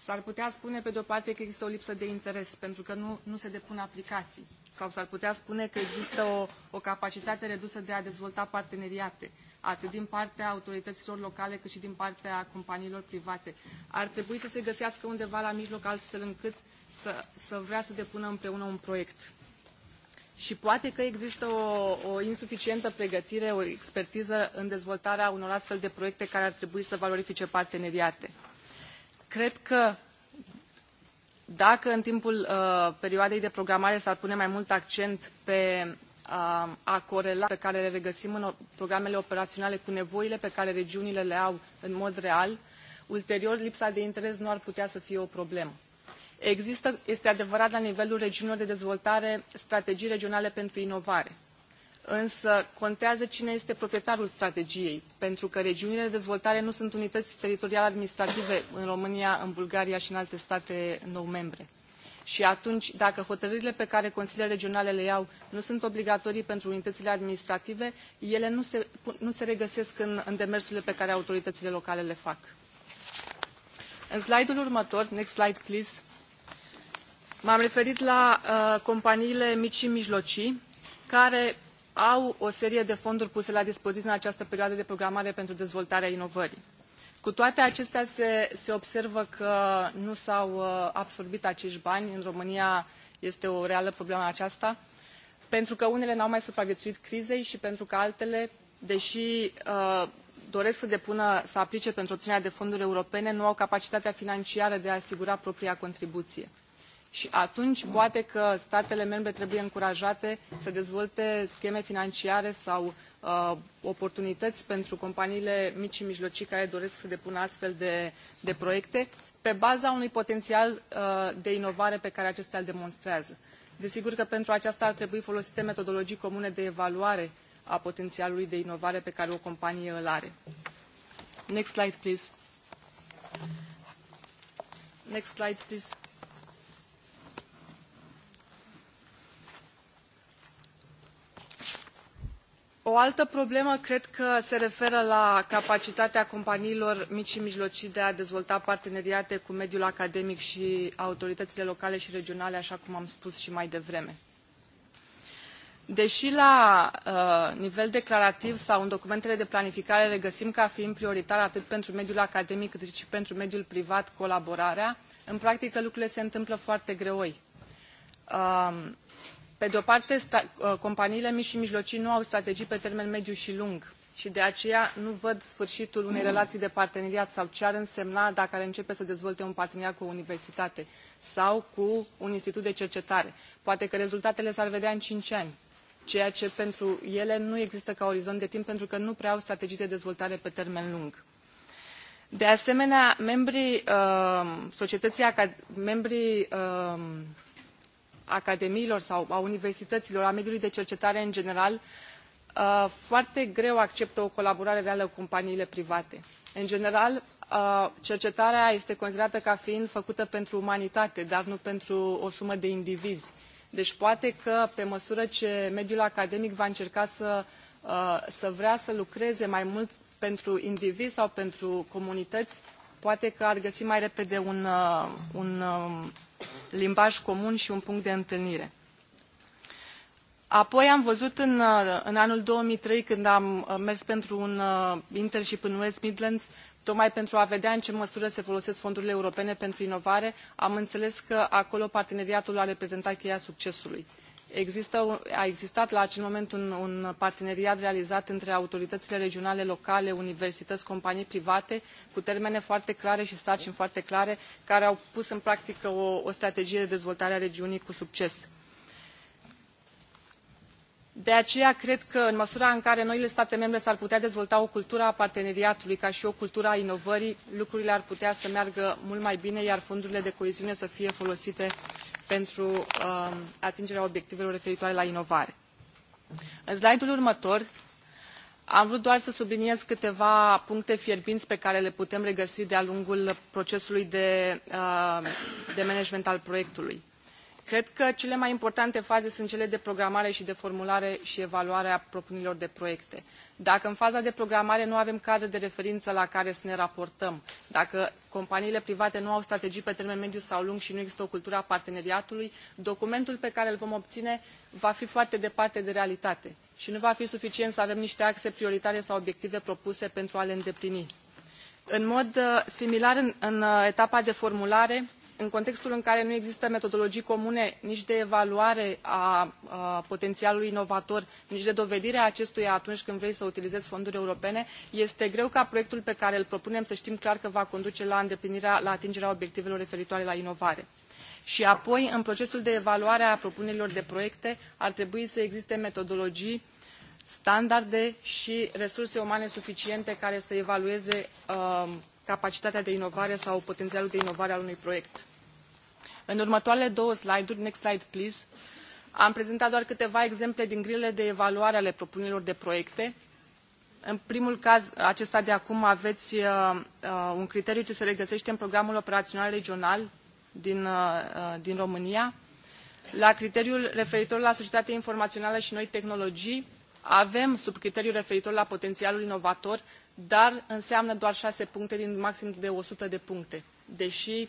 S-ar putea spune, pe de-o parte, că există o lipsă de interes, pentru că nu, nu se depun aplicații. Sau s-ar putea spune că există o, o capacitate redusă de a dezvolta parteneriate, atât din partea autorităților locale, cât și din partea companiilor private. Ar trebui să se găsească undeva la mijloc, astfel încât să, să vrea să depună împreună un proiect și poate că există o, o insuficientă pregătire, o expertiză în dezvoltarea unor astfel de proiecte care ar trebui să valorifice parteneriate. Cred că dacă în timpul uh, perioadei de programare s-ar pune mai mult accent pe uh, a corela pe care le regăsim în programele operaționale cu nevoile pe care regiunile le au în mod real, ulterior lipsa de interes nu ar putea să fie o problemă. Există, este adevărat, la nivelul regiunilor de dezvoltare, strategii regionale pentru inovare. Însă contează cine este proprietarul strategiei, pentru că regiunile de dezvoltare nu sunt unități teritoriale administrative în România, în Bulgaria și în alte state nou membre. Și atunci, dacă hotărârile pe care consiliile regionale le iau nu sunt obligatorii pentru unitățile administrative, ele nu se, nu se regăsesc în, în demersurile pe care autoritățile locale le fac. În slide-ul următor, next slide please, M-am referit la uh, companiile mici și mijlocii, care au o serie de fonduri puse la dispoziție în această perioadă de programare pentru dezvoltarea inovării. Cu toate acestea se, se observă că nu s-au uh, absorbit acești bani. În România este o reală problemă aceasta, pentru că unele n-au mai supraviețuit crizei și pentru că altele, deși uh, doresc să depună, să aplice pentru obținerea de fonduri europene, nu au capacitatea financiară de a asigura propria contribuție și atunci poate că statele membre trebuie încurajate să dezvolte scheme financiare sau uh, oportunități pentru companiile mici și mijlocii care doresc să depună astfel de, de proiecte pe baza unui potențial uh, de inovare pe care acestea îl demonstrează. Desigur că pentru aceasta ar trebui folosite metodologii comune de evaluare a potențialului de inovare pe care o companie îl are. Next slide, please. Next slide, please. O altă problemă cred că se referă la capacitatea companiilor mici și mijlocii de a dezvolta parteneriate cu mediul academic și autoritățile locale și regionale, așa cum am spus și mai devreme. Deși la uh, nivel declarativ sau în documentele de planificare regăsim ca fiind prioritar atât pentru mediul academic cât și pentru mediul privat colaborarea, în practică lucrurile se întâmplă foarte greoi. Uh, pe de o parte, uh, companiile mici și mijlocii nu au strategii pe termen mediu și lung și de aceea nu văd sfârșitul unei relații de parteneriat sau ce ar însemna dacă ar începe să dezvolte un parteneriat cu o universitate sau cu un institut de cercetare. Poate că rezultatele s-ar vedea în cinci ani, ceea ce pentru ele nu există ca orizont de timp pentru că nu prea au strategii de dezvoltare pe termen lung. De asemenea, membrii uh, societății, membrii uh, academiilor sau a universităților, a mediului de cercetare în general, uh, foarte greu acceptă o colaborare reală cu companiile private. În general, uh, cercetarea este considerată ca fiind făcută pentru umanitate, dar nu pentru o sumă de indivizi. Deci poate că pe măsură ce mediul academic va încerca să, uh, să vrea să lucreze mai mult pentru indivizi sau pentru comunități, Poate că ar găsi mai repede un, uh, un uh, limbaj comun și un punct de întâlnire. Apoi am văzut în, uh, în anul 2003, când am mers pentru un internship în West Midlands, tocmai pentru a vedea în ce măsură se folosesc fondurile europene pentru inovare, am înțeles că acolo parteneriatul a reprezentat cheia succesului Există, a existat la acel moment un, un, parteneriat realizat între autoritățile regionale, locale, universități, companii private, cu termene foarte clare și sarcini foarte clare, care au pus în practică o, o strategie de dezvoltare a regiunii cu succes. De aceea cred că în măsura în care noile state membre s-ar putea dezvolta o cultură a parteneriatului ca și o cultură a inovării, lucrurile ar putea să meargă mult mai bine, iar fondurile de coeziune să fie folosite uh, pentru um, atingerea obiectivelor referitoare la inovare. În slide-ul următor am vrut doar să subliniez câteva puncte fierbinți pe care le putem regăsi de-a lungul procesului de, uh, de management al proiectului. Cred că cele mai importante faze sunt cele de programare și de formulare și evaluare a propunerilor de proiecte. Dacă în faza de programare nu avem cadre de referință la care să ne raportăm, dacă companiile private nu au strategii pe termen mediu sau lung și nu există o cultură a parteneriatului, documentul pe care îl vom obține va fi foarte departe de realitate și nu va fi suficient să avem niște axe prioritare sau obiective propuse pentru a le îndeplini. În mod uh, similar, în, în uh, etapa de formulare, în contextul în care nu există metodologii comune nici de evaluare a, a potențialului inovator, nici de dovedire a acestuia atunci când vrei să utilizezi fonduri europene, este greu ca proiectul pe care îl propunem să știm clar că va conduce la îndeplinirea, la atingerea obiectivelor referitoare la inovare și apoi în procesul de evaluare a propunerilor de proiecte ar trebui să existe metodologii standarde și resurse umane suficiente care să evalueze uh, capacitatea de inovare sau potențialul de inovare al unui proiect. În următoarele două slide-uri, next slide please, am prezentat doar câteva exemple din grilele de evaluare ale propunerilor de proiecte. În primul caz, acesta de acum, aveți uh, uh un criteriu ce se regăsește în programul operațional regional din, uh, uh, din România. La criteriul referitor la societatea informațională și noi tehnologii, avem sub criteriul referitor la potențialul inovator dar înseamnă doar șase puncte din maxim de 100 de puncte, deși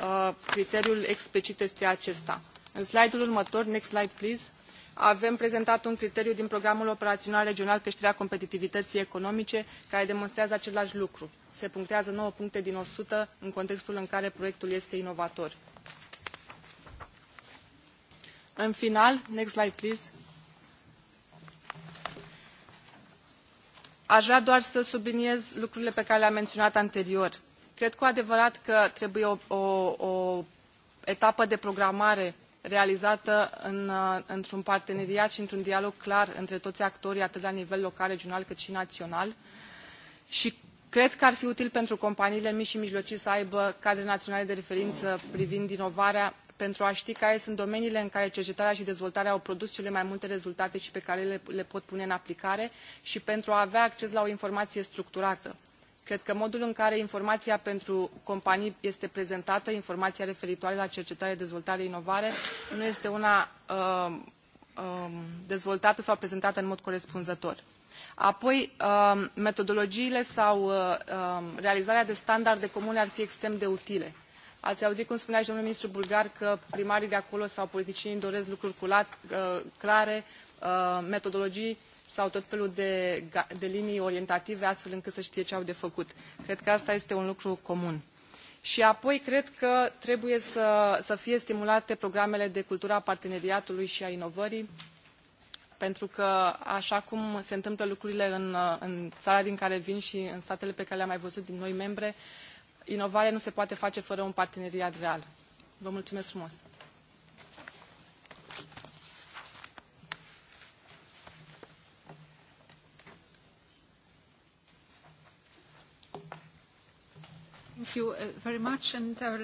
uh, criteriul explicit este acesta. În slide-ul următor, next slide please, avem prezentat un criteriu din programul operațional regional creșterea competitivității economice, care demonstrează același lucru. Se punctează 9 puncte din 100 în contextul în care proiectul este inovator. În final, next slide please, Aș vrea doar să subliniez lucrurile pe care le-am menționat anterior. Cred cu adevărat că trebuie o, o, o etapă de programare realizată în, într-un parteneriat și într-un dialog clar între toți actorii, atât la nivel local, regional, cât și național. Și cred că ar fi util pentru companiile mici și mijlocii să aibă cadre naționale de referință privind inovarea pentru a ști care sunt domeniile în care cercetarea și dezvoltarea au produs cele mai multe rezultate și pe care le, le pot pune în aplicare și pentru a avea acces la o informație structurată. Cred că modul în care informația pentru companii este prezentată, informația referitoare la cercetare, dezvoltare, inovare, nu este una uh, uh, dezvoltată sau prezentată în mod corespunzător. Apoi, uh, metodologiile sau uh, realizarea de standarde comune ar fi extrem de utile Ați auzit cum spunea și domnul ministru bulgar că primarii de acolo sau politicienii doresc lucruri uh, clare, uh, metodologii sau tot felul de, de linii orientative, astfel încât să știe ce au de făcut. Cred că asta este un lucru comun. Și apoi cred că trebuie să, să fie stimulate programele de cultura parteneriatului și a inovării, pentru că așa cum se întâmplă lucrurile în, uh, în țara din care vin și în statele pe care le-am mai văzut din noi membre, uh, inovare nu se poate face fără un parteneriat real. Vă mulțumesc frumos! Uh,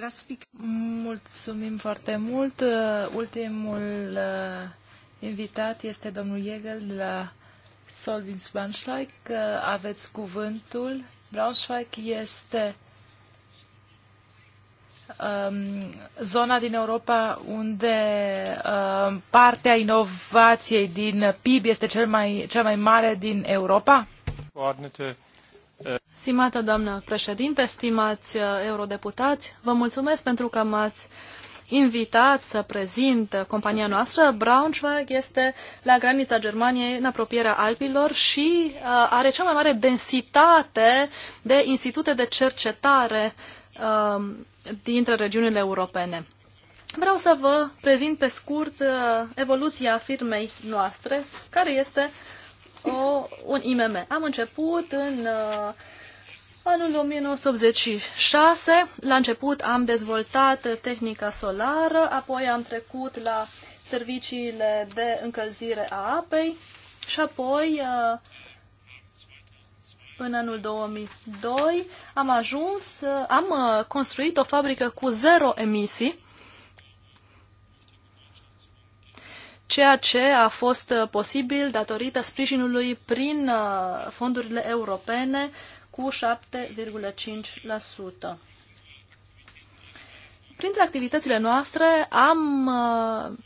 Mulțumim foarte mult. Uh, ultimul uh, invitat este domnul Jägel de la Solvins Braunschweig. Aveți cuvântul. Braunschweig este Um, zona din Europa unde um, partea inovației din PIB este cel mai, cel mai mare din Europa? Uh, Stimată doamnă președinte, stimați uh, eurodeputați, vă mulțumesc pentru că m-ați invitat să prezint compania noastră. Braunschweig este la granița Germaniei, în apropierea Alpilor și uh, are cea mai mare densitate de institute de cercetare um, dintre regiunile europene. Vreau să vă prezint pe scurt uh, evoluția firmei noastre, care este o, un IMM. Am început în uh, anul 1986. La început am dezvoltat tehnica solară, apoi am trecut la serviciile de încălzire a apei și apoi uh, în anul 2002 am ajuns, am uh, construit o fabrică cu zero emisii, ceea ce a fost uh, posibil datorită sprijinului prin uh, fondurile europene cu 7,5%. Printre activitățile noastre am,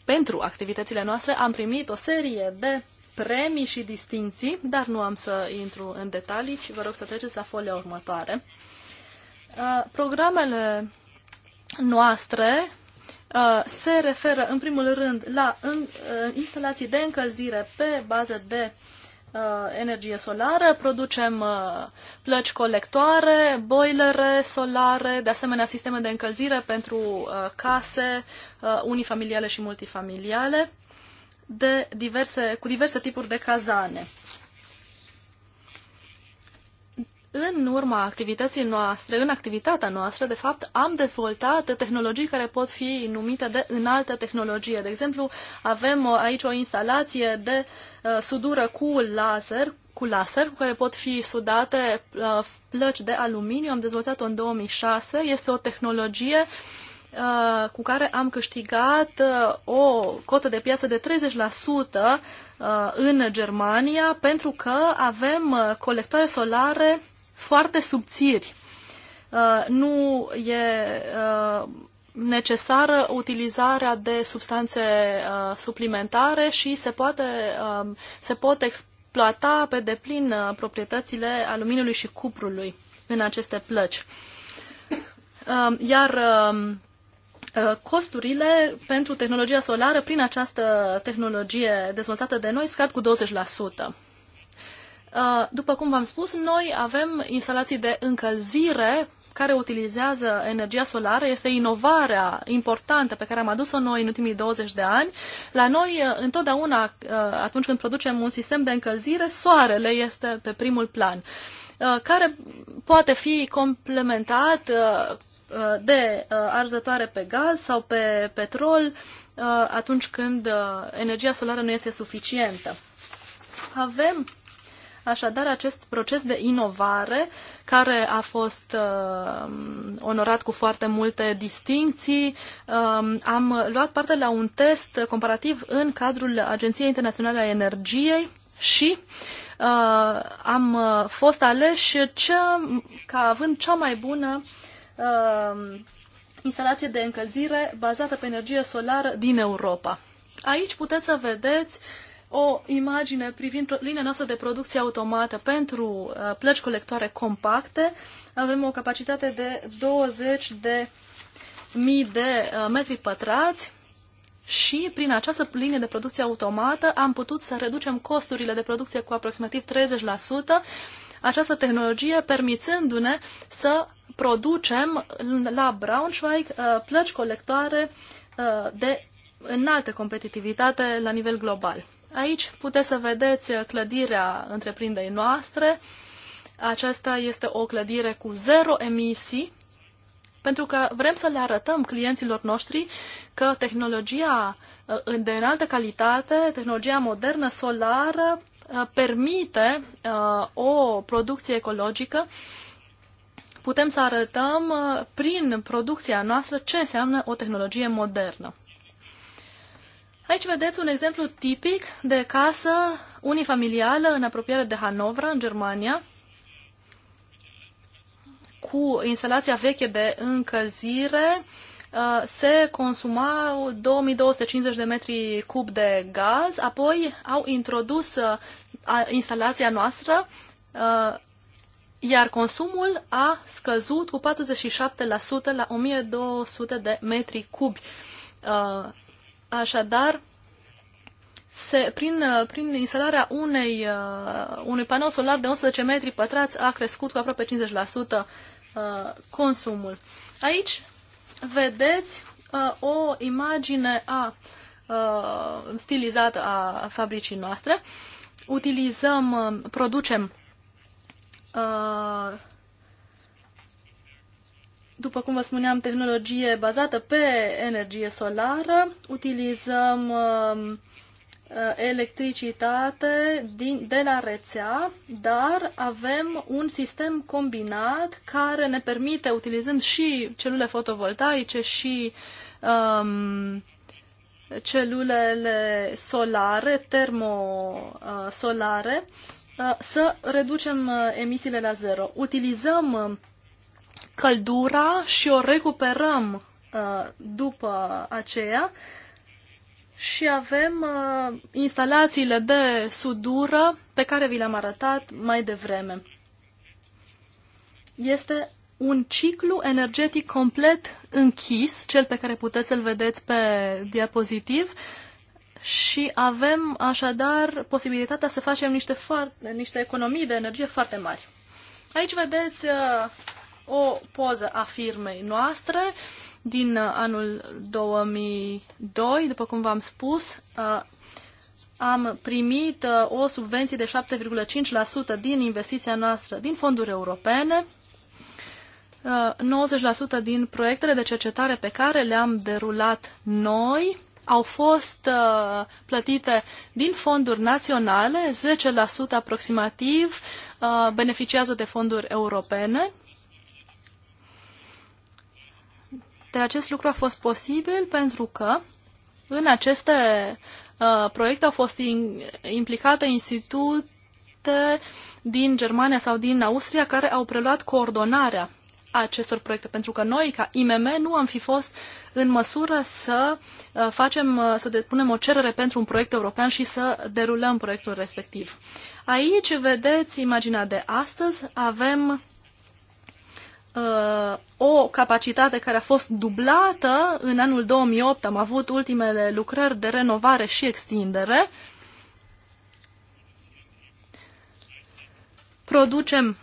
pentru activitățile noastre, am primit o serie de premii și distinții, dar nu am să intru în detalii și vă rog să treceți la folia următoare. Programele noastre se referă în primul rând la instalații de încălzire pe bază de energie solară, producem plăci colectoare, boilere solare, de asemenea sisteme de încălzire pentru case unifamiliale și multifamiliale de diverse, cu diverse tipuri de cazane. În urma activității noastre, în activitatea noastră, de fapt, am dezvoltat tehnologii care pot fi numite de înaltă tehnologie. De exemplu, avem uh, aici o instalație de uh, sudură cu laser, cu laser, cu care pot fi sudate uh, plăci de aluminiu. Am dezvoltat-o în 2006. Este o tehnologie uh, Uh, cu care am câștigat uh, o cotă de piață de 30% uh, în Germania pentru că avem uh, colectoare solare foarte subțiri. Uh, nu e necesară utilizarea de substanțe suplimentare și se, poate, um, se pot exploata pe deplin proprietățile aluminiului și cuprului în aceste plăci. Iar um, Uh, costurile pentru tehnologia solară prin această tehnologie dezvoltată de noi scad cu 20%. Uh, după cum v-am spus, noi avem instalații de încălzire care utilizează energia solară, este inovarea importantă pe care am adus-o noi în ultimii 20 de ani. La noi, uh, întotdeauna, atunci când producem un sistem de încălzire, soarele este pe primul plan care poate fi complementat Uh, de uh, arzătoare pe gaz sau pe petrol uh, atunci când energia solară nu este suficientă. Avem Așadar, acest proces de inovare, care a fost uh, onorat cu foarte multe distincții, uh, am luat parte la un test comparativ în cadrul Agenției Internaționale a Energiei și uh, am fost aleși cea, ca având cea mai bună uh, uh, instalație de încălzire bazată pe energie solară din Europa. Aici puteți să vedeți o imagine privind linia noastră de producție automată pentru uh, plăci colectoare compacte. Avem o capacitate de 20 de mii de uh, metri pătrați și prin această linie de producție automată am putut să reducem costurile de producție cu aproximativ 30%, această tehnologie, permițându-ne să producem la Braunschweig uh, plăci colectoare uh, de înaltă competitivitate la nivel global. Aici puteți să vedeți clădirea întreprinderii noastre. Aceasta este o clădire cu zero emisii, pentru că vrem să le arătăm clienților noștri că tehnologia uh, de înaltă calitate, tehnologia modernă solară, Uh, permite uh, o producție ecologică, putem să arătăm uh, prin producția noastră ce înseamnă o tehnologie modernă. Aici vedeți un exemplu tipic de casă unifamilială în apropiere de Hanovra, în Germania, cu instalația veche de încălzire, Uh, se consumau 2250 de metri cub de gaz, apoi au introdus uh, instalația noastră, uh, iar consumul a scăzut cu 47% la 1200 de metri cubi. Așadar, se, prin, prin instalarea unei, unui panou solar de 11 metri pătrați a crescut cu aproape 50% consumul. Aici vedeți uh, o imagine a uh, stilizată a fabricii noastre. Utilizăm, uh, producem uh, după cum vă spuneam, tehnologie bazată pe energie solară. Utilizăm uh, Uh, electricitate din, de la rețea, dar avem un sistem combinat care ne permite, utilizând și celule fotovoltaice și um, celulele solare, termosolare, uh, uh, să reducem emisiile la zero. Utilizăm căldura și o recuperăm după aceea și avem uh, instalațiile de sudură pe care vi le-am arătat mai devreme. Este un ciclu energetic complet închis, cel pe care puteți să-l vedeți pe diapozitiv, și avem așadar posibilitatea să facem niște, foarte, niște economii de energie foarte mari. Aici vedeți uh, o poză a firmei noastre. Uh, din uh, anul 2002, după cum v-am spus, uh, am primit uh, o subvenție de 7,5% din investiția noastră din fonduri europene, 90% din proiectele de cercetare pe care le-am derulat noi au fost plătite din fonduri naționale, 10% aproximativ beneficiază de fonduri europene Dar acest lucru a fost posibil pentru că în aceste uh, proiecte au fost in, implicate institute din Germania sau din Austria care au preluat coordonarea acestor proiecte, pentru că noi, ca IMM, nu am fi fost în măsură să uh, facem, uh, să depunem o cerere pentru un proiect european și să derulăm proiectul respectiv. Aici vedeți imaginea de astăzi, avem uh, o capacitate care a fost dublată în anul 2008. Am avut ultimele lucrări de renovare și extindere. Producem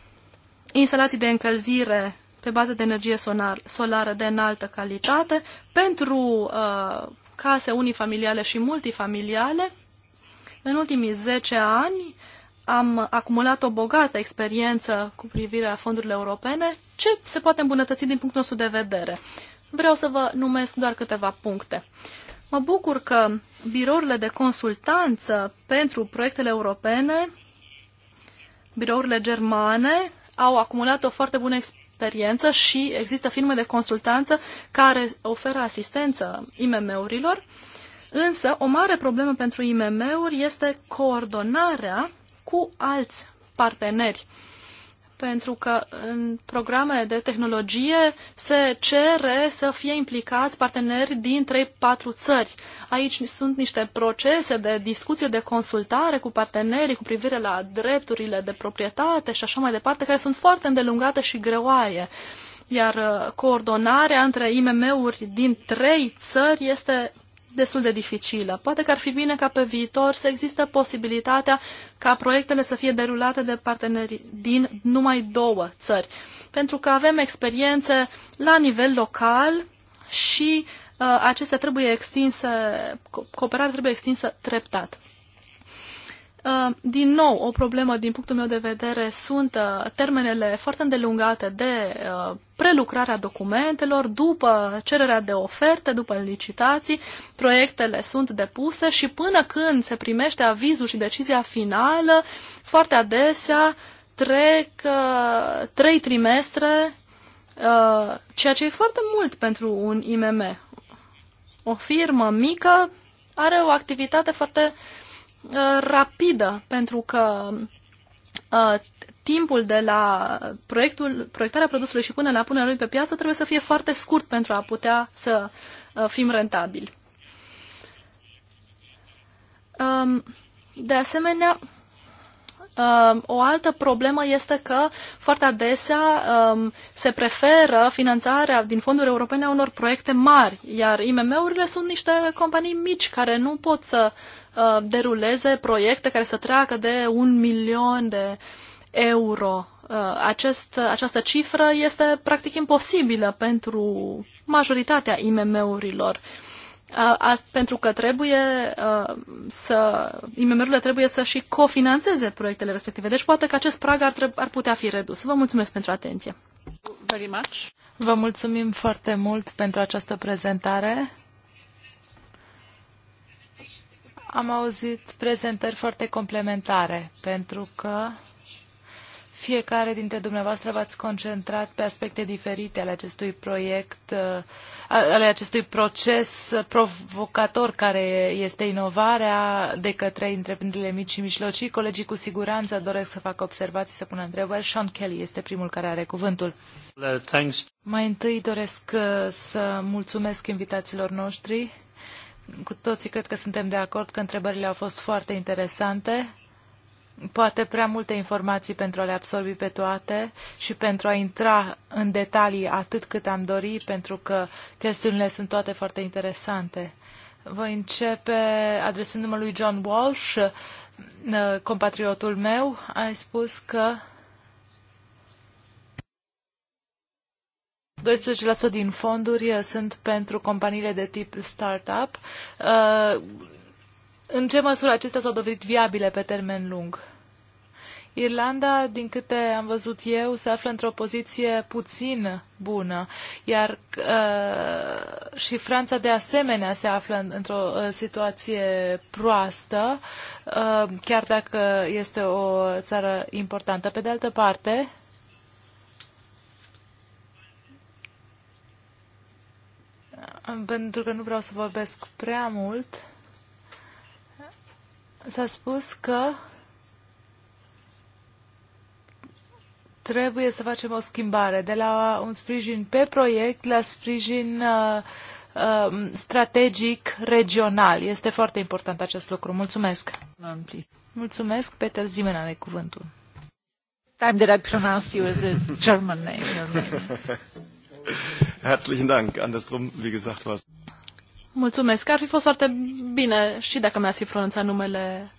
instalații de încălzire pe bază de energie sonar, solară de înaltă calitate pentru uh, case unifamiliale și multifamiliale. În ultimii 10 ani uh, am acumulat o bogată experiență cu privire la fondurile europene, ce se poate îmbunătăți din punctul nostru de vedere? Vreau să vă numesc doar câteva puncte. Mă bucur că birourile de consultanță pentru proiectele europene, birourile germane, au acumulat o foarte bună experiență și există firme de consultanță care oferă asistență IMM-urilor. Însă, o mare problemă pentru IMM-uri este coordonarea cu alți parteneri. Pentru că în programe de tehnologie se cere să fie implicați parteneri din 3-4 țări. Aici sunt niște procese de discuție, de consultare cu partenerii cu privire la drepturile de proprietate și așa mai departe, care sunt foarte îndelungate și greoaie iar uh, coordonarea între IMM-uri din trei țări este destul de dificilă. Poate că ar fi bine ca pe viitor să există posibilitatea ca proiectele să fie derulate de parteneri din numai două țări. Pentru că avem experiențe la nivel local și uh, acestea trebuie extinse, cooperarea trebuie extinsă treptat. Uh, din nou, o problemă din punctul meu de vedere sunt uh, termenele foarte îndelungate de uh, prelucrarea documentelor, după cererea de oferte, după licitații, proiectele sunt depuse și până când se primește avizul și decizia finală, foarte adesea trec trei trimestre, ceea ce e foarte mult pentru un IMM. O firmă mică are o activitate foarte uh, Uh, rapidă, pentru că uh, timpul de la proiectul, proiectarea produsului și până la punerea lui pe piață trebuie să fie foarte scurt pentru a putea să uh, fim rentabili. Um, de asemenea, um, o altă problemă este că foarte adesea um, se preferă finanțarea din fonduri europene a unor proiecte mari, iar IMM-urile sunt niște companii mici care nu pot să uh, Uh, deruleze proiecte care să treacă de un milion de euro. Uh, acest, această cifră este practic imposibilă pentru majoritatea IMM-urilor. A, uh, a, pentru că trebuie a, să IMM-urile trebuie să și cofinanțeze proiectele respective. Deci poate că acest prag ar, ar putea fi redus. Vă mulțumesc pentru atenție. Very much. Vă mulțumim foarte mult pentru această prezentare am auzit prezentări foarte complementare, pentru că fiecare dintre dumneavoastră v-ați concentrat pe aspecte diferite ale acestui proiect, uh, ale acestui proces provocator care este inovarea de către întreprinderile mici și mijlocii. Colegii cu siguranță doresc să facă observații, să pună întrebări. Sean Kelly este primul care are cuvântul. Mai întâi doresc uh, să mulțumesc invitațiilor noștri cu toții cred că suntem de acord că întrebările au fost foarte interesante. Poate prea multe informații pentru a le absorbi pe toate și pentru a intra în detalii atât cât am dori, pentru că chestiunile sunt toate foarte interesante. Voi începe adresându-mă lui John Walsh, compatriotul meu. Ai spus că 12% din fonduri uh, sunt pentru companiile de tip startup. Uh, în ce măsură acestea s-au dovedit viabile pe termen lung? Irlanda, din câte am văzut eu, se află într-o poziție puțin bună, iar uh, și Franța de asemenea se află într-o uh, situație proastă, uh, chiar dacă este o țară importantă. Pe de altă parte, pentru că nu vreau să vorbesc prea mult, s-a spus că trebuie să facem o schimbare de la un sprijin pe proiect la sprijin uh, uh, strategic regional. Este foarte important acest lucru. Mulțumesc. Mulțumesc. Peter Zimen are cuvântul. Time that I pronounced you as a German name. Herzlichen Dank. Andersrum, wie gesagt, Mulțumesc. Ar fi fost foarte bine și dacă mi-ați fi pronunțat numele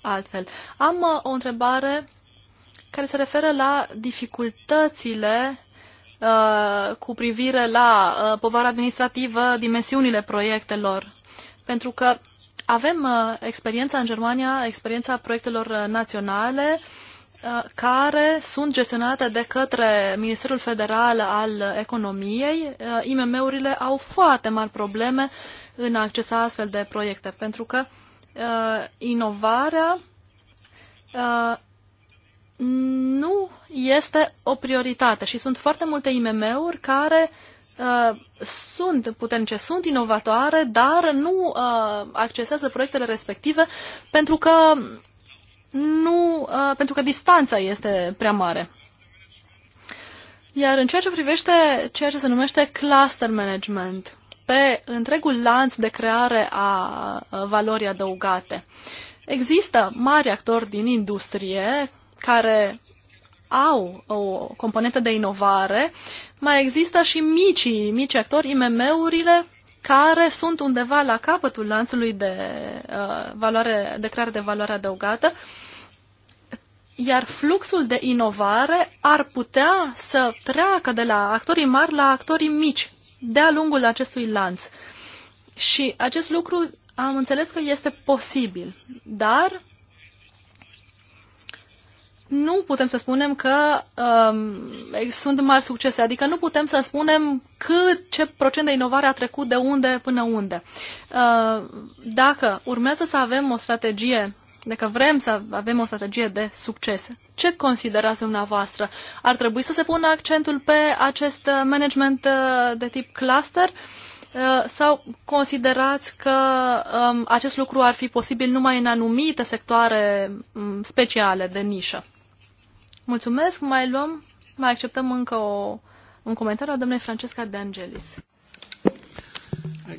altfel. Am uh, o întrebare care se referă la dificultățile uh, cu privire la uh, povara administrativă, dimensiunile proiectelor. Pentru că avem uh, experiența în Germania, experiența proiectelor uh, naționale Uh, care sunt gestionate de către Ministerul Federal al Economiei, uh, IMM-urile au foarte mari probleme în accesa astfel de proiecte, pentru că uh, inovarea nu este o prioritate și sunt foarte multe IMM-uri care sunt puternice, sunt inovatoare, dar nu accesează proiectele respective pentru că nu, uh, pentru că distanța este prea mare. Iar în ceea ce privește ceea ce se numește cluster management, pe întregul lanț de creare a valorii adăugate, există mari actori din industrie care au o componentă de inovare, mai există și micii, mici actori, IMM-urile, care sunt undeva la capătul lanțului de uh, valoare, declarare de valoare adăugată, iar fluxul de inovare ar putea să treacă de la actorii mari la actorii mici de-a lungul acestui lanț. Și acest lucru am înțeles că este posibil, dar nu putem să spunem că uh, sunt mari succese, adică nu putem să spunem cât, ce procent de inovare a trecut de unde până unde. Uh, dacă urmează să avem o strategie, dacă vrem să avem o strategie de succes, ce considerați dumneavoastră? Ar trebui să se pună accentul pe acest management uh, de tip cluster? Uh, sau considerați că um, acest lucru ar fi posibil numai în anumite sectoare um, speciale de nișă? Mulțumesc, mai luăm, mai acceptăm încă o, un comentariu al domnului Francesca De Angelis.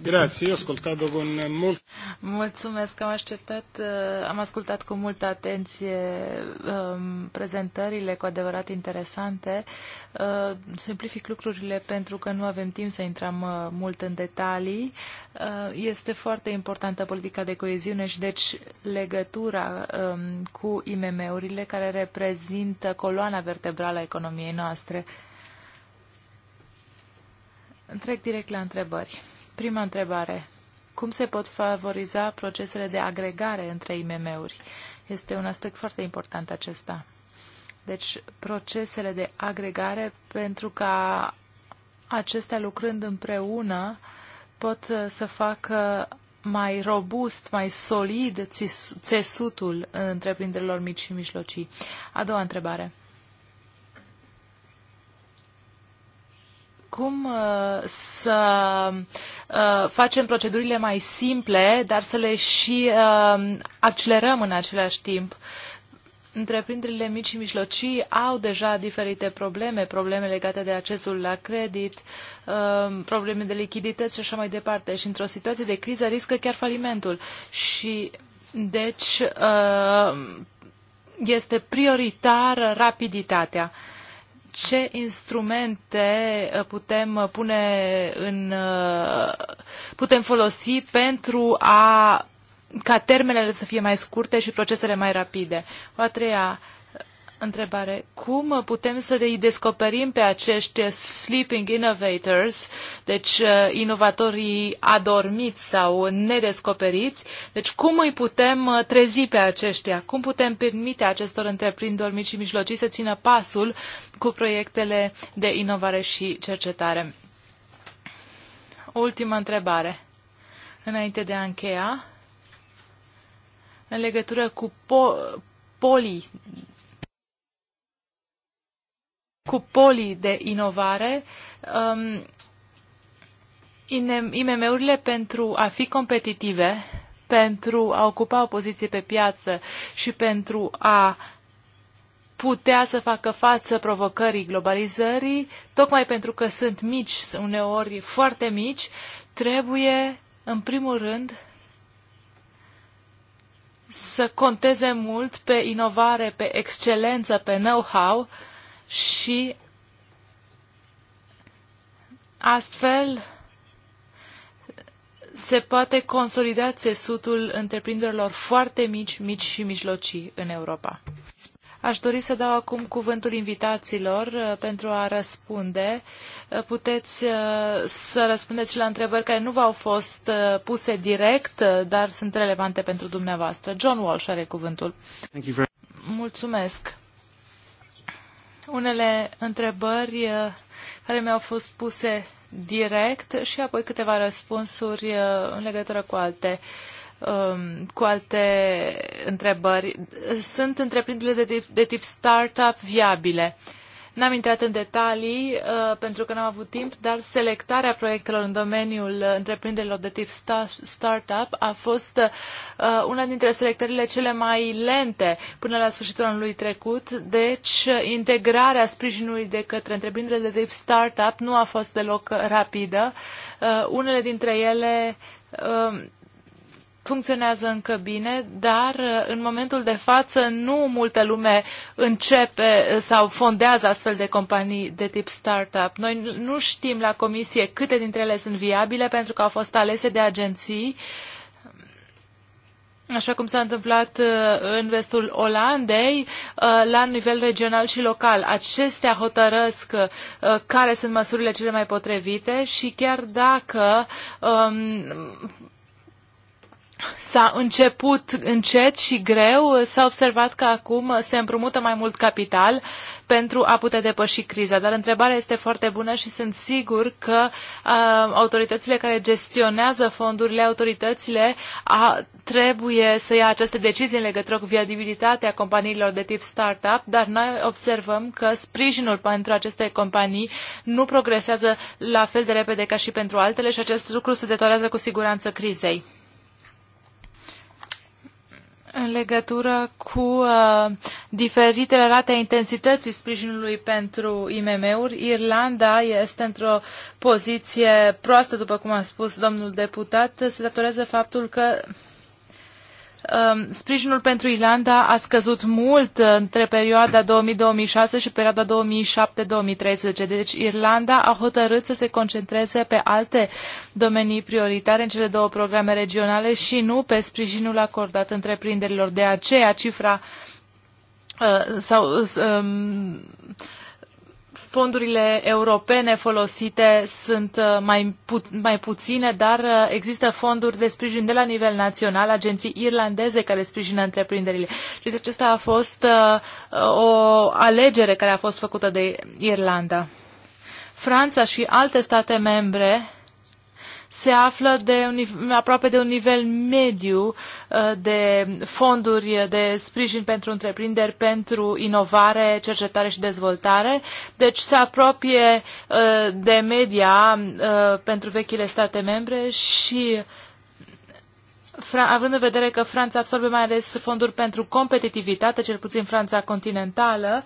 Grazie, io con mult... Mulțumesc, am așteptat, uh, am ascultat cu multă atenție um, prezentările cu adevărat interesante. Uh, simplific lucrurile pentru că nu avem timp să intrăm uh, mult în detalii. este foarte importantă politica de coeziune și deci legătura um, cu IMM-urile care reprezintă coloana vertebrală a economiei noastre. Trec direct la întrebări. Prima întrebare. Cum se pot favoriza procesele de agregare între IMM-uri? Este un aspect foarte important acesta. Deci, procesele de agregare pentru ca acestea lucrând împreună pot uh, să facă mai robust, mai solid țesutul întreprinderilor mici și mijlocii. A doua întrebare. cum uh, să uh, facem procedurile mai simple, dar să le și uh, accelerăm în același timp. Întreprinderile mici și mijlocii au deja diferite probleme, probleme legate de accesul la credit, probleme de lichidități și așa mai departe. Și într-o situație de criză riscă chiar falimentul. Și deci este prioritară rapiditatea ce instrumente uh, putem uh, pune în, uh, putem folosi pentru a ca termenele să fie mai scurte și procesele mai rapide. O a treia întrebare. Cum putem să îi descoperim pe acești sleeping innovators, deci uh, inovatorii adormiți sau nedescoperiți? Deci cum îi putem uh, trezi pe aceștia? Cum putem permite acestor întreprinderi mici și mijlocii să țină pasul cu proiectele de inovare și cercetare? Ultima întrebare. Înainte de a încheia, în legătură cu po- poli cu poli de inovare, um, IMM-urile pentru a fi competitive, pentru a ocupa o poziție pe piață și pentru a putea să facă față provocării globalizării, tocmai pentru că sunt mici, uneori foarte mici, trebuie, în primul rând, să conteze mult pe inovare, pe excelență, pe know-how, și astfel se poate consolida țesutul întreprinderilor foarte mici, mici și mijlocii în Europa. Aș dori să dau acum cuvântul invitaților uh, pentru a răspunde. Uh, puteți uh, să răspundeți la întrebări care nu v-au fost puse direct, dar sunt relevante pentru dumneavoastră. John Walsh are cuvântul. Mulțumesc unele întrebări uh, care mi-au fost puse direct și apoi câteva răspunsuri uh, în legătură cu alte um, cu alte întrebări. Sunt întreprinderile de tip, de tip startup viabile. Uh, N-am intrat în detalii uh, pentru că n-am avut timp, dar selectarea proiectelor în domeniul uh, întreprinderilor de tip startup a fost uh, una dintre selectările cele mai lente până la sfârșitul anului trecut, deci integrarea sprijinului de către întreprinderile de tip startup nu a fost deloc rapidă. Uh, unele dintre ele uh, funcționează încă bine, dar uh, în momentul de față nu multă lume începe uh, sau fondează astfel de companii de tip startup. Noi nu știm la comisie câte dintre ele sunt viabile pentru că au fost alese de agenții așa cum s-a întâmplat uh, în vestul Olandei, la nivel regional și local. Acestea hotărăsc care sunt măsurile cele mai potrivite și chiar dacă um, s-a început încet și greu, s-a observat că acum se împrumută mai mult capital pentru a putea depăși criza. Dar întrebarea este foarte bună și sunt sigur că uh, autoritățile care gestionează fondurile, autoritățile a, trebuie să ia aceste decizii în legătură cu viabilitatea companiilor de tip startup, dar noi observăm că sprijinul pentru aceste companii nu progresează la fel de repede ca și pentru altele și acest lucru se detorează cu siguranță crizei în legătură cu uh, diferitele rate a intensității sprijinului pentru IMM-uri. Irlanda este într-o poziție proastă, după cum a spus domnul deputat, se datorează faptul că Um, sprijinul pentru Irlanda a scăzut mult uh, între perioada 2006 și perioada 2007-2013. Deci Irlanda a hotărât să se concentreze pe alte domenii prioritare în cele două programe regionale și nu pe sprijinul acordat întreprinderilor. De aceea cifra uh, sau Uh, fondurile europene folosite sunt uh, mai, pu- mai puține, dar uh, există fonduri de sprijin de la nivel național, agenții irlandeze care sprijină întreprinderile. Și deci acesta a fost uh, o alegere care a fost făcută de Irlanda. Franța și alte state membre se află de un, aproape de un nivel mediu uh, de fonduri de sprijin pentru întreprinderi, pentru inovare, cercetare și dezvoltare. Deci se apropie uh, de media uh, pentru vechile state membre și având în vedere că Franța absorbe mai ales fonduri pentru competitivitate, cel puțin Franța continentală,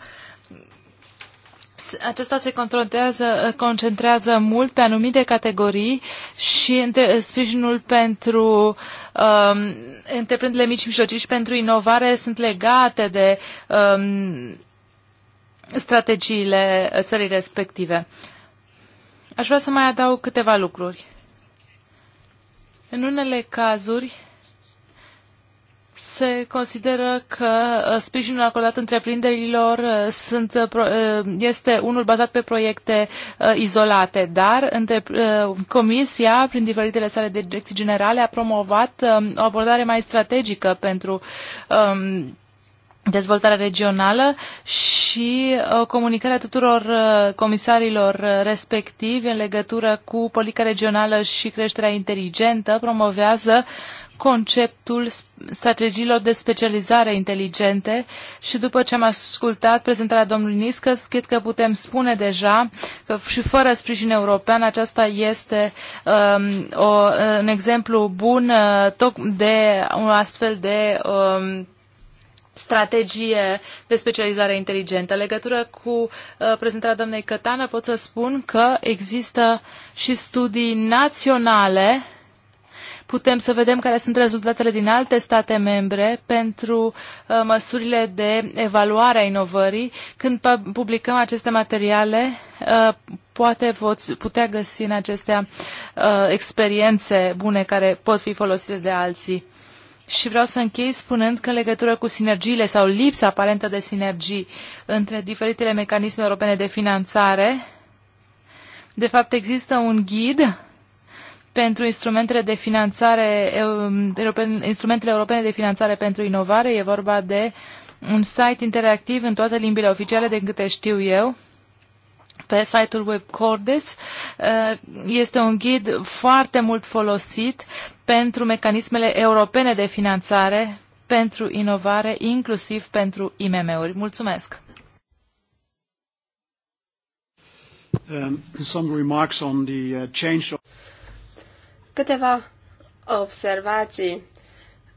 acesta se concentrează, concentrează mult pe anumite categorii și între, sprijinul pentru um, întreprinderile mici și mijlocii și pentru inovare sunt legate de um, strategiile țării respective. Aș vrea să mai adaug câteva lucruri. În unele cazuri, se consideră că uh, sprijinul acordat întreprinderilor uh, sunt, uh, este unul bazat pe proiecte izolate, dar între, Comisia, prin diferitele sale direcții generale, a promovat um, o abordare mai strategică pentru um, dezvoltarea regională și comunicarea tuturor comisarilor respectivi în legătură cu politica regională și creșterea inteligentă promovează conceptul strategiilor de specializare inteligente și după ce am ascultat prezentarea domnului Niscă, cred că putem spune deja că și fără sprijin european aceasta este um, o, un exemplu bun uh, de un astfel de um, strategie de specializare inteligentă. legătură cu uh, prezentarea doamnei Cătană pot să spun că există și studii naționale Putem să vedem care sunt rezultatele din alte state membre pentru uh, măsurile de evaluare a inovării. Când publicăm aceste materiale, uh, poate voți putea găsi în acestea uh, experiențe bune care pot fi folosite de alții. Și vreau să închei spunând că în legătură cu sinergiile sau lipsa aparentă de sinergii între diferitele mecanisme europene de finanțare, de fapt există un ghid pentru instrumentele de finanțare, um, instrumentele europene de finanțare pentru inovare. E vorba de un site interactiv în toate limbile oficiale, de câte știu eu, pe site-ul web Cordes. Uh, este un ghid foarte mult folosit pentru mecanismele europene de finanțare pentru inovare, inclusiv pentru IMM-uri. Mulțumesc! Um, some remarks on the uh, change of Câteva observații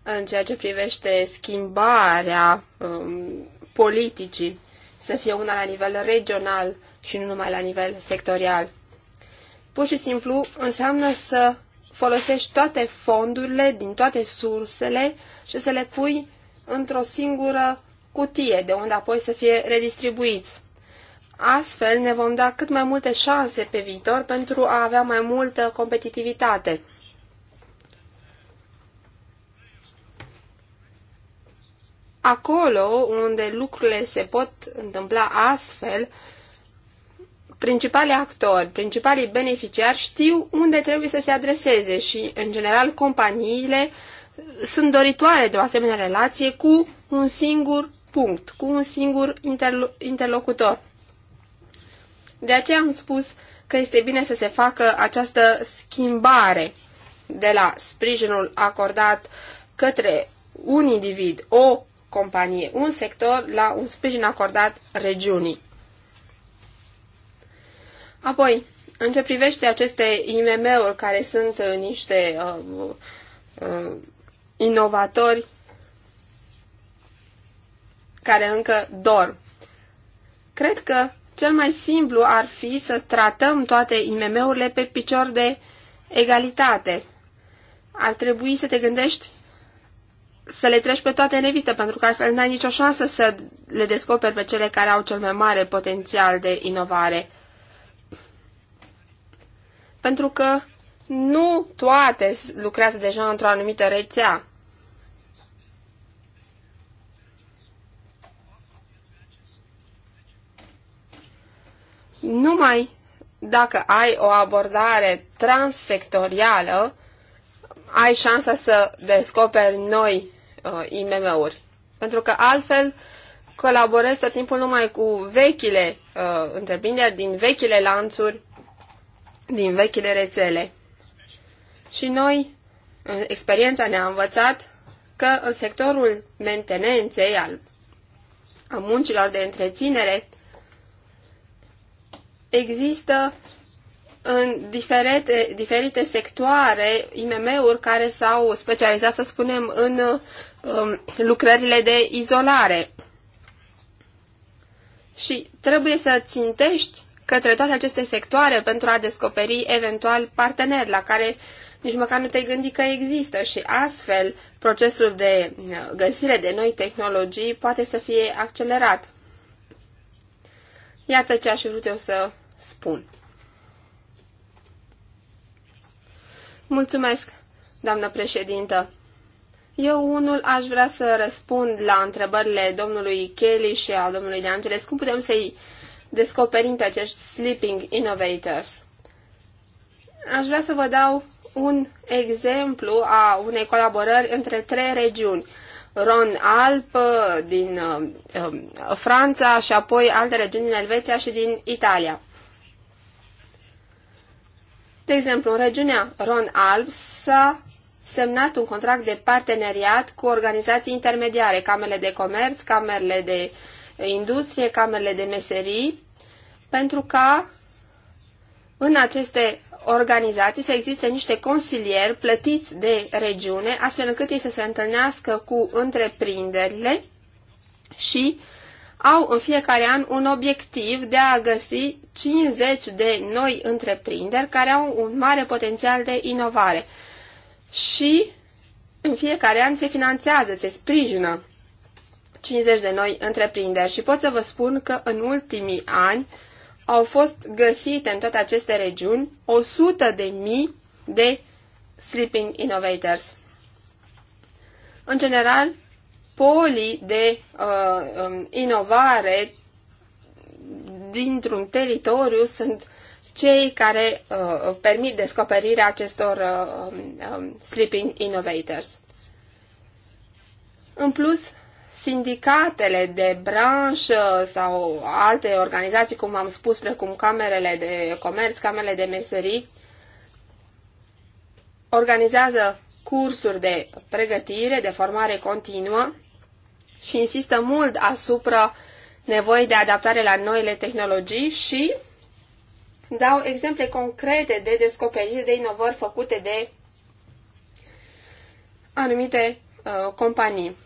în ceea ce privește schimbarea um, politicii să fie una la nivel regional și nu numai la nivel sectorial. Pur și simplu înseamnă să folosești toate fondurile din toate sursele și să le pui într-o singură cutie, de unde apoi să fie redistribuiți. Astfel ne vom da cât mai multe șanse pe viitor pentru a avea mai multă competitivitate. Acolo unde lucrurile se pot întâmpla astfel, principalii actori, principalii beneficiari știu unde trebuie să se adreseze și, în general, companiile sunt doritoare de o asemenea relație cu un singur punct, cu un singur interlocutor. De aceea am spus că este bine să se facă această schimbare de la sprijinul acordat către un individ, o companie, un sector, la un sprijin acordat regiunii. Apoi, în ce privește aceste IMM-uri care sunt uh, niște uh, uh, inovatori care încă dorm, cred că cel mai simplu ar fi să tratăm toate IMM-urile pe picior de egalitate. Ar trebui să te gândești să le treci pe toate în revistă, pentru că altfel n-ai nicio șansă să le descoperi pe cele care au cel mai mare potențial de inovare. Pentru că nu toate lucrează deja într-o anumită rețea. Numai dacă ai o abordare transsectorială, ai șansa să descoperi noi uh, IMM-uri. Pentru că altfel colaborezi tot timpul numai cu vechile uh, întreprinderi, din vechile lanțuri, din vechile rețele. Și noi, experiența ne-a învățat că în sectorul mentenenței, al, a muncilor de întreținere, Există în diferite, diferite sectoare IMM-uri care s-au specializat, să spunem, în um, lucrările de izolare. Și trebuie să țintești către toate aceste sectoare pentru a descoperi eventual parteneri la care nici măcar nu te gândi că există și astfel procesul de uh, găsire de noi tehnologii poate să fie accelerat. Iată ce aș vrut eu să spun. Mulțumesc, doamnă președintă. Eu unul aș vrea să răspund la întrebările domnului Kelly și a domnului De Angeles. Cum putem să-i descoperim pe acești sleeping innovators? Aș vrea să vă dau un exemplu a unei colaborări între trei regiuni. Ron Alp din uh, uh Franța și apoi alte regiuni din Elveția și din Italia. De exemplu, în regiunea Ron-Alb s-a semnat un contract de parteneriat cu organizații intermediare, camerele de comerț, camerele de industrie, camerele de meserii, pentru ca în aceste organizații să existe niște consilieri plătiți de regiune, astfel încât ei să se întâlnească cu întreprinderile și au în fiecare an un obiectiv de a găsi 50 de noi întreprinderi care au un mare potențial de inovare și în fiecare an se finanțează, se sprijină 50 de noi întreprinderi și pot să vă spun că în ultimii ani au fost găsite în toate aceste regiuni 100 de mii de sleeping innovators. În general, polii de uh, um, inovare dintr-un teritoriu sunt cei care uh, permit descoperirea acestor uh, um, um, sleeping innovators. În plus, sindicatele de branșă sau alte organizații, cum am spus, precum camerele de comerț, camerele de meserii, organizează cursuri de pregătire, de formare continuă și insistă mult asupra nevoie de adaptare la noile tehnologii și dau exemple concrete de descoperiri, de inovări făcute de anumite uh, companii.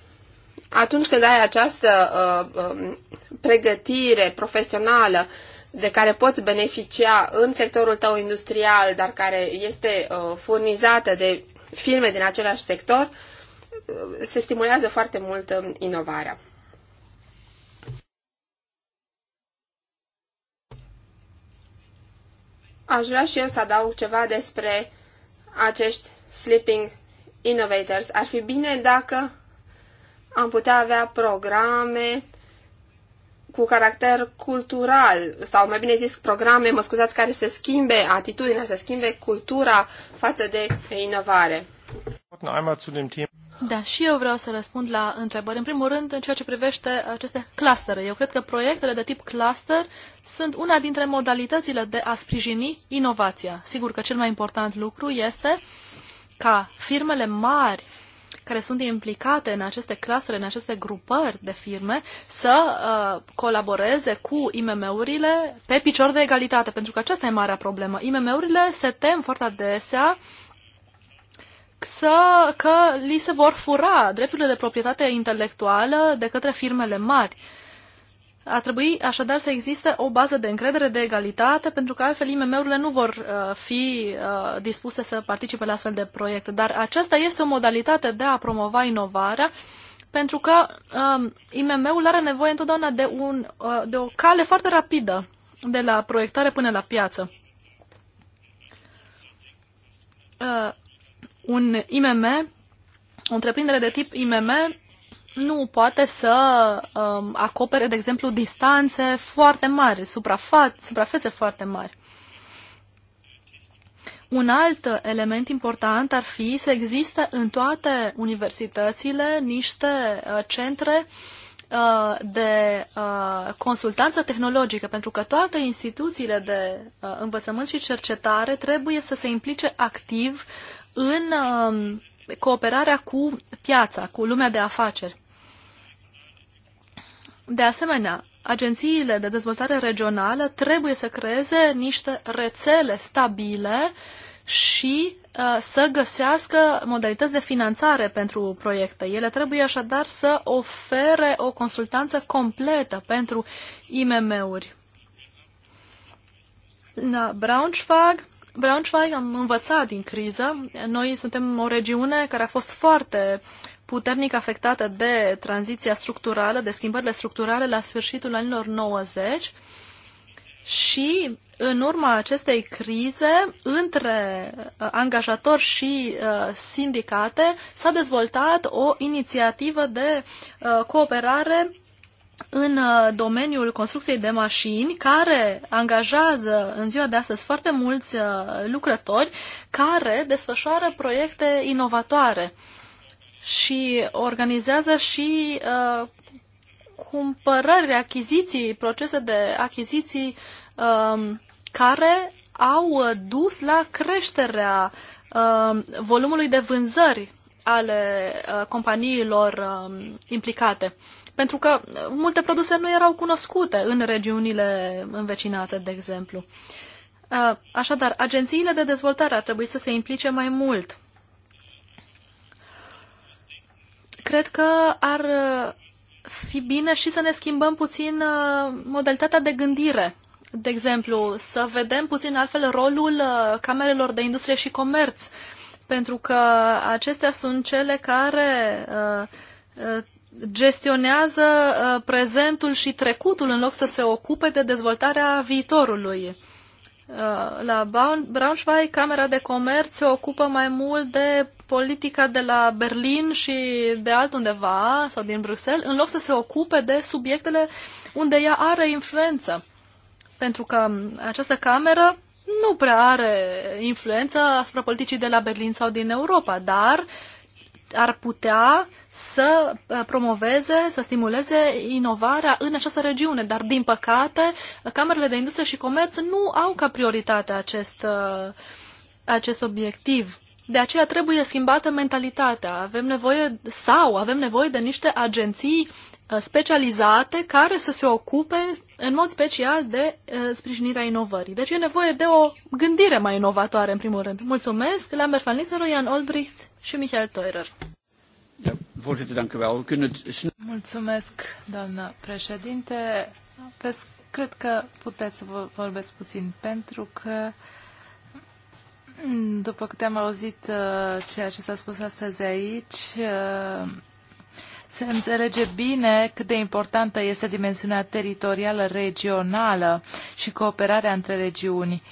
Atunci când ai această uh, uh, pregătire profesională de care poți beneficia în sectorul tău industrial, dar care este uh, furnizată de firme din același sector, uh, se stimulează foarte mult uh, inovarea. Aș vrea și eu să adaug ceva despre acești sleeping innovators. Ar fi bine dacă am putea avea programe cu caracter cultural, sau mai bine zis programe, mă scuzați, care să schimbe atitudinea, să schimbe cultura față de inovare. Da, și eu vreau să răspund la întrebări. În primul rând, în ceea ce privește aceste clustere. Eu cred că proiectele de tip cluster sunt una dintre modalitățile de a sprijini inovația. Sigur că cel mai important lucru este ca firmele mari care sunt implicate în aceste clustere, în aceste grupări de firme, să uh, colaboreze cu IMM-urile pe picior de egalitate, pentru că aceasta e marea problemă. IMM-urile se tem foarte adesea să, că li se vor fura drepturile de proprietate intelectuală de către firmele mari. A trebui așadar să existe o bază de încredere, de egalitate, pentru că altfel IMM-urile nu vor uh, fi uh, dispuse să participe la astfel de proiecte. Dar aceasta este o modalitate de a promova inovarea, pentru că uh, IMM-ul are nevoie întotdeauna de, un, uh, de o cale foarte rapidă de la proiectare până la piață. Uh, un IMM, o întreprindere de tip IMM nu poate să um, acopere, de exemplu, distanțe foarte mari, suprafa- suprafețe foarte mari. Un alt element important ar fi să existe în toate universitățile niște uh, centre uh, de uh, consultanță tehnologică, pentru că toate instituțiile de uh, învățământ și cercetare trebuie să se implice activ în um, cooperarea cu piața, cu lumea de afaceri. De asemenea, agențiile de dezvoltare regională trebuie să creeze niște rețele stabile și uh, să găsească modalități de finanțare pentru proiecte. Ele trebuie așadar să ofere o consultanță completă pentru IMM-uri. La Braunschweig Braunschweig am învățat din criză. Noi suntem o regiune care a fost foarte puternic afectată de tranziția structurală, de schimbările structurale la sfârșitul anilor 90 și în urma acestei crize, între uh, angajatori și uh, sindicate, s-a dezvoltat o inițiativă de uh, cooperare în uh, domeniul construcției de mașini, care angajează în ziua de astăzi foarte mulți uh, lucrători care desfășoară proiecte inovatoare și organizează și uh, cumpărări, achiziții, procese de achiziții uh, care au uh, dus la creșterea uh, volumului de vânzări ale companiilor um, implicate pentru că uh, multe produse nu erau cunoscute în regiunile învecinate, de exemplu. Uh, așadar, agențiile de dezvoltare ar trebui să se implice mai mult. Cred că ar uh, fi bine și să ne schimbăm puțin modalitatea de gândire. De exemplu, să vedem puțin altfel rolul camerelor de industrie și comerț, pentru că acestea sunt cele care gestionează uh, prezentul și trecutul în loc să se ocupe de dezvoltarea viitorului. Uh, la Braunschweig, Camera de Comerț se ocupă mai mult de politica de la Berlin și de altundeva sau din Bruxelles, în loc să se ocupe de subiectele unde ea are influență. Pentru că um, această cameră nu prea are influență asupra politicii de la Berlin sau din Europa, dar uh, ar putea să uh, promoveze, să stimuleze inovarea în această regiune. Dar, din păcate, Camerele de Industrie și Comerț nu au ca prioritate acest, uh, acest obiectiv. De aceea trebuie schimbată mentalitatea. Avem nevoie sau avem nevoie de niște agenții Uh, specializate care să se ocupe în mod special de uh, sprijinirea inovării. Deci e nevoie de o gândire mai inovatoare, în primul rând. Mulțumesc, Lambert van Lisseru, Jan Olbricht și Michael Teurer. Mulțumesc, doamnă președinte. Pe, cred că puteți să vă vorbesc puțin, pentru că mm, după câte am auzit uh, ceea ce s-a spus astăzi aici, se înțelege bine cât de importantă este dimensiunea teritorială, regională și cooperarea între regiuni.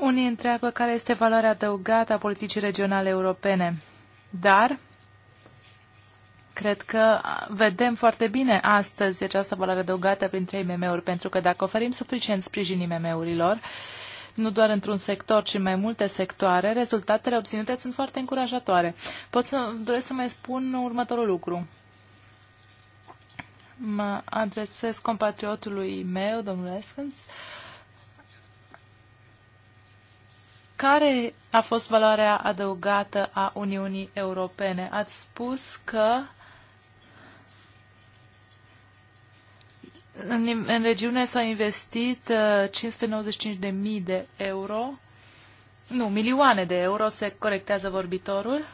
Unii întreabă care este valoarea adăugată a politicii regionale europene, dar cred că vedem foarte bine astăzi această valoare adăugată printre IMM-uri, pentru că dacă oferim suficient sprijin IMM-urilor, nu doar într-un sector, ci în mai multe sectoare, rezultatele obținute sunt foarte încurajatoare. Pot să doresc să mai spun următorul lucru mă adresez compatriotului meu, domnul Eskens, care a fost valoarea adăugată a Uniunii Europene? Ați spus că în, în regiune s-a investit 595.000 uh, de euro, nu, milioane de euro, se corectează vorbitorul,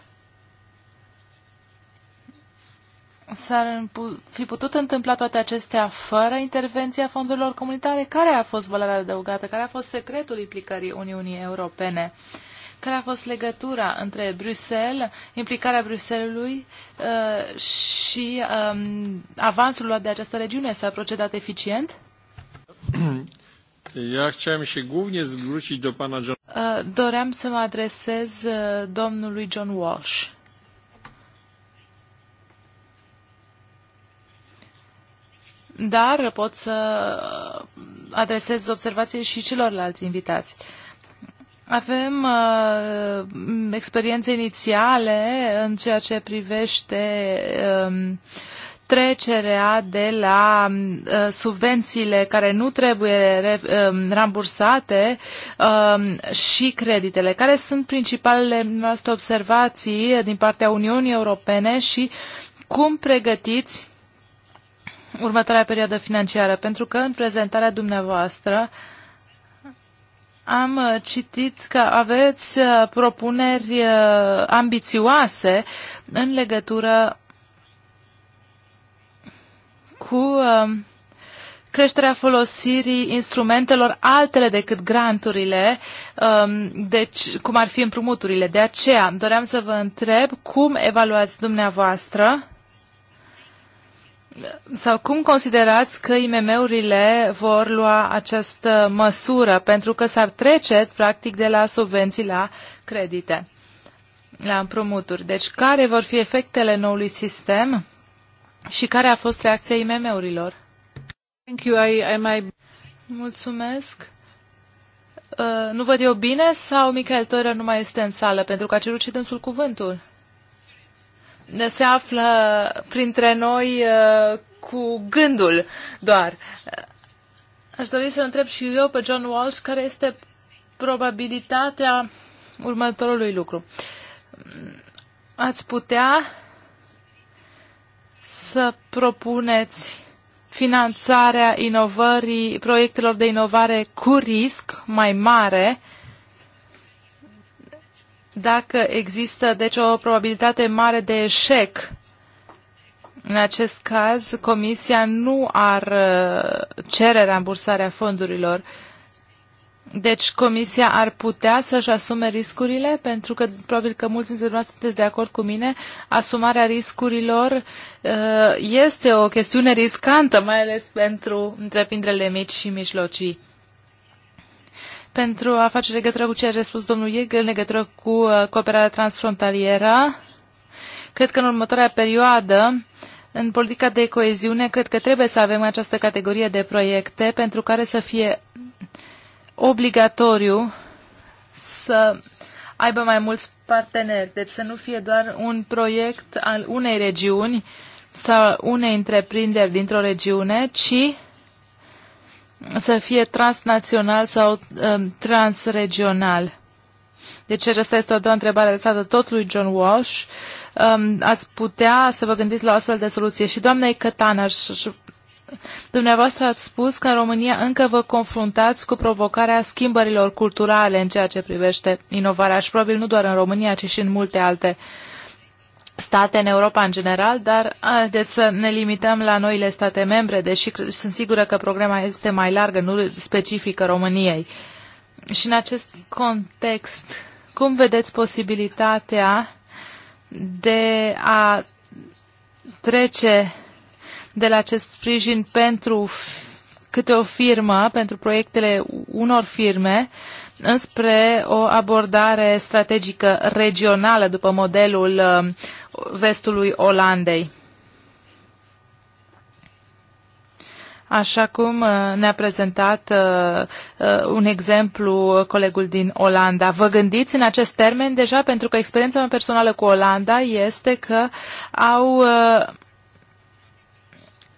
s-ar fi putut întâmpla toate acestea fără intervenția fondurilor comunitare? Care a fost valoarea adăugată? Care a fost secretul implicării Uniunii Europene? Care a fost legătura între Bruxelles, implicarea Bruxellesului uh, și um, avansul luat de această regiune? S-a procedat eficient? Uh, doream să mă adresez uh, domnului John Walsh. dar pot să adresez observații și celorlalți invitați. Avem uh, experiențe inițiale în ceea ce privește uh, trecerea de la uh, subvențiile care nu trebuie re, uh, rambursate uh, și creditele. Care sunt principalele noastre observații din partea Uniunii Europene și cum pregătiți următoarea perioadă financiară, pentru că în prezentarea dumneavoastră am uh, citit că aveți uh, propuneri uh, ambițioase în legătură cu um, creșterea folosirii instrumentelor altele decât granturile, um, deci cum ar fi împrumuturile. De aceea doream să vă întreb cum evaluați dumneavoastră sau cum considerați că IMM-urile vor lua această măsură pentru că s-ar trece practic de la subvenții la credite, la împrumuturi. Deci care vor fi efectele noului sistem și care a fost reacția IMM-urilor? Thank you. I, I might... Mulțumesc. Uh, nu văd eu bine sau Michael Toră nu mai este în sală pentru că a cerut și dânsul cuvântul? se află printre noi uh, cu gândul doar. Aș dori să întreb și eu pe John Walsh care este probabilitatea următorului lucru. Ați putea să propuneți finanțarea inovării, proiectelor de inovare cu risc mai mare uh, dacă există deci o probabilitate mare de eșec în acest caz, Comisia nu ar uh, cere rambursarea fondurilor. Deci Comisia ar putea să-și asume riscurile, pentru că probabil că mulți dintre noastre sunteți de acord cu mine, asumarea riscurilor uh, este o chestiune riscantă, mai ales pentru întreprinderile mici și mijlocii pentru a face legătură cu ce a spus domnul Iegel legătură cu uh, cooperarea transfrontalieră. Cred că în următoarea perioadă, în politica de coeziune, cred că trebuie să avem această categorie de proiecte pentru care să fie obligatoriu să aibă mai mulți parteneri, deci să nu fie doar un proiect al unei regiuni sau unei întreprinderi dintr-o regiune, ci să fie transnațional sau um, transregional. Deci aceasta este o a doua întrebare adresată tot lui John Walsh. Um, ați putea să vă gândiți la o astfel de soluție. Și doamnei Cătan, aș, dumneavoastră ați spus că în România încă vă confruntați cu provocarea schimbărilor culturale în ceea ce privește inovarea și probabil nu doar în România, ci și în multe alte uh, state în Europa în general, dar haideți să ne limităm la noile state membre, deși sunt sigură că programa este mai largă, nu specifică României. Și în acest context, cum vedeți posibilitatea de a trece de la acest sprijin pentru câte o firmă, pentru proiectele unor firme, uh, înspre o abordare strategică regională după modelul um, vestului Olandei. Așa cum uh, ne-a prezentat uh, uh, un exemplu colegul din Olanda. Vă gândiți în acest termen deja pentru că experiența mea personală cu Olanda este că au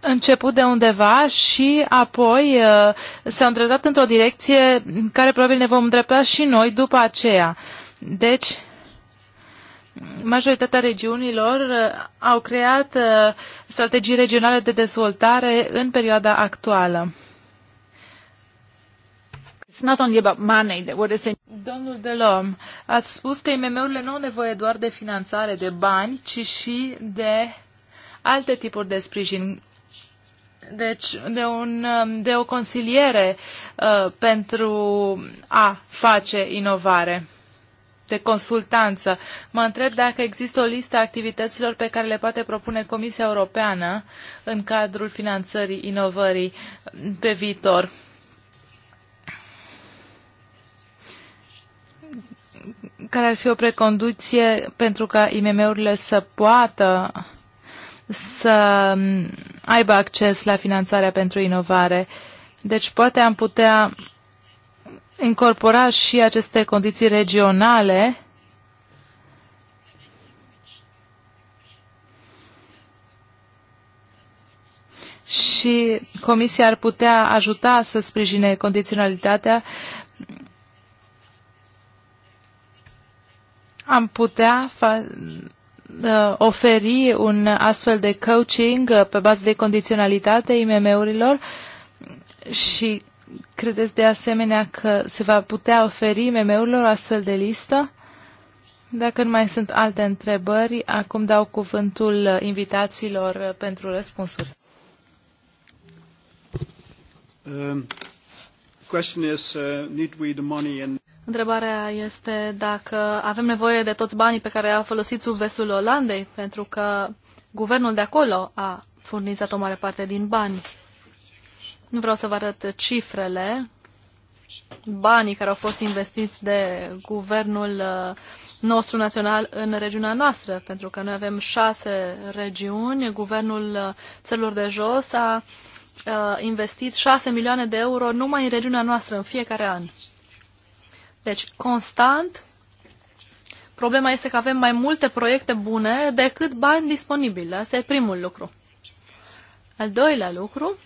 început de undeva și apoi uh, s-au îndreptat într-o direcție în care probabil ne vom îndrepta și noi după aceea. Deci, majoritatea regiunilor uh, au creat uh, strategii regionale de dezvoltare în perioada actuală. It's not only about money what is Domnul Delom, ați spus că IMM-urile nu au nevoie doar de finanțare, de bani, ci și de alte tipuri de sprijin deci de, un, um, de o consiliere uh, pentru a face inovare de consultanță. Mă întreb dacă există o listă a activităților pe care le poate propune Comisia Europeană în cadrul finanțării inovării pe viitor. Care ar fi o precondiție pentru ca IMM-urile să poată să mm, aibă acces la finanțarea pentru inovare. Deci poate am putea incorpora și aceste condiții regionale și Comisia ar putea ajuta să sprijine condiționalitatea. Am putea fa- Uh, oferi un astfel de coaching uh, pe bază de condiționalitate IMM-urilor și credeți de asemenea că se va putea oferi IMM-urilor astfel de listă? Dacă nu mai sunt alte întrebări, acum dau cuvântul invitațiilor uh, pentru răspunsuri. Um, question is, uh, need we the money and... Întrebarea este dacă avem nevoie de toți banii pe care a folosit sub vestul Olandei, pentru că guvernul de acolo a furnizat o mare parte din bani. Nu vreau să vă arăt cifrele, banii care au fost investiți de guvernul uh, nostru național în regiunea noastră, pentru că noi avem șase regiuni, guvernul uh, țărilor de jos a uh, investit 6 milioane de euro numai în regiunea noastră în fiecare an. Deci, constant, problema este că avem mai multe proiecte bune decât bani disponibili. Asta e primul lucru. Al doilea lucru,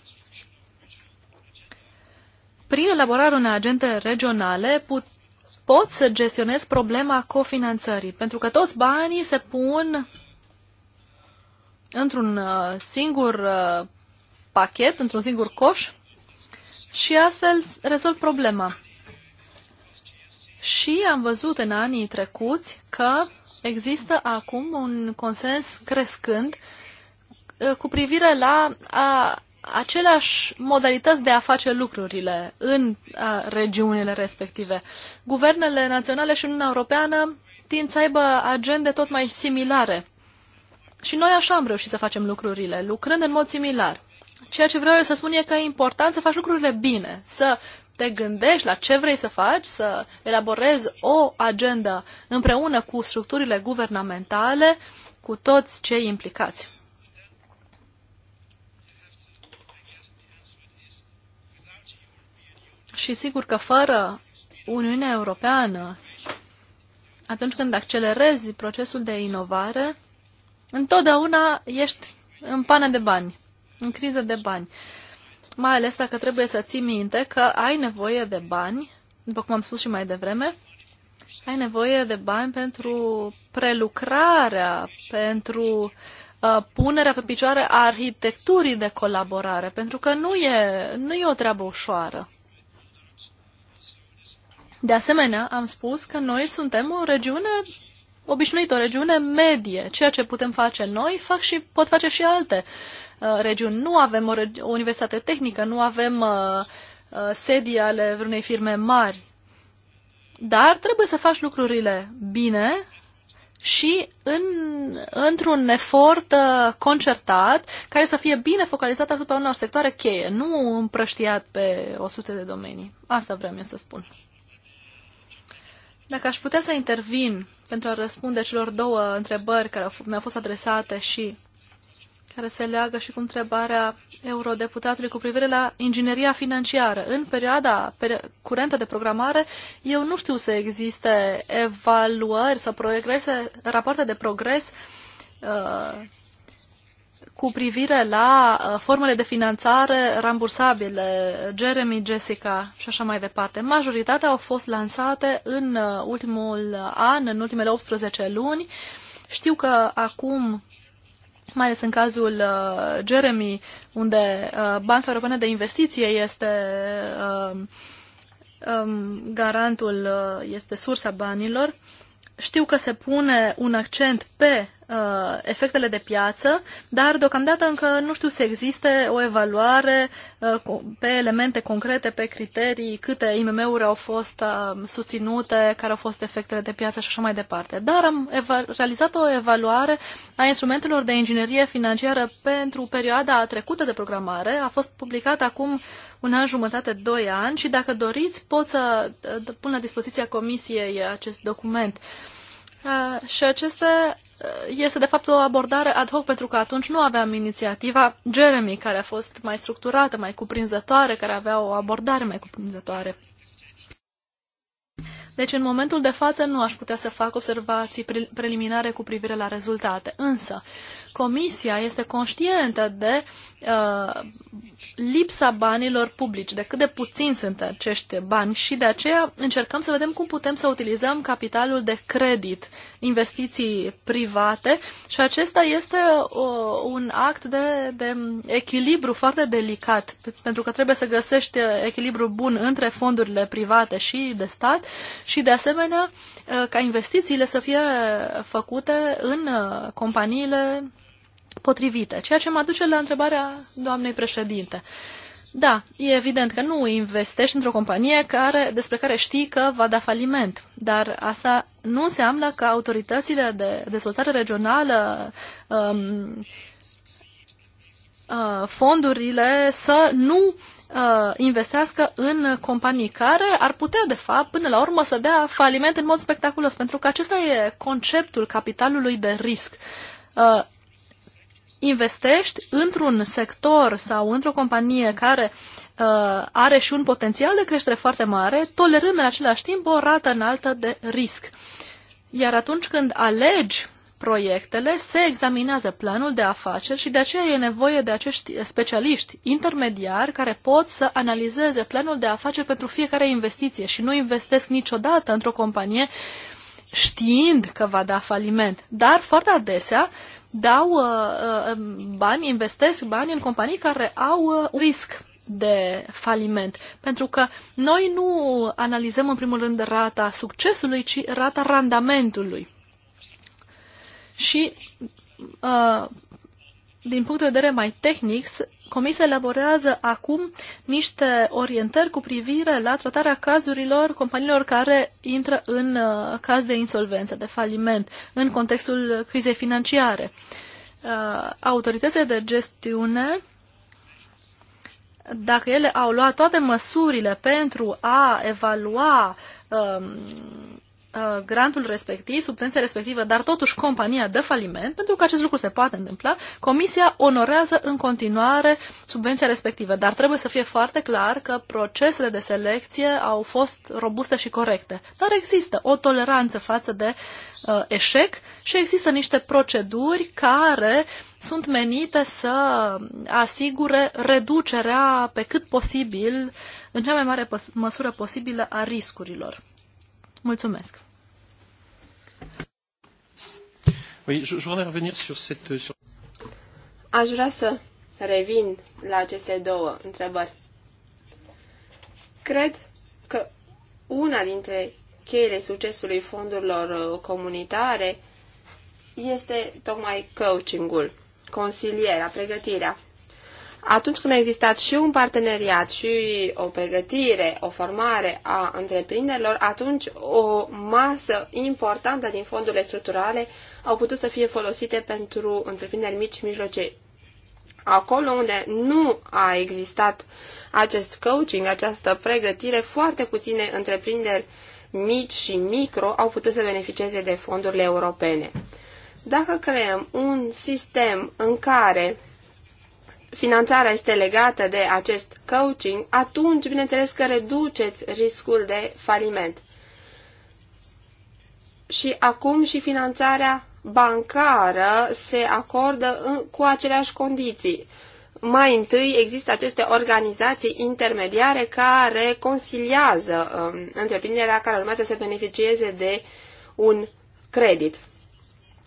prin elaborarea unei agente regionale put, pot să gestionez problema cofinanțării, pentru că toți banii se pun într-un uh, singur uh, pachet, într-un singur coș și astfel rezolv problema. Și am văzut în anii trecuți că există acum un consens crescând ă, cu privire la a, aceleași modalități de a face lucrurile în a, regiunile respective. Guvernele naționale și Uniunea Europeană tind să aibă agende tot mai similare. Și noi așa am reușit să facem lucrurile, lucrând în mod similar. Ceea ce vreau eu să spun e că e important să faci lucrurile bine, să te gândești la ce vrei să faci, să elaborezi o agendă împreună cu structurile guvernamentale, cu toți cei implicați. Și sigur că fără Uniunea Europeană, atunci când accelerezi procesul de inovare, întotdeauna ești în pană de bani, în criză de bani. Uh, mai ales dacă trebuie să ții minte că ai nevoie de bani, după cum am spus și mai devreme, ai nevoie de bani pentru prelucrarea, pentru uh, punerea pe picioare a arhitecturii de colaborare, pentru că nu e, nu e o treabă ușoară. De asemenea, am spus că noi suntem o regiune obișnuită, o regiune medie. Ceea ce putem face noi, fac și, pot face și alte Uh, regiuni. Nu avem o, o universitate tehnică, nu avem uh, uh, sedii ale vreunei firme mari. Dar trebuie să faci lucrurile bine și în, într-un efort concertat care să fie bine focalizat asupra unor sectoare cheie, nu împrăștiat pe 100 de domenii. Asta vreau eu să spun. Dacă aș putea să intervin pentru a răspunde celor două întrebări care mi-au fost adresate și care se leagă și cu întrebarea eurodeputatului cu privire la ingineria financiară. În perioada curentă de programare, eu nu știu să existe evaluări sau progrese, rapoarte de progres uh, cu privire la uh, formele de finanțare rambursabile, Jeremy, Jessica și așa mai departe. Majoritatea au fost lansate în uh, ultimul an, în ultimele 18 luni. Știu că acum mai ales în cazul uh, Jeremy, unde uh, Banca Europeană de Investiție este uh, um, garantul, uh, este sursa banilor. Știu că se pune un accent pe uh, efectele de piață, dar deocamdată încă nu știu să existe o evaluare uh, pe elemente concrete, pe criterii, câte IMM-uri au fost uh, susținute, care au fost efectele de piață și așa mai departe. Dar am realizat o evaluare a instrumentelor de inginerie financiară pentru perioada trecută de programare. A fost publicat acum un an jumătate, doi ani și dacă doriți pot să uh, pun la dispoziția Comisiei acest document. Uh, și acesta este de fapt o abordare ad hoc pentru că atunci nu aveam inițiativa Jeremy care a fost mai structurată, mai cuprinzătoare, care avea o abordare mai cuprinzătoare. Deci în momentul de față nu aș putea să fac observații pre preliminare cu privire la rezultate, însă Comisia este conștientă de uh, lipsa banilor publici, de cât de puțin sunt acești bani și de aceea încercăm să vedem cum putem să utilizăm capitalul de credit, investiții private și acesta este un act de, de echilibru foarte delicat, pentru că trebuie să găsești echilibru bun între fondurile private și de stat și de asemenea uh, ca investițiile să fie făcute în uh, companiile potrivite. Ceea ce mă aduce la întrebarea doamnei președinte. Da, e evident că nu investești într-o companie care, despre care știi că va da faliment, dar asta nu înseamnă că autoritățile de dezvoltare regională, um, uh, fondurile să nu uh, investească în companii care ar putea, de fapt, până la urmă să dea faliment în mod spectaculos, pentru că acesta e conceptul capitalului de risc. Uh, investești într-un sector sau într-o companie care uh, are și un potențial de creștere foarte mare, tolerând în același timp o rată înaltă de risc. Iar atunci când alegi proiectele, se examinează planul de afaceri și de aceea e nevoie de acești specialiști intermediari care pot să analizeze planul de afaceri pentru fiecare investiție și nu investesc niciodată într-o companie știind că va da faliment. Dar foarte adesea dau uh, uh, um, bani, investesc bani în companii care au uh, risc de faliment. Pentru că noi nu analizăm în primul rând rata succesului, ci rata randamentului. Și uh, din punct de vedere mai tehnic, Comisia elaborează acum niște orientări cu privire la tratarea cazurilor companiilor care intră în uh, caz de insolvență, de faliment, în contextul crizei financiare. Uh, autoritățile de gestiune, dacă ele au luat toate măsurile pentru a evalua um, Uh, grantul respectiv, subvenția respectivă, dar totuși compania dă faliment, pentru că acest lucru se poate întâmpla, comisia onorează în continuare subvenția respectivă, dar trebuie să fie foarte clar că procesele de selecție au fost robuste și corecte. Dar există o toleranță față de uh, eșec și există niște proceduri care sunt menite să asigure reducerea pe cât posibil, în cea mai mare măsură posibilă, a riscurilor. Mulțumesc! Oui, je, je voudrais revenir sur cette, sur... Aș vrea să revin la aceste două întrebări. Cred că una dintre cheile succesului fondurilor uh, comunitare este tocmai coachingul, consilierea, pregătirea atunci când a existat și un parteneriat și o pregătire, o formare a întreprinderilor, atunci o masă importantă din fondurile structurale au putut să fie folosite pentru întreprinderi mici și mijlocii. Acolo unde nu a existat acest coaching, această pregătire, foarte puține întreprinderi mici și micro au putut să beneficieze de fondurile europene. Dacă creăm un sistem în care finanțarea este legată de acest coaching, atunci, bineînțeles că reduceți riscul de faliment. Și acum și finanțarea bancară se acordă în, cu aceleași condiții. Mai întâi există aceste organizații intermediare care consiliază um, întreprinderea care urmează să beneficieze de un credit.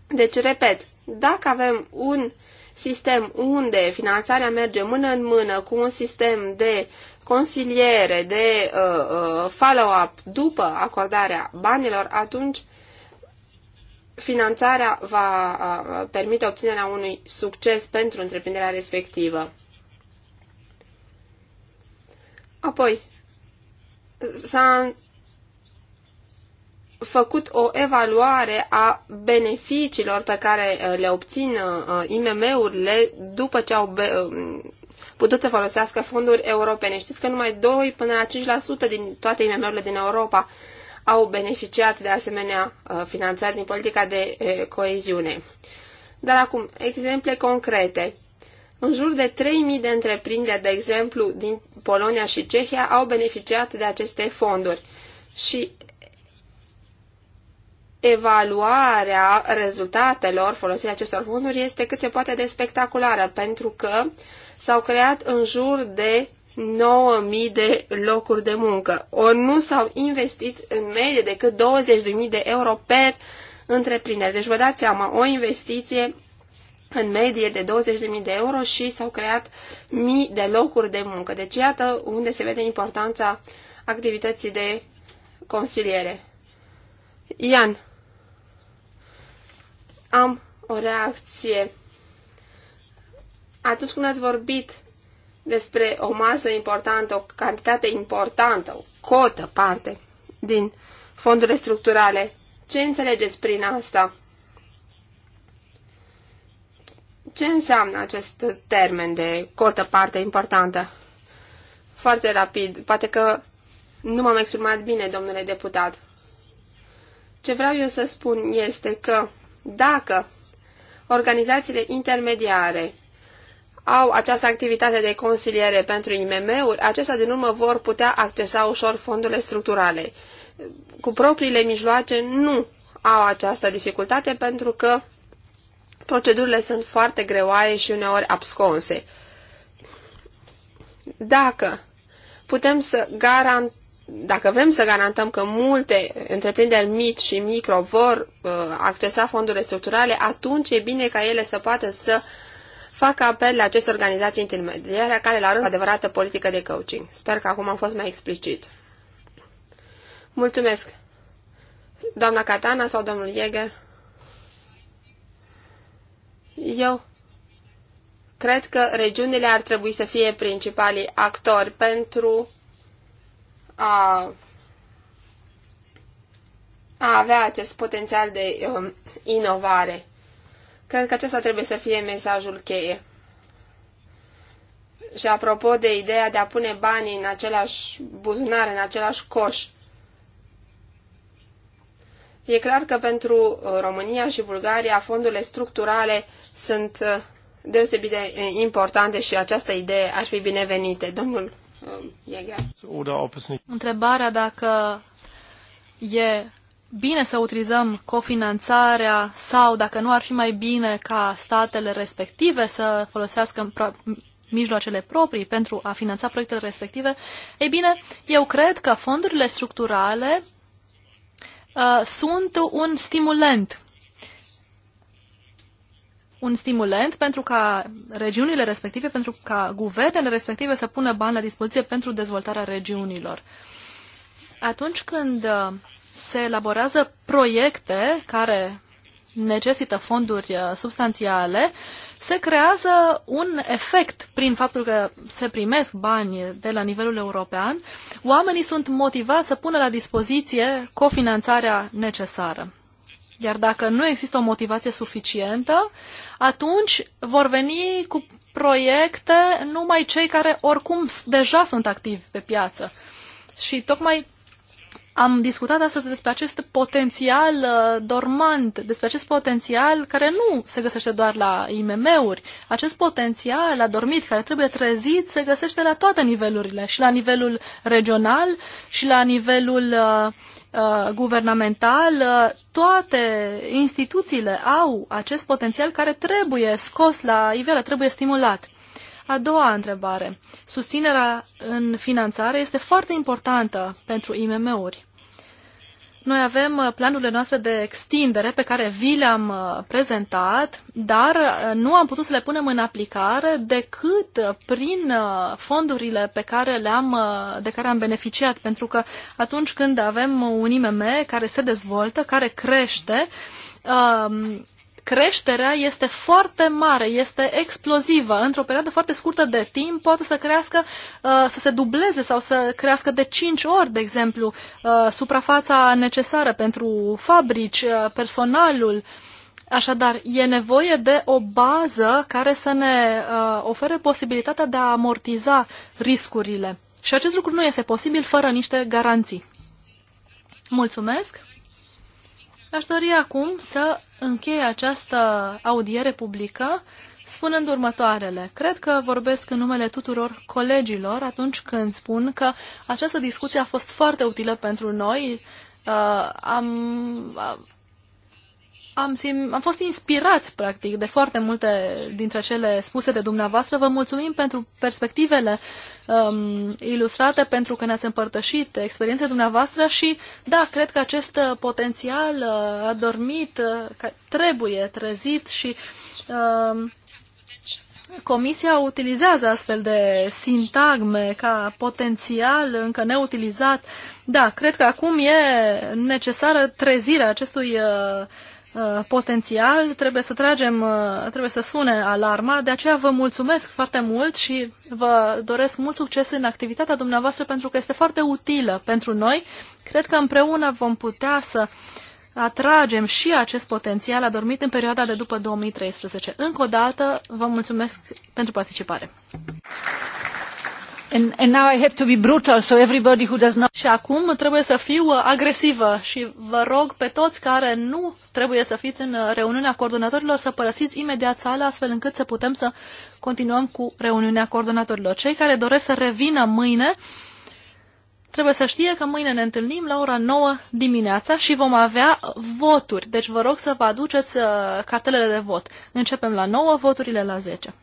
Deci, repet, dacă avem un uh, sistem unde finanțarea merge mână în mână cu un sistem de consiliere, de uh, uh, follow-up după acordarea banilor, atunci finanțarea va uh, permite obținerea unui succes pentru întreprinderea respectivă. Apoi, s-a făcut o evaluare a beneficiilor pe care uh, le obțin uh, uh, IMM-urile după ce au putut să folosească fonduri europene. Știți că numai 2 până la 5% din toate IMM-urile din Europa au beneficiat de asemenea finanțări din politica de coeziune. Dar acum, exemple concrete. În jur de 3.000 de întreprinderi, de exemplu, din Polonia și Cehia au beneficiat de aceste fonduri. Și evaluarea rezultatelor folosirii acestor fonduri este cât se poate de spectaculară, pentru că s-au creat în jur de 9.000 de locuri de muncă. Ori nu s-au investit în medie decât 20.000 de euro per întreprindere. Deci vă dați seama, o investiție în medie de 20.000 de euro și s-au creat mii de locuri de muncă. Deci iată unde se vede importanța activității de consiliere. Ian, am o reacție. Atunci când ați vorbit despre o masă importantă, o cantitate importantă, o cotă parte din fondurile structurale, ce înțelegeți prin asta? Ce înseamnă acest termen de cotă parte importantă? Foarte rapid, poate că nu m-am exprimat bine, domnule deputat. Ce vreau eu să spun este că dacă organizațiile intermediare au această activitate de consiliere pentru IMM-uri, acestea din urmă vor putea accesa ușor fondurile structurale. Cu propriile mijloace nu au această dificultate pentru că procedurile sunt foarte greoaie și uneori absconse. Dacă putem să garantăm dacă vrem să garantăm că multe întreprinderi mici și micro vor uh, accesa fondurile structurale, atunci e bine ca ele să poată să facă apel la aceste organizații intermediare care la rând adevărată politică de coaching. Sper că acum am fost mai explicit. Mulțumesc! Doamna Catana sau domnul Jäger? Eu cred că regiunile ar trebui să fie principalii actori pentru a, a avea acest potențial de um, inovare. Cred că acesta trebuie să fie mesajul cheie. Și apropo de ideea de a pune banii în același buzunar, în același coș, e clar că pentru uh, România și Bulgaria fondurile structurale sunt uh, deosebit de eh, importante și această idee ar fi binevenită. Domnul Întrebarea dacă e bine să utilizăm cofinanțarea sau dacă nu ar fi mai bine ca statele respective să folosească mijloacele proprii pentru a finanța proiectele respective, ei bine, eu cred că fondurile structurale uh, sunt un stimulent un stimulent pentru ca regiunile respective, pentru ca guvernele respective să pună bani la dispoziție pentru dezvoltarea regiunilor. Atunci când uh, se elaborează proiecte care necesită fonduri uh, substanțiale, se creează un efect prin faptul că se primesc bani de la nivelul european, oamenii sunt motivați să pună la dispoziție cofinanțarea necesară. Iar dacă nu există o motivație suficientă, atunci vor veni cu proiecte numai cei care oricum deja sunt activi pe piață. Și tocmai am discutat astăzi despre acest potențial uh, dormant, despre acest potențial care nu se găsește doar la IMM-uri. Acest potențial adormit care trebuie trezit se găsește la toate nivelurile, și la nivelul regional, și la nivelul uh, uh, guvernamental. Uh, toate instituțiile au acest potențial care trebuie scos la iveală, trebuie stimulat. A doua întrebare. Susținerea în finanțare este foarte importantă pentru IMM-uri. Noi avem uh, planurile noastre de extindere pe care vi le-am uh, prezentat, dar uh, nu am putut să le punem în aplicare decât prin fondurile pe care le-am, de care am beneficiat, pentru că atunci când avem un IMM care se dezvoltă, care crește, um, creșterea este foarte mare, este explozivă. Într-o perioadă foarte scurtă de timp poate să crească, uh, să se dubleze sau să crească de 5 ori, de exemplu, uh, suprafața necesară pentru fabrici, uh, personalul. Așadar, e nevoie de o bază care să ne ofere posibilitatea de a amortiza riscurile. Și acest lucru nu este posibil fără niște garanții. Mulțumesc! Aș dori acum să încheie această audiere publică spunând următoarele. Cred că vorbesc în numele tuturor colegilor atunci când spun că această discuție a fost foarte utilă pentru noi. Uh, am, uh, am, sim, am fost inspirați, practic, de foarte multe dintre cele spuse de dumneavoastră. Vă mulțumim pentru perspectivele um, ilustrate pentru că ne-ați împărtășit experiențele dumneavoastră și, da, cred că acest uh, potențial uh, adormit uh, trebuie trezit și uh, Comisia utilizează astfel de sintagme ca potențial încă neutilizat. Da, cred că acum e necesară trezirea acestui uh, Uh, potențial, trebuie să tragem, uh, trebuie să sune alarma. De aceea vă mulțumesc foarte mult și vă doresc mult succes în activitatea dumneavoastră pentru că este foarte utilă pentru noi. Cred că împreună vom putea să atragem și acest potențial adormit în perioada de după 2013. Încă o dată vă mulțumesc pentru participare. And, now I have to be brutal, so everybody who does not... Și acum trebuie să fiu uh, agresivă și vă rog pe toți care nu trebuie să fiți în uh, reuniunea coordonatorilor să părăsiți imediat sala astfel încât să putem să continuăm cu reuniunea coordonatorilor. Cei care doresc să revină mâine trebuie să știe că mâine ne întâlnim la ora 9 dimineața și vom avea voturi. Deci vă rog să vă aduceți uh, cartelele de vot. Începem la 9, voturile la 10.